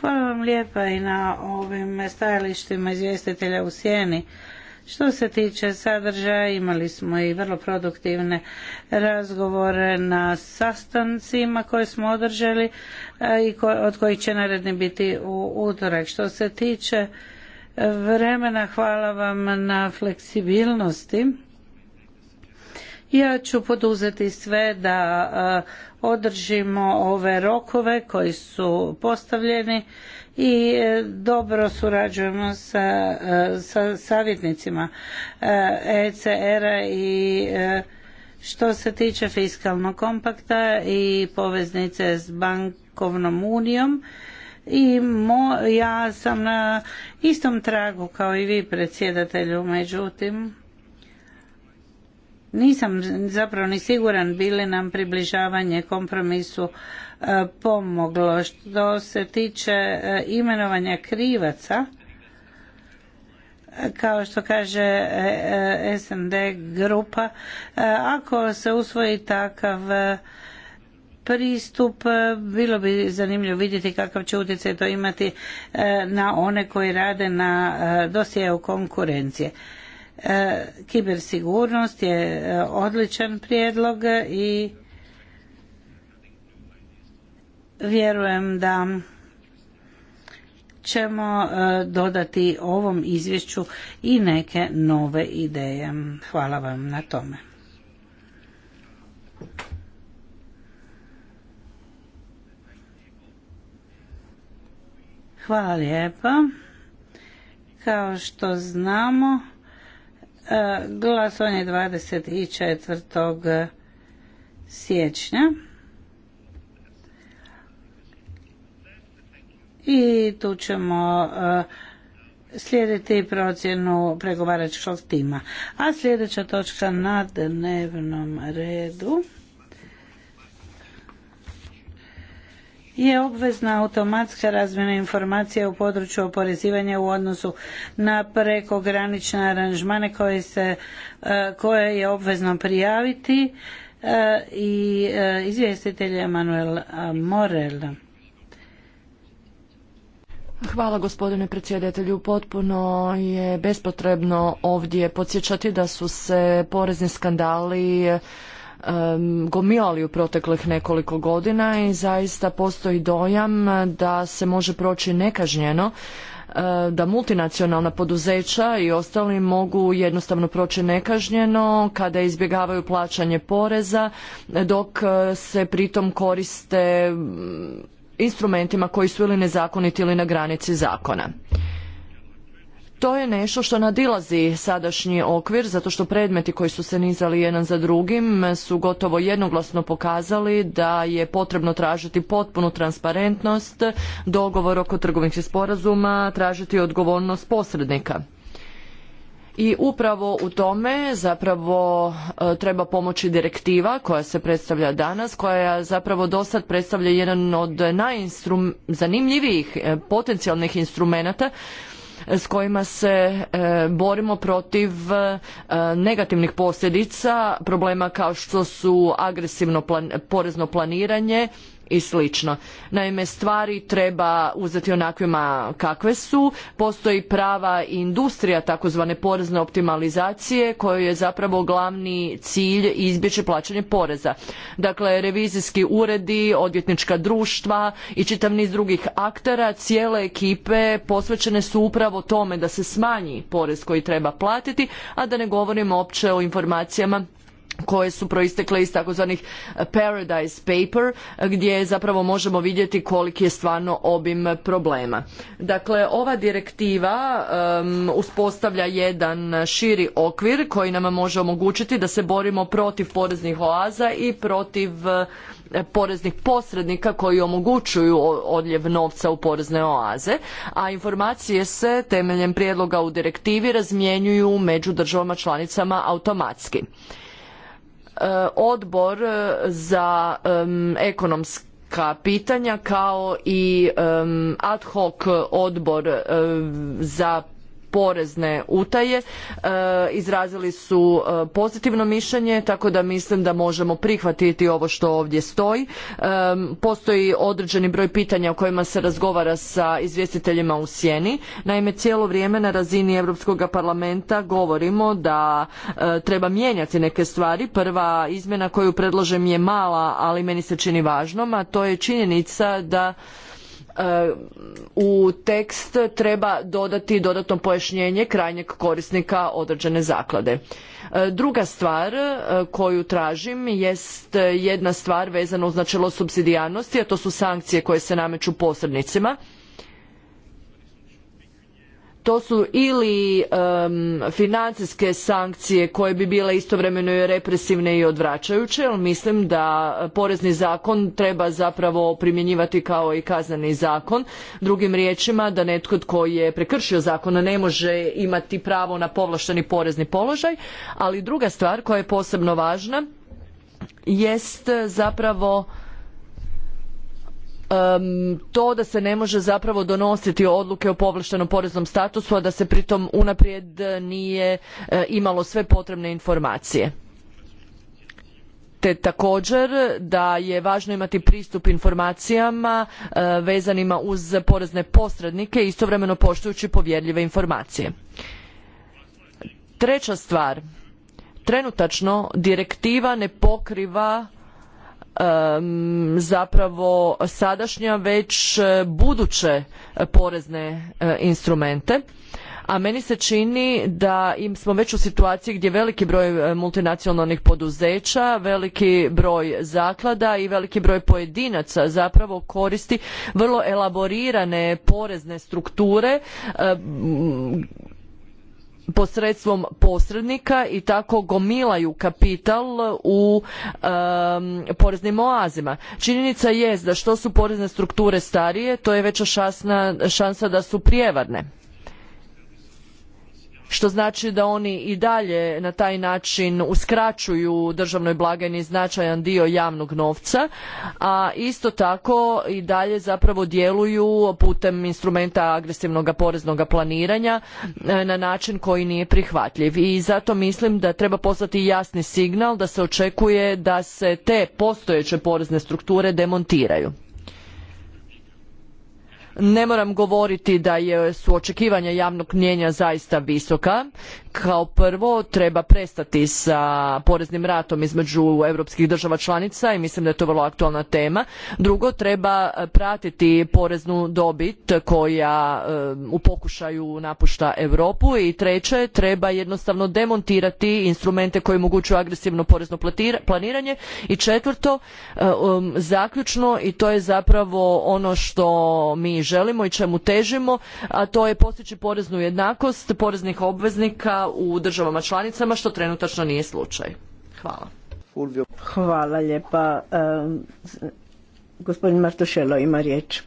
Hvala vam lijepa i na ovim stajalištima izvjestitelja u sjeni. Što se tiče sadržaja, imali smo i vrlo produktivne razgovore na sastancima koje smo održali i od kojih će naredni biti u utorak. Što se tiče vremena, hvala vam na fleksibilnosti ja ću poduzeti sve da e, održimo ove rokove koji su postavljeni i e, dobro surađujemo sa, e, savjetnicima ECR-a i što se tiče fiskalnog kompakta i poveznice s bankovnom unijom i ja sam na istom tragu kao i vi predsjedatelju međutim nisam zapravo ni siguran bili nam približavanje kompromisu e, pomoglo. Što se tiče e, imenovanja krivaca, e, kao što kaže SND grupa, ako se usvoji takav pristup, bilo bi zanimljivo vidjeti kakav će utjecaj to imati na one koji rade na dosjeu konkurencije. E, kibersigurnost je e, odličan prijedlog i vjerujem da ćemo e, dodati ovom izvješću i neke nove ideje. Hvala vam na tome. Hvala lijepa. Kao što znamo, E, glasovanje 24. siječnja. I tu ćemo e, slijediti procjenu pregovaračkog tima. A sljedeća točka na dnevnom redu je obvezna automatska razmjena informacija u području oporezivanja u odnosu na prekogranične aranžmane koje, e, koje je obvezno prijaviti e, i e, izvjestitelj Emanuel Morel. Hvala gospodine predsjedatelju. Potpuno je bespotrebno ovdje podsjećati da su se porezni skandali gomilali u proteklih nekoliko godina i zaista postoji dojam da se može proći nekažnjeno da multinacionalna poduzeća i ostali mogu jednostavno proći nekažnjeno kada izbjegavaju plaćanje poreza dok eh, se pritom koriste mm, instrumentima koji su ili nezakoniti ili na granici zakona. To je nešto što nadilazi sadašnji okvir, zato što predmeti koji su se nizali jedan za drugim su gotovo jednoglasno pokazali da je potrebno tražiti potpunu transparentnost, dogovor oko trgovinskih sporazuma, tražiti odgovornost posrednika. I upravo u tome zapravo e, treba pomoći direktiva koja se predstavlja danas, koja zapravo do sad predstavlja jedan od najzanimljivijih e, potencijalnih instrumenata s kojima se e, borimo protiv e, negativnih posljedica problema kao što su agresivno porezno planiranje i slično. Naime, stvari treba uzeti onakvima kakve su. Postoji prava industrija takozvane porezne optimalizacije kojoj je zapravo glavni cilj izbjeći plaćanje poreza. Dakle, revizijski uredi, odvjetnička društva i čitav niz drugih aktera, cijele ekipe posvećene su upravo tome da se smanji porez koji treba platiti, a da ne govorimo opće o informacijama koje su proistekle iz takozvanih eh, paradise paper eh, gdje zapravo možemo vidjeti koliki je stvarno obim problema. Dakle, ova direktiva uspostavlja jedan širi okvir koji nam može omogućiti da se borimo protiv poreznih oaza i protiv eh, poreznih posrednika koji omogućuju odljev novca u porezne oaze, a informacije se temeljem prijedloga u direktivi razmjenjuju među državama članicama automatski. E, odbor e, za ekonomska pitanja kao i ad hoc odbor e, za porezne utaje. E, izrazili su e, pozitivno mišljenje, tako da mislim da možemo prihvatiti ovo što ovdje stoji. E, postoji određeni broj pitanja o kojima se razgovara sa izvjestiteljima u sjeni. Naime, cijelo vrijeme na razini Europskog parlamenta govorimo da treba mijenjati neke stvari. Prva izmjena koju predlažem je mala, ali meni se čini važnom, a to je činjenica da u tekst treba dodati dodatno pojašnjenje krajnjeg korisnika određene zaklade. E, druga stvar e, koju tražim jest jedna stvar vezana uz načelo subsidijarnosti, a to su sankcije koje se nameću posrednicima to su ili financijske sankcije koje bi bile istovremeno i represivne i odvraćajuće jer mislim da porezni zakon treba zapravo primjenjivati kao i kazneni zakon drugim riječima da netko tko je prekršio zakon ne može imati pravo na povlašteni porezni položaj ali druga stvar koja je posebno važna jest zapravo to da se ne može zapravo donositi odluke o povlaštenom poreznom statusu a da se pritom unaprijed nije e, imalo sve potrebne informacije te također da je važno imati pristup informacijama e, vezanima uz porezne posrednike istovremeno poštujući povjerljive informacije treća stvar trenutačno direktiva ne pokriva zapravo sadašnja već e, buduće porezne e, instrumente a meni se čini da im smo već u situaciji gdje veliki broj e, multinacionalnih poduzeća, veliki broj zaklada i veliki broj pojedinaca zapravo koristi vrlo elaborirane porezne strukture posredstvom posrednika i tako gomilaju kapital u poreznim oazima. Činjenica je da što su porezne strukture starije, to je veća šansa da su prijevarne što znači da oni i dalje na taj način uskraćuju državnoj blagajni značajan dio javnog novca, a isto tako i dalje zapravo djeluju putem instrumenta agresivnog poreznog planiranja e, na način koji nije prihvatljiv. I zato mislim da treba poslati jasni signal da se očekuje da se te postojeće porezne strukture demontiraju. Ne moram govoriti da su očekivanja javnog mnjenja zaista visoka. Kao prvo treba prestati sa poreznim ratom između europskih država članica i mislim da je to vrlo aktualna tema. Drugo, treba pratiti poreznu dobit koja eh, u pokušaju napušta Europu i treće, treba jednostavno demontirati instrumente koji omogućuju agresivno porezno planiranje i četvrto, eh, um, zaključno i to je zapravo ono što mi želimo i čemu težimo, a to je postići poreznu jednakost poreznih obveznika u državama članicama što trenutačno nije slučaj. Hvala. Hvala lijepa. E, gospodin ima riječ.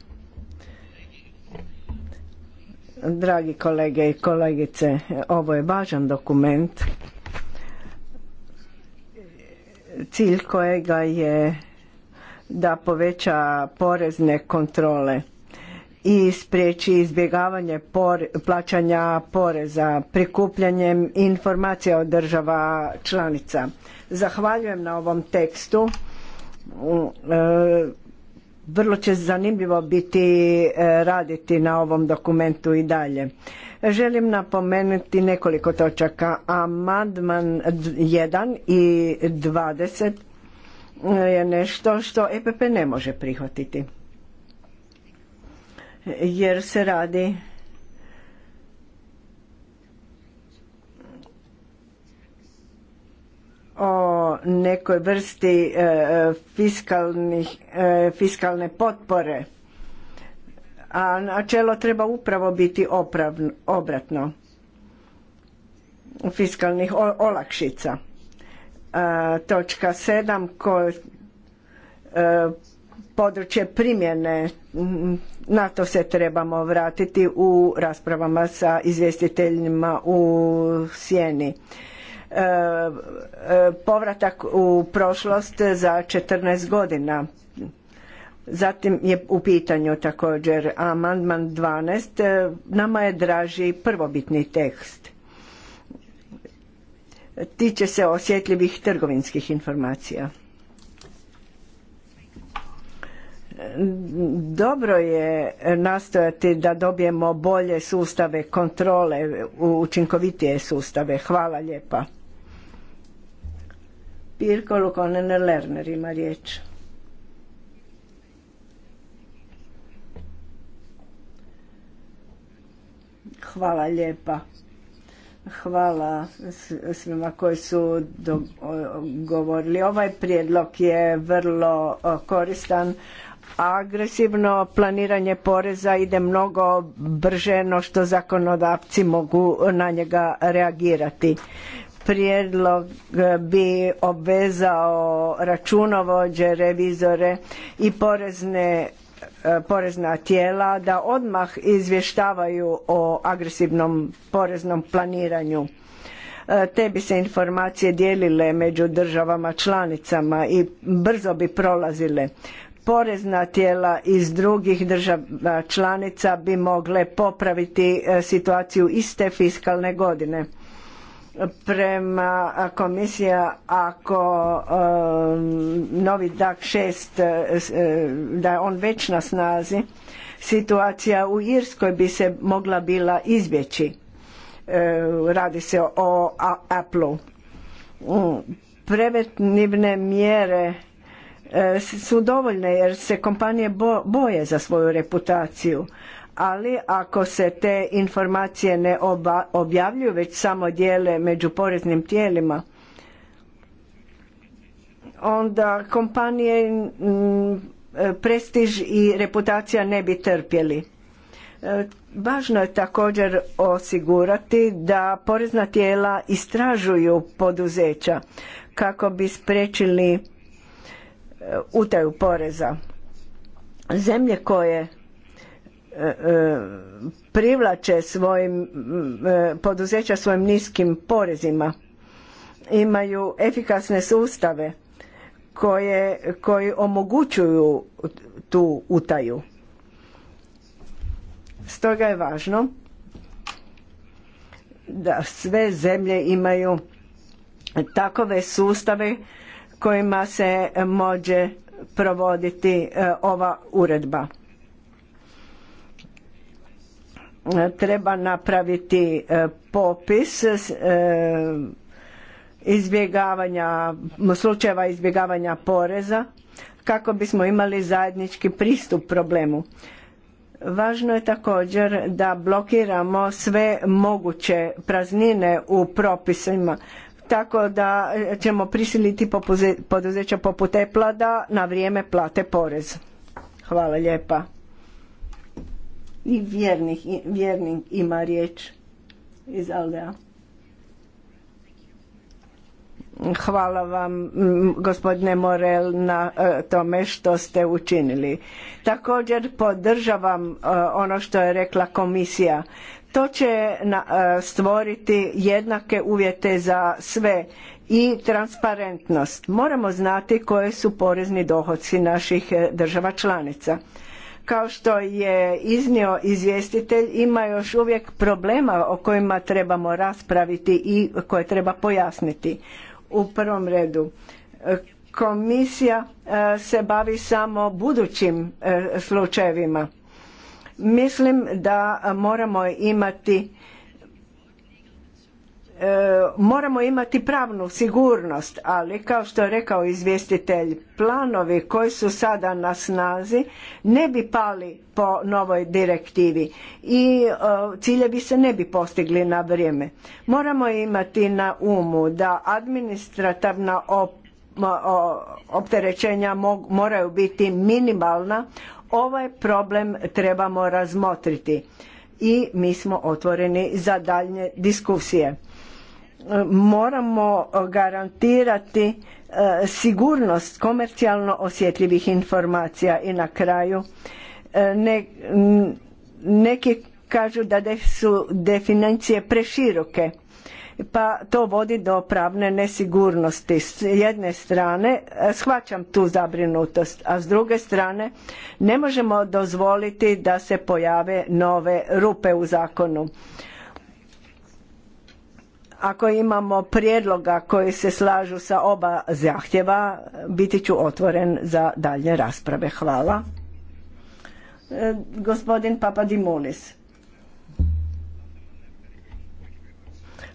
Dragi kolege i kolegice, ovo je važan dokument cilj kojega je da poveća porezne kontrole i spriječi izbjegavanje plaćanja poreza prikupljanjem informacija od država članica. Zahvaljujem na ovom tekstu. E, vrlo će zanimljivo biti e, raditi na ovom dokumentu i dalje. Želim napomenuti nekoliko točaka. Amandman 1 i 20 e, je nešto što EPP ne može prihvatiti jer se radi o nekoj vrsti e, e, fiskalne potpore a načelo treba upravo biti opravno, obratno fiskalnih olakšica. E, točka sedam koja područje primjene, mm, na to se trebamo vratiti u raspravama sa izvjestiteljima u Sjeni. E, e, povratak u prošlost za 14 godina. Zatim je u pitanju također amandman 12. E, nama je draži prvobitni tekst. Tiče se osjetljivih trgovinskih informacija. Dobro je nastojati da dobijemo bolje sustave kontrole, učinkovitije sustave. Hvala lijepa. ima riječ. Hvala lijepa. Hvala svima koji su govorili. Ovaj prijedlog je vrlo koristan agresivno planiranje poreza ide mnogo brže no što zakonodavci mogu na njega reagirati. Prijedlog e, bi obvezao računovođe, revizore i porezne e, porezna tijela da odmah izvještavaju o agresivnom poreznom planiranju. E, te bi se informacije dijelile među državama članicama i brzo bi prolazile porezna tijela iz drugih država članica bi mogle popraviti e, situaciju iste fiskalne godine prema komisija ako e, novi DAC 6 e, da je on već na snazi situacija u Irskoj bi se mogla bila izbjeći radi se o Apple-u mm, preventivne mjere E, su dovoljne jer se kompanije boje za svoju reputaciju ali ako se te informacije ne objavljuju već samo dijele među poreznim tijelima onda kompanije e, prestiž i reputacija ne bi trpjeli e, Važno je također osigurati da porezna tijela istražuju poduzeća kako bi spriječili E, utaju poreza. Zemlje koje e, e, privlače svojim poduzeća svojim niskim porezima imaju efikasne sustave koje, koji omogućuju tu utaju. Stoga je važno da sve zemlje imaju takove sustave kojima se može provoditi e, ova uredba. Treba napraviti e, popis e, izbjegavanja, slučajeva izbjegavanja poreza kako bismo imali zajednički pristup problemu. Važno je također da blokiramo sve moguće praznine u propisima tako da e, ćemo prisiliti poduzeća poput Epla da na vrijeme plate porez. Hvala lijepa. I vjernih ima riječ iz Aldea. Hvala vam gospodine Morel na e, tome što ste učinili. Također podržavam e, ono što je rekla komisija to će e, stvoriti jednake uvjete za sve i transparentnost. Moramo znati koje su porezni dohoci naših e, država članica. Kao što je iznio izvjestitelj, ima još uvijek problema o kojima trebamo raspraviti i koje treba pojasniti. U prvom redu, e, komisija se bavi samo budućim slučajevima Mislim da moramo imati e, moramo imati pravnu sigurnost, ali kao što je rekao izvjestitelj, planovi koji su sada na snazi ne bi pali po novoj direktivi i e, ciljevi se ne bi postigli na vrijeme. Moramo imati na umu da administrativna opterećenja moraju biti minimalna ovaj problem trebamo razmotriti i mi smo otvoreni za daljnje diskusije e, moramo e, garantirati e, sigurnost komercijalno osjetljivih informacija i na kraju neki kažu da su definicije preširoke pa to vodi do pravne nesigurnosti. S jedne strane, e, shvaćam tu zabrinutost, a s druge strane ne možemo dozvoliti da se pojave nove rupe u zakonu. Ako imamo prijedloga koji se slažu sa oba zahtjeva, biti ću otvoren za dalje rasprave. Hvala. E, gospodin Papadimulis.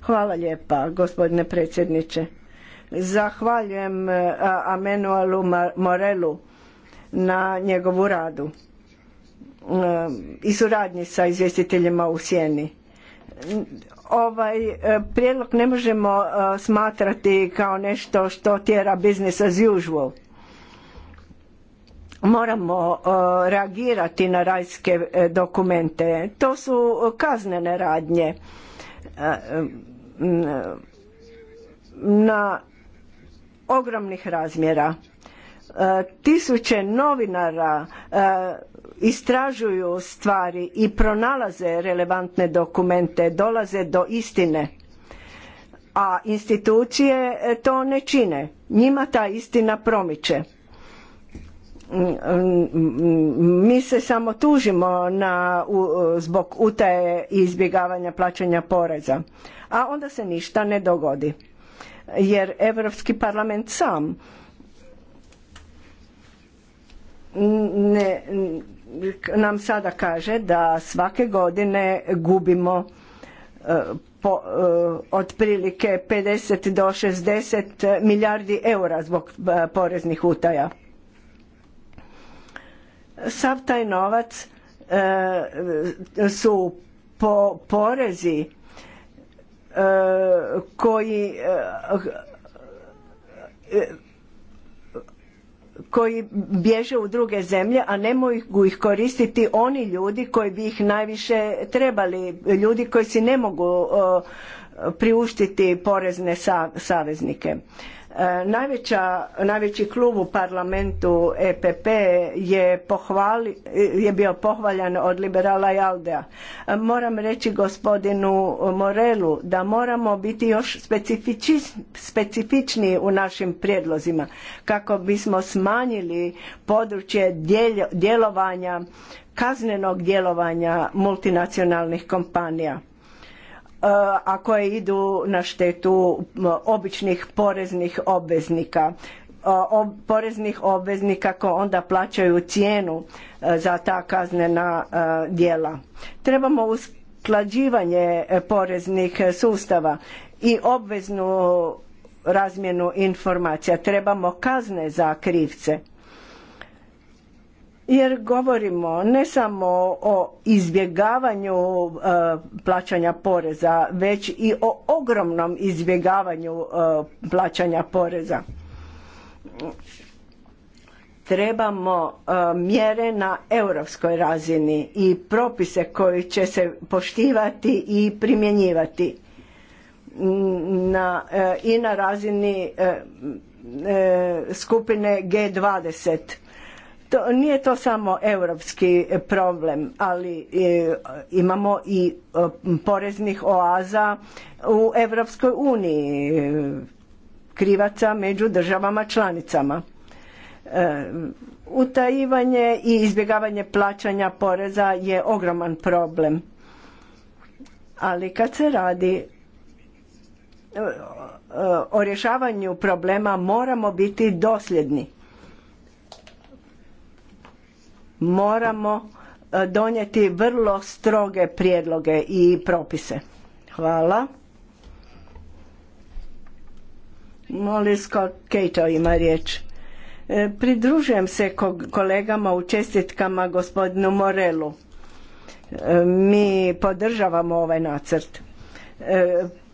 Hvala lijepa, gospodine predsjedniče. Zahvaljujem e, Amenualu Morelu na njegovu radu e, i suradnji sa izvjestiteljima u sjeni. Ovaj e, prijedlog ne možemo smatrati kao nešto što tjera business as usual. Moramo reagirati na rajske dokumente. To su kaznene radnje na ogromnih razmjera. E, tisuće novinara e, istražuju stvari i pronalaze relevantne dokumente, dolaze do istine. A institucije to ne čine. Njima ta istina promiče mi se samo tužimo zbog utaje i izbjegavanja plaćanja poreza, a onda se ništa ne dogodi. Jer Europski parlament sam nam sada kaže da svake godine gubimo e, po, e, otprilike 50 do 60 milijardi eura zbog e, poreznih utaja sav taj novac e, su po porezi e, koji e, koji bježe u druge zemlje, a ne mogu ih koristiti oni ljudi koji bi ih najviše trebali, ljudi koji si ne mogu priuštiti porezne saveznike. E, najveća, najveći klub u parlamentu EPP je, je bio pohvaljan od liberala i Aldea. E, moram reći gospodinu Morelu da moramo biti još specifični specifičniji u našim prijedlozima kako bismo smanjili područje djelovanja kaznenog djelovanja multinacionalnih kompanija a koje idu na štetu običnih poreznih obveznika poreznih obveznika koji onda plaćaju cijenu e, za ta kaznena e, djela. Trebamo usklađivanje e, poreznih sustava i obveznu razmjenu informacija. Trebamo kazne za krivce jer govorimo ne samo o izbjegavanju e, plaćanja poreza već i o ogromnom izbjegavanju e, plaćanja poreza trebamo e, mjere na europskoj razini i propise koji će se poštivati i primjenjivati i na razini skupine G20 to, nije to samo europski problem, ali e, imamo i e, poreznih oaza u Europskoj uniji, krivaca među državama članicama. E, utajivanje i izbjegavanje plaćanja poreza je ogroman problem. Ali kad se radi o rješavanju problema moramo biti dosljedni moramo e, donijeti vrlo stroge prijedloge i propise. Hvala. Molim Kejto ima riječ. E, pridružujem se kolegama u čestitkama gospodinu Morelu. E, mi podržavamo ovaj nacrt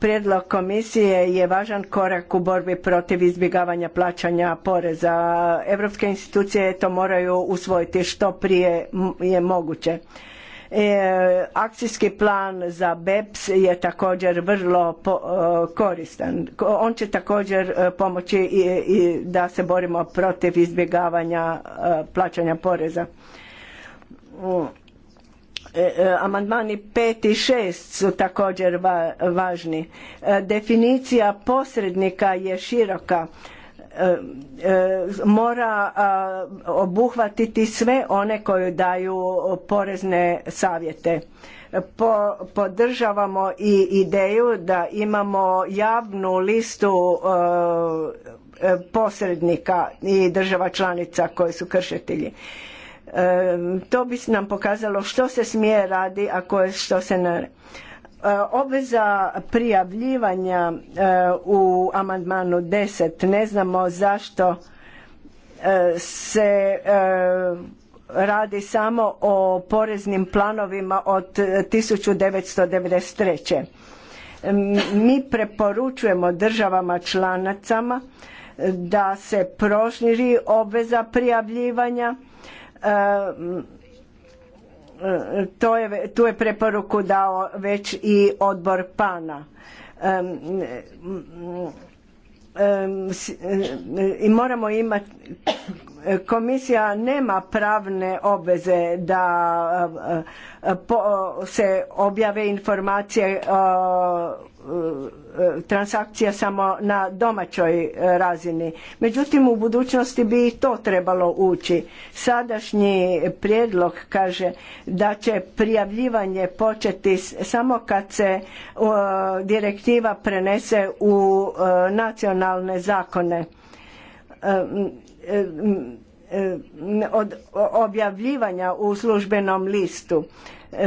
Prijedlog komisije je važan korak u borbi protiv izbjegavanja plaćanja poreza. Europske institucije to moraju usvojiti što prije je moguće. E, akcijski plan za BEPS je također vrlo e, koristan. On će također e, pomoći i, da se borimo protiv izbjegavanja plaćanja poreza. E, e, amandmani 5 i 6 su također važni. E, definicija posrednika je široka. Mora obuhvatiti sve one koji daju porezne savjete. podržavamo i ideju da imamo javnu listu posrednika i država članica koji su kršitelji to bi nam pokazalo što se smije radi, a koje što se ne obveza prijavljivanja u amandmanu 10 ne znamo zašto se radi samo o poreznim planovima od 1993. Mi preporučujemo državama članacama da se proširi obveza prijavljivanja E, e, to tu je preporuku dao već i odbor pana. E, I moramo imati, komisija nema pravne obveze da se objave informacije E, transakcija samo na domaćoj e, razini. Međutim, u budućnosti bi i to trebalo ući. Sadašnji prijedlog kaže da će prijavljivanje početi samo kad se e, direktiva prenese u nacionalne zakone od objavljivanja u službenom listu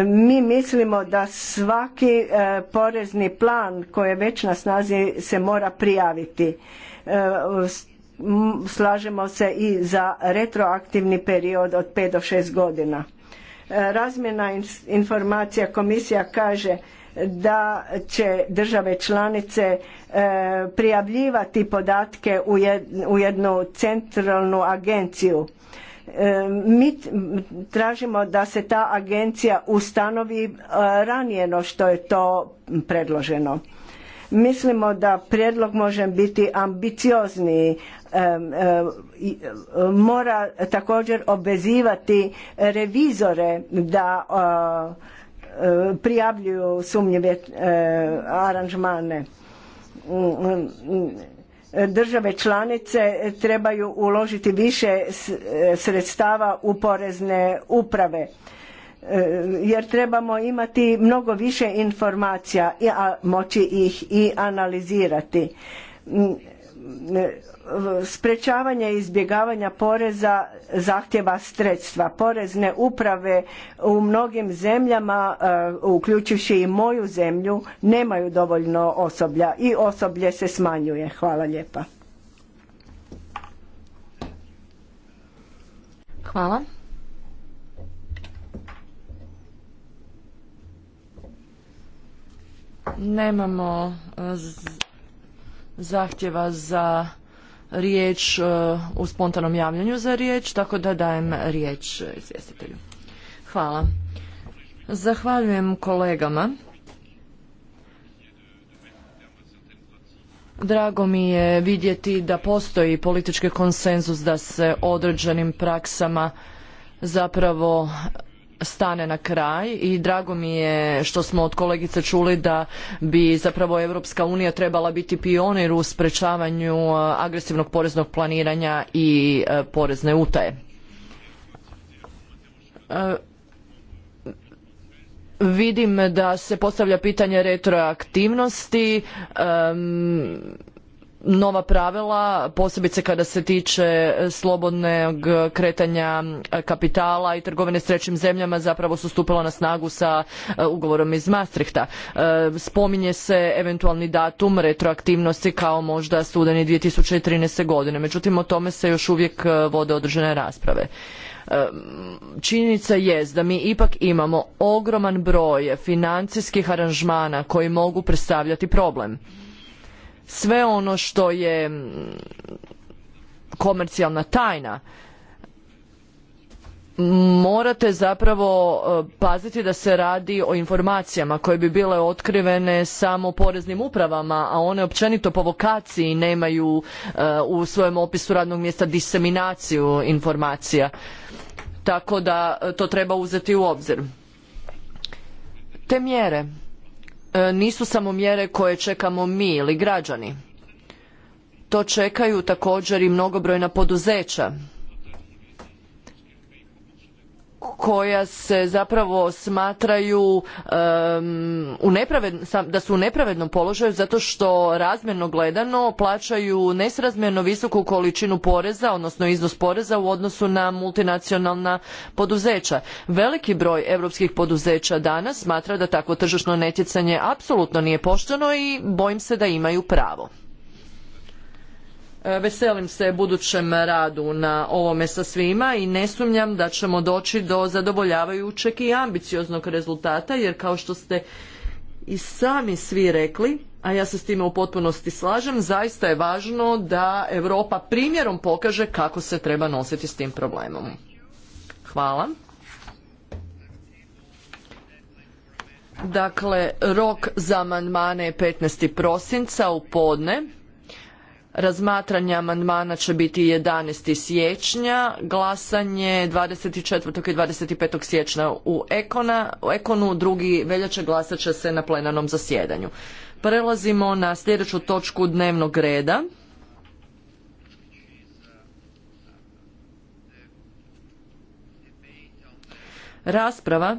mi mislimo da svaki e, porezni plan koji je već na snazi se mora prijaviti e, slažemo se i za retroaktivni period od 5 do 6 godina e, razmjena informacija komisija kaže da će države članice prijavljivati podatke u jednu centralnu agenciju mi tražimo da se ta agencija ustanovi e, ranije no što je to predloženo. Mislimo da prijedlog može biti ambiciozniji, e, e, mora također obvezivati revizore da prijavljuju sumnjive aranžmane mm, mm, mm države članice trebaju uložiti više e, sredstava u porezne uprave e, jer trebamo imati mnogo više informacija a moći ih i analizirati sprečavanje izbjegavanja poreza zahtjeva sredstva. Porezne uprave u mnogim zemljama, e, uključujući i moju zemlju, nemaju dovoljno osoblja i osoblje se smanjuje. Hvala lijepa. Hvala. Nemamo e, zahtjeva za riječ e, u spontanom javljanju za riječ, tako da dajem riječ izvjestitelju. Hvala. Zahvaljujem kolegama. Drago mi je vidjeti da postoji politički konsenzus da se određenim praksama zapravo stane na kraj i drago mi je što smo od kolegice čuli da bi zapravo Europska unija trebala biti pionir u sprečavanju e, agresivnog poreznog planiranja i e, porezne utaje. E, vidim da se postavlja pitanje retroaktivnosti nova pravila, posebice kada se tiče slobodnog kretanja e, kapitala i trgovine s trećim zemljama zapravo su stupila na snagu sa e, ugovorom iz Maastrichta. E, spominje se eventualni datum retroaktivnosti kao možda studeni 2013. godine, međutim o tome se još uvijek vode određene rasprave činjenica jest da mi ipak imamo ogroman broj financijskih aranžmana koji mogu predstavljati problem sve ono što je mm, komercijalna tajna morate zapravo e, paziti da se radi o informacijama koje bi bile otkrivene samo poreznim upravama a one općenito po vokaciji nemaju e, u svojem opisu radnog mjesta diseminaciju informacija tako da e, to treba uzeti u obzir te mjere E, nisu samo mjere koje čekamo mi ili građani. To čekaju također i mnogobrojna poduzeća koja se zapravo smatraju da su u nepravednom položaju zato što razmjerno gledano plaćaju nesrazmjerno visoku količinu poreza odnosno iznos poreza u odnosu na multinacionalna poduzeća veliki broj europskih poduzeća danas smatra da takvo tržišno natjecanje apsolutno nije pošteno i bojim se da imaju pravo E, veselim se budućem radu na ovome sa svima i ne sumnjam da ćemo doći do zadovoljavajućeg i ambicioznog rezultata jer kao što ste i sami svi rekli, a ja se s time u potpunosti slažem, zaista je važno da Europa primjerom pokaže kako se treba nositi s tim problemom. Hvala. Dakle, rok za amandmane je 15. prosinca u podne. Razmatranje amandmana će biti 11. siječnja, glasanje 24. i 25. siječnja u, u Ekonu, drugi veljače glasat će se na plenarnom zasjedanju. Prelazimo na sljedeću točku dnevnog reda. Rasprava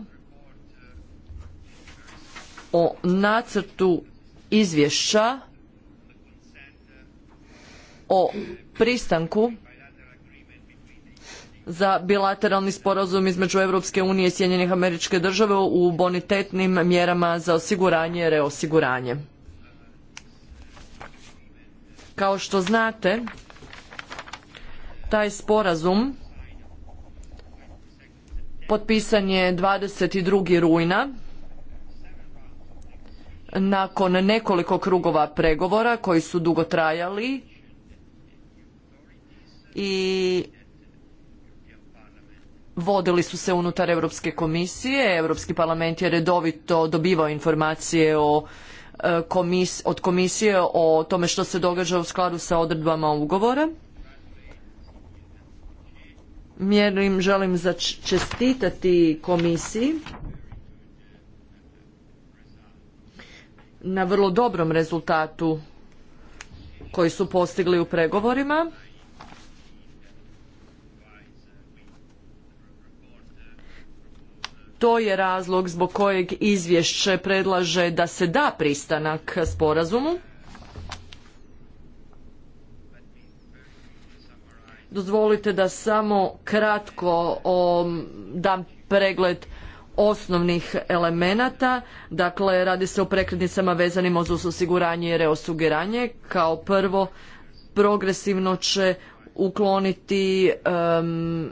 o nacrtu izvješća o pristanku za bilateralni sporazum između Europske unije i Sjedinjenih američke države u bonitetnim mjerama za osiguranje i reosiguranje. Kao što znate, taj sporazum potpisan je 22. rujna nakon nekoliko krugova pregovora koji su dugo trajali i vodili su se unutar Europske komisije. Europski parlament je redovito dobivao informacije o e, komis, od komisije o tome što se događa u skladu sa odredbama ugovora. Mjerim želim čestitati komisiji na vrlo dobrom rezultatu koji su postigli u pregovorima. to je razlog zbog kojeg izvješće predlaže da se da pristanak sporazumu. Dozvolite da samo kratko um, dam pregled osnovnih elemenata. Dakle, radi se o prekretnicama vezanim uz osiguranje i reosiguranje. Kao prvo, progresivno će ukloniti um,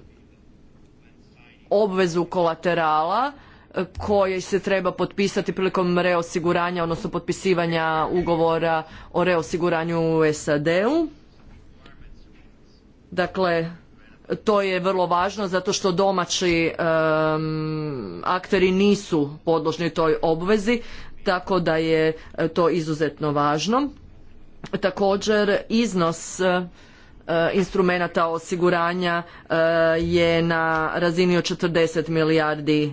obvezu kolaterala e, koji se treba potpisati prilikom reosiguranja, odnosno potpisivanja ugovora o reosiguranju u SAD-u. Dakle, to je vrlo važno zato što domaći akteri nisu podložni toj obvezi, tako da je e, to izuzetno važno. Također, iznos E, instrumenata osiguranja e, je na razini od 40 milijardi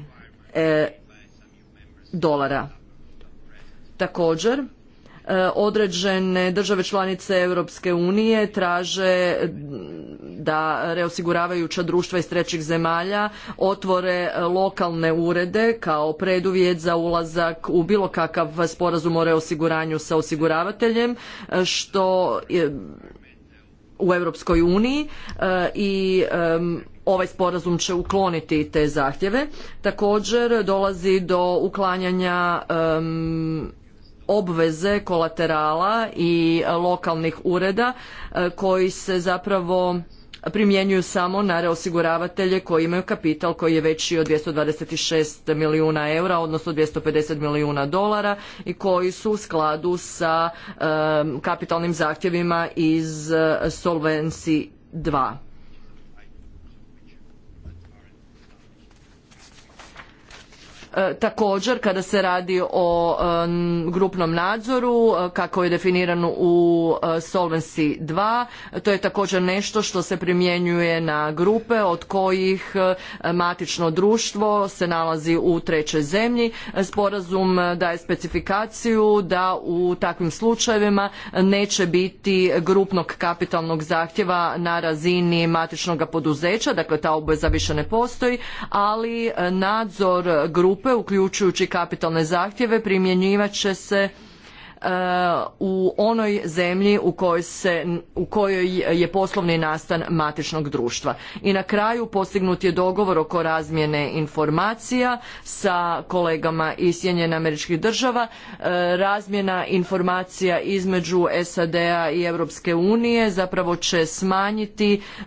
e, dolara. Također, određene države članice Europske unije traže da reosiguravajuća društva iz trećih zemalja otvore lokalne urede kao preduvjet za ulazak u bilo kakav sporazum o reosiguranju sa osiguravateljem što u Europskoj uniji e, i ovaj sporazum će ukloniti te zahtjeve. Također dolazi do uklanjanja obveze kolaterala i lokalnih ureda e, koji se zapravo primjenjuju samo na reosiguravatelje koji imaju kapital koji je veći od 226 milijuna eura, odnosno 250 milijuna dolara i koji su u skladu sa kapitalnim zahtjevima iz e, Solvency 2. E, također kada se radi o e, grupnom nadzoru e, kako je definirano u Solvency 2, to je također nešto što se primjenjuje na grupe od kojih matično društvo se nalazi u trećoj zemlji. Sporazum daje specifikaciju da u takvim slučajevima neće biti grupnog kapitalnog zahtjeva na razini matičnog poduzeća, dakle ta obveza više ne postoji, ali nadzor grupe uključujući kapitalne zahtjeve primjenjivat će se u onoj zemlji u kojoj, je poslovni nastan matičnog društva. I na kraju postignut je dogovor oko razmjene informacija sa kolegama iz Sjedinjenih američkih država, e, razmjena informacija između SAD-a i Europske unije zapravo će smanjiti e,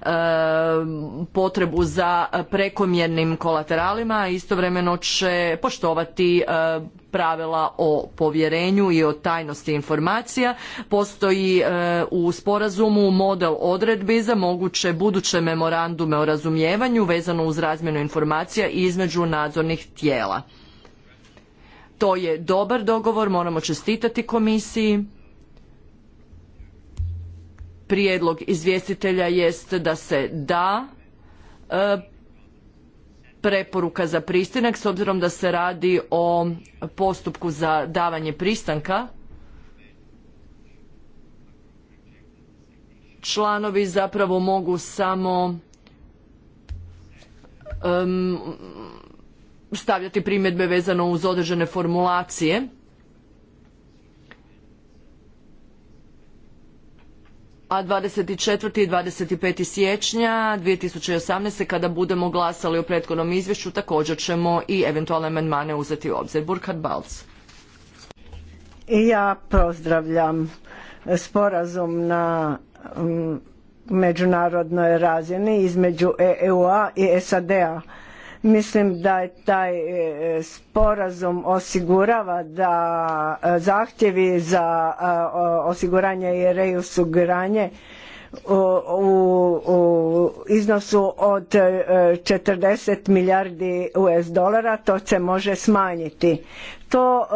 potrebu za prekomjernim kolateralima, a istovremeno će poštovati e, pravila o povjerenju i o tajnosti informacija. Postoji e, u sporazumu model odredbi za moguće buduće memorandume o razumijevanju vezano uz razmjenu informacija između nadzornih tijela. To je dobar dogovor, moramo čestitati komisiji. Prijedlog izvjestitelja jest da se da e, preporuka za pristanak s obzirom da se radi o postupku za davanje pristanka članovi zapravo mogu samo stavljati primjedbe vezano uz određene formulacije a 24. i 25. siječnja 2018. kada budemo glasali o prethodnom izvješću također ćemo i eventualne amandmane uzeti u obzir. Burkhard I Ja pozdravljam sporazum na mm, međunarodnoj razini između EU-a i SAD-a Mislim da je taj e, sporazum osigurava da e, zahtjevi za e, osiguranje i reosiguranje u iznosu od 40 milijardi US dolara to se može smanjiti. To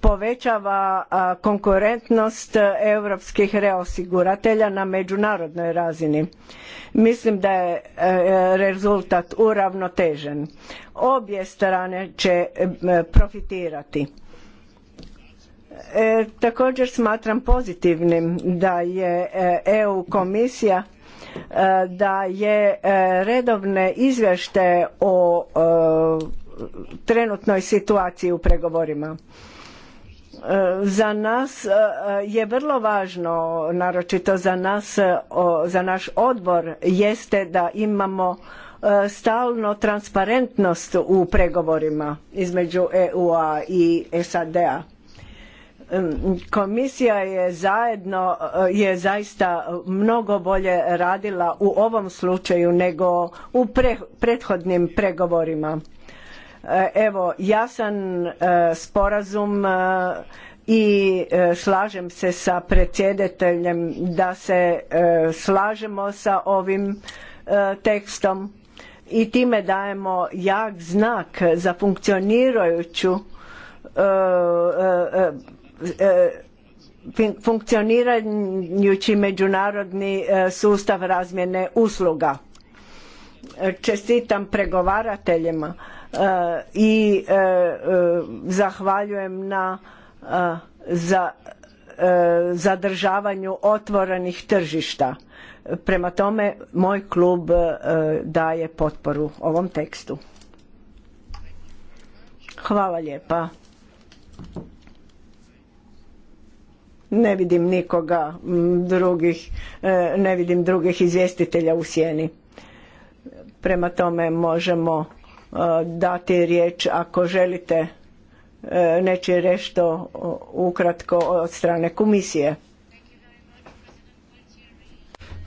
povećava konkurentnost e, europskih reosiguratelja na međunarodnoj razini. Mislim da je e, rezultat uravnotežen. Obje strane će e, profitirati. također smatram pozitivnim da je EU komisija da je redovne izvješte o trenutnoj situaciji u pregovorima. E, za nas e, je vrlo važno, naročito za nas, e, za naš odbor, jeste da imamo stalno transparentnost u pregovorima između EU-a i SAD-a. Komisija je zajedno, je zaista mnogo bolje radila u ovom slučaju nego u prethodnim pregovorima E, evo, jasan e, sporazum e, i slažem se sa predsjedateljem da se slažemo sa ovim tekstom i time dajemo jak znak za funkcionirajuću funkcionirajući međunarodni sustav razmjene usluga. Čestitam pregovarateljima i e, e, zahvaljujem na e, za zadržavanju otvorenih tržišta. Prema tome, moj klub daje potporu ovom tekstu. Hvala lijepa. Ne vidim nikoga drugih, ne vidim drugih izvjestitelja u sjeni. Prema tome možemo E, dati riječ ako želite e, neće nešto ukratko od strane komisije.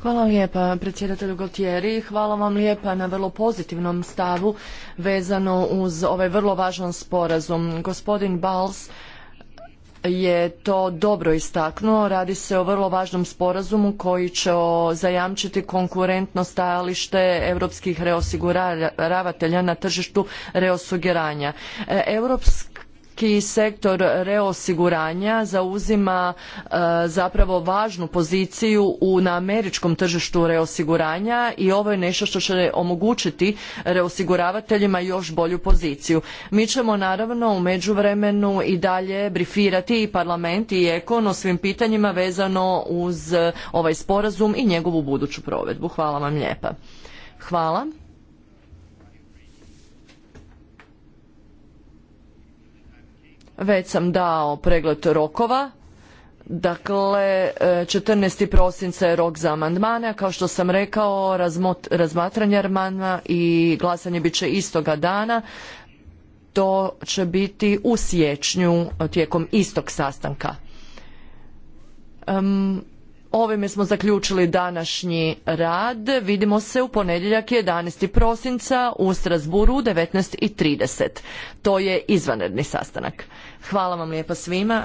Hvala lijepa predsjedatelju Gautieri, hvala vam lijepa na vrlo pozitivnom stavu vezano uz ovaj vrlo važan sporazum. Gospodin Bals je to dobro istaknuo. Radi se o vrlo važnom sporazumu koji će zajamčiti konkurentno stajalište europskih reosiguravatelja na tržištu reosiguranja. Europski i sektor reosiguranja zauzima e, zapravo važnu poziciju na američkom tržištu reosiguranja i ovo je nešto što će omogućiti reosiguravateljima još bolju poziciju. Mi ćemo naravno u međuvremenu i dalje brifirati i parlament i ekon o svim pitanjima vezano uz ovaj sporazum i njegovu buduću provedbu. Hvala vam lijepa. Hvala. Već sam dao pregled rokova. Dakle, 14. E, prosinca je rok za amandmane, kao što sam rekao, razmatranje amandmana i glasanje bit će istoga dana. To će biti u siječnju e, tijekom istog sastanka. ovime smo zaključili današnji rad. Vidimo se u ponedjeljak 11. prosinca u Strasburu u 19.30. To je izvanredni sastanak. Hvala vam lijepa svima.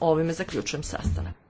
Ovime zaključujem sastanak.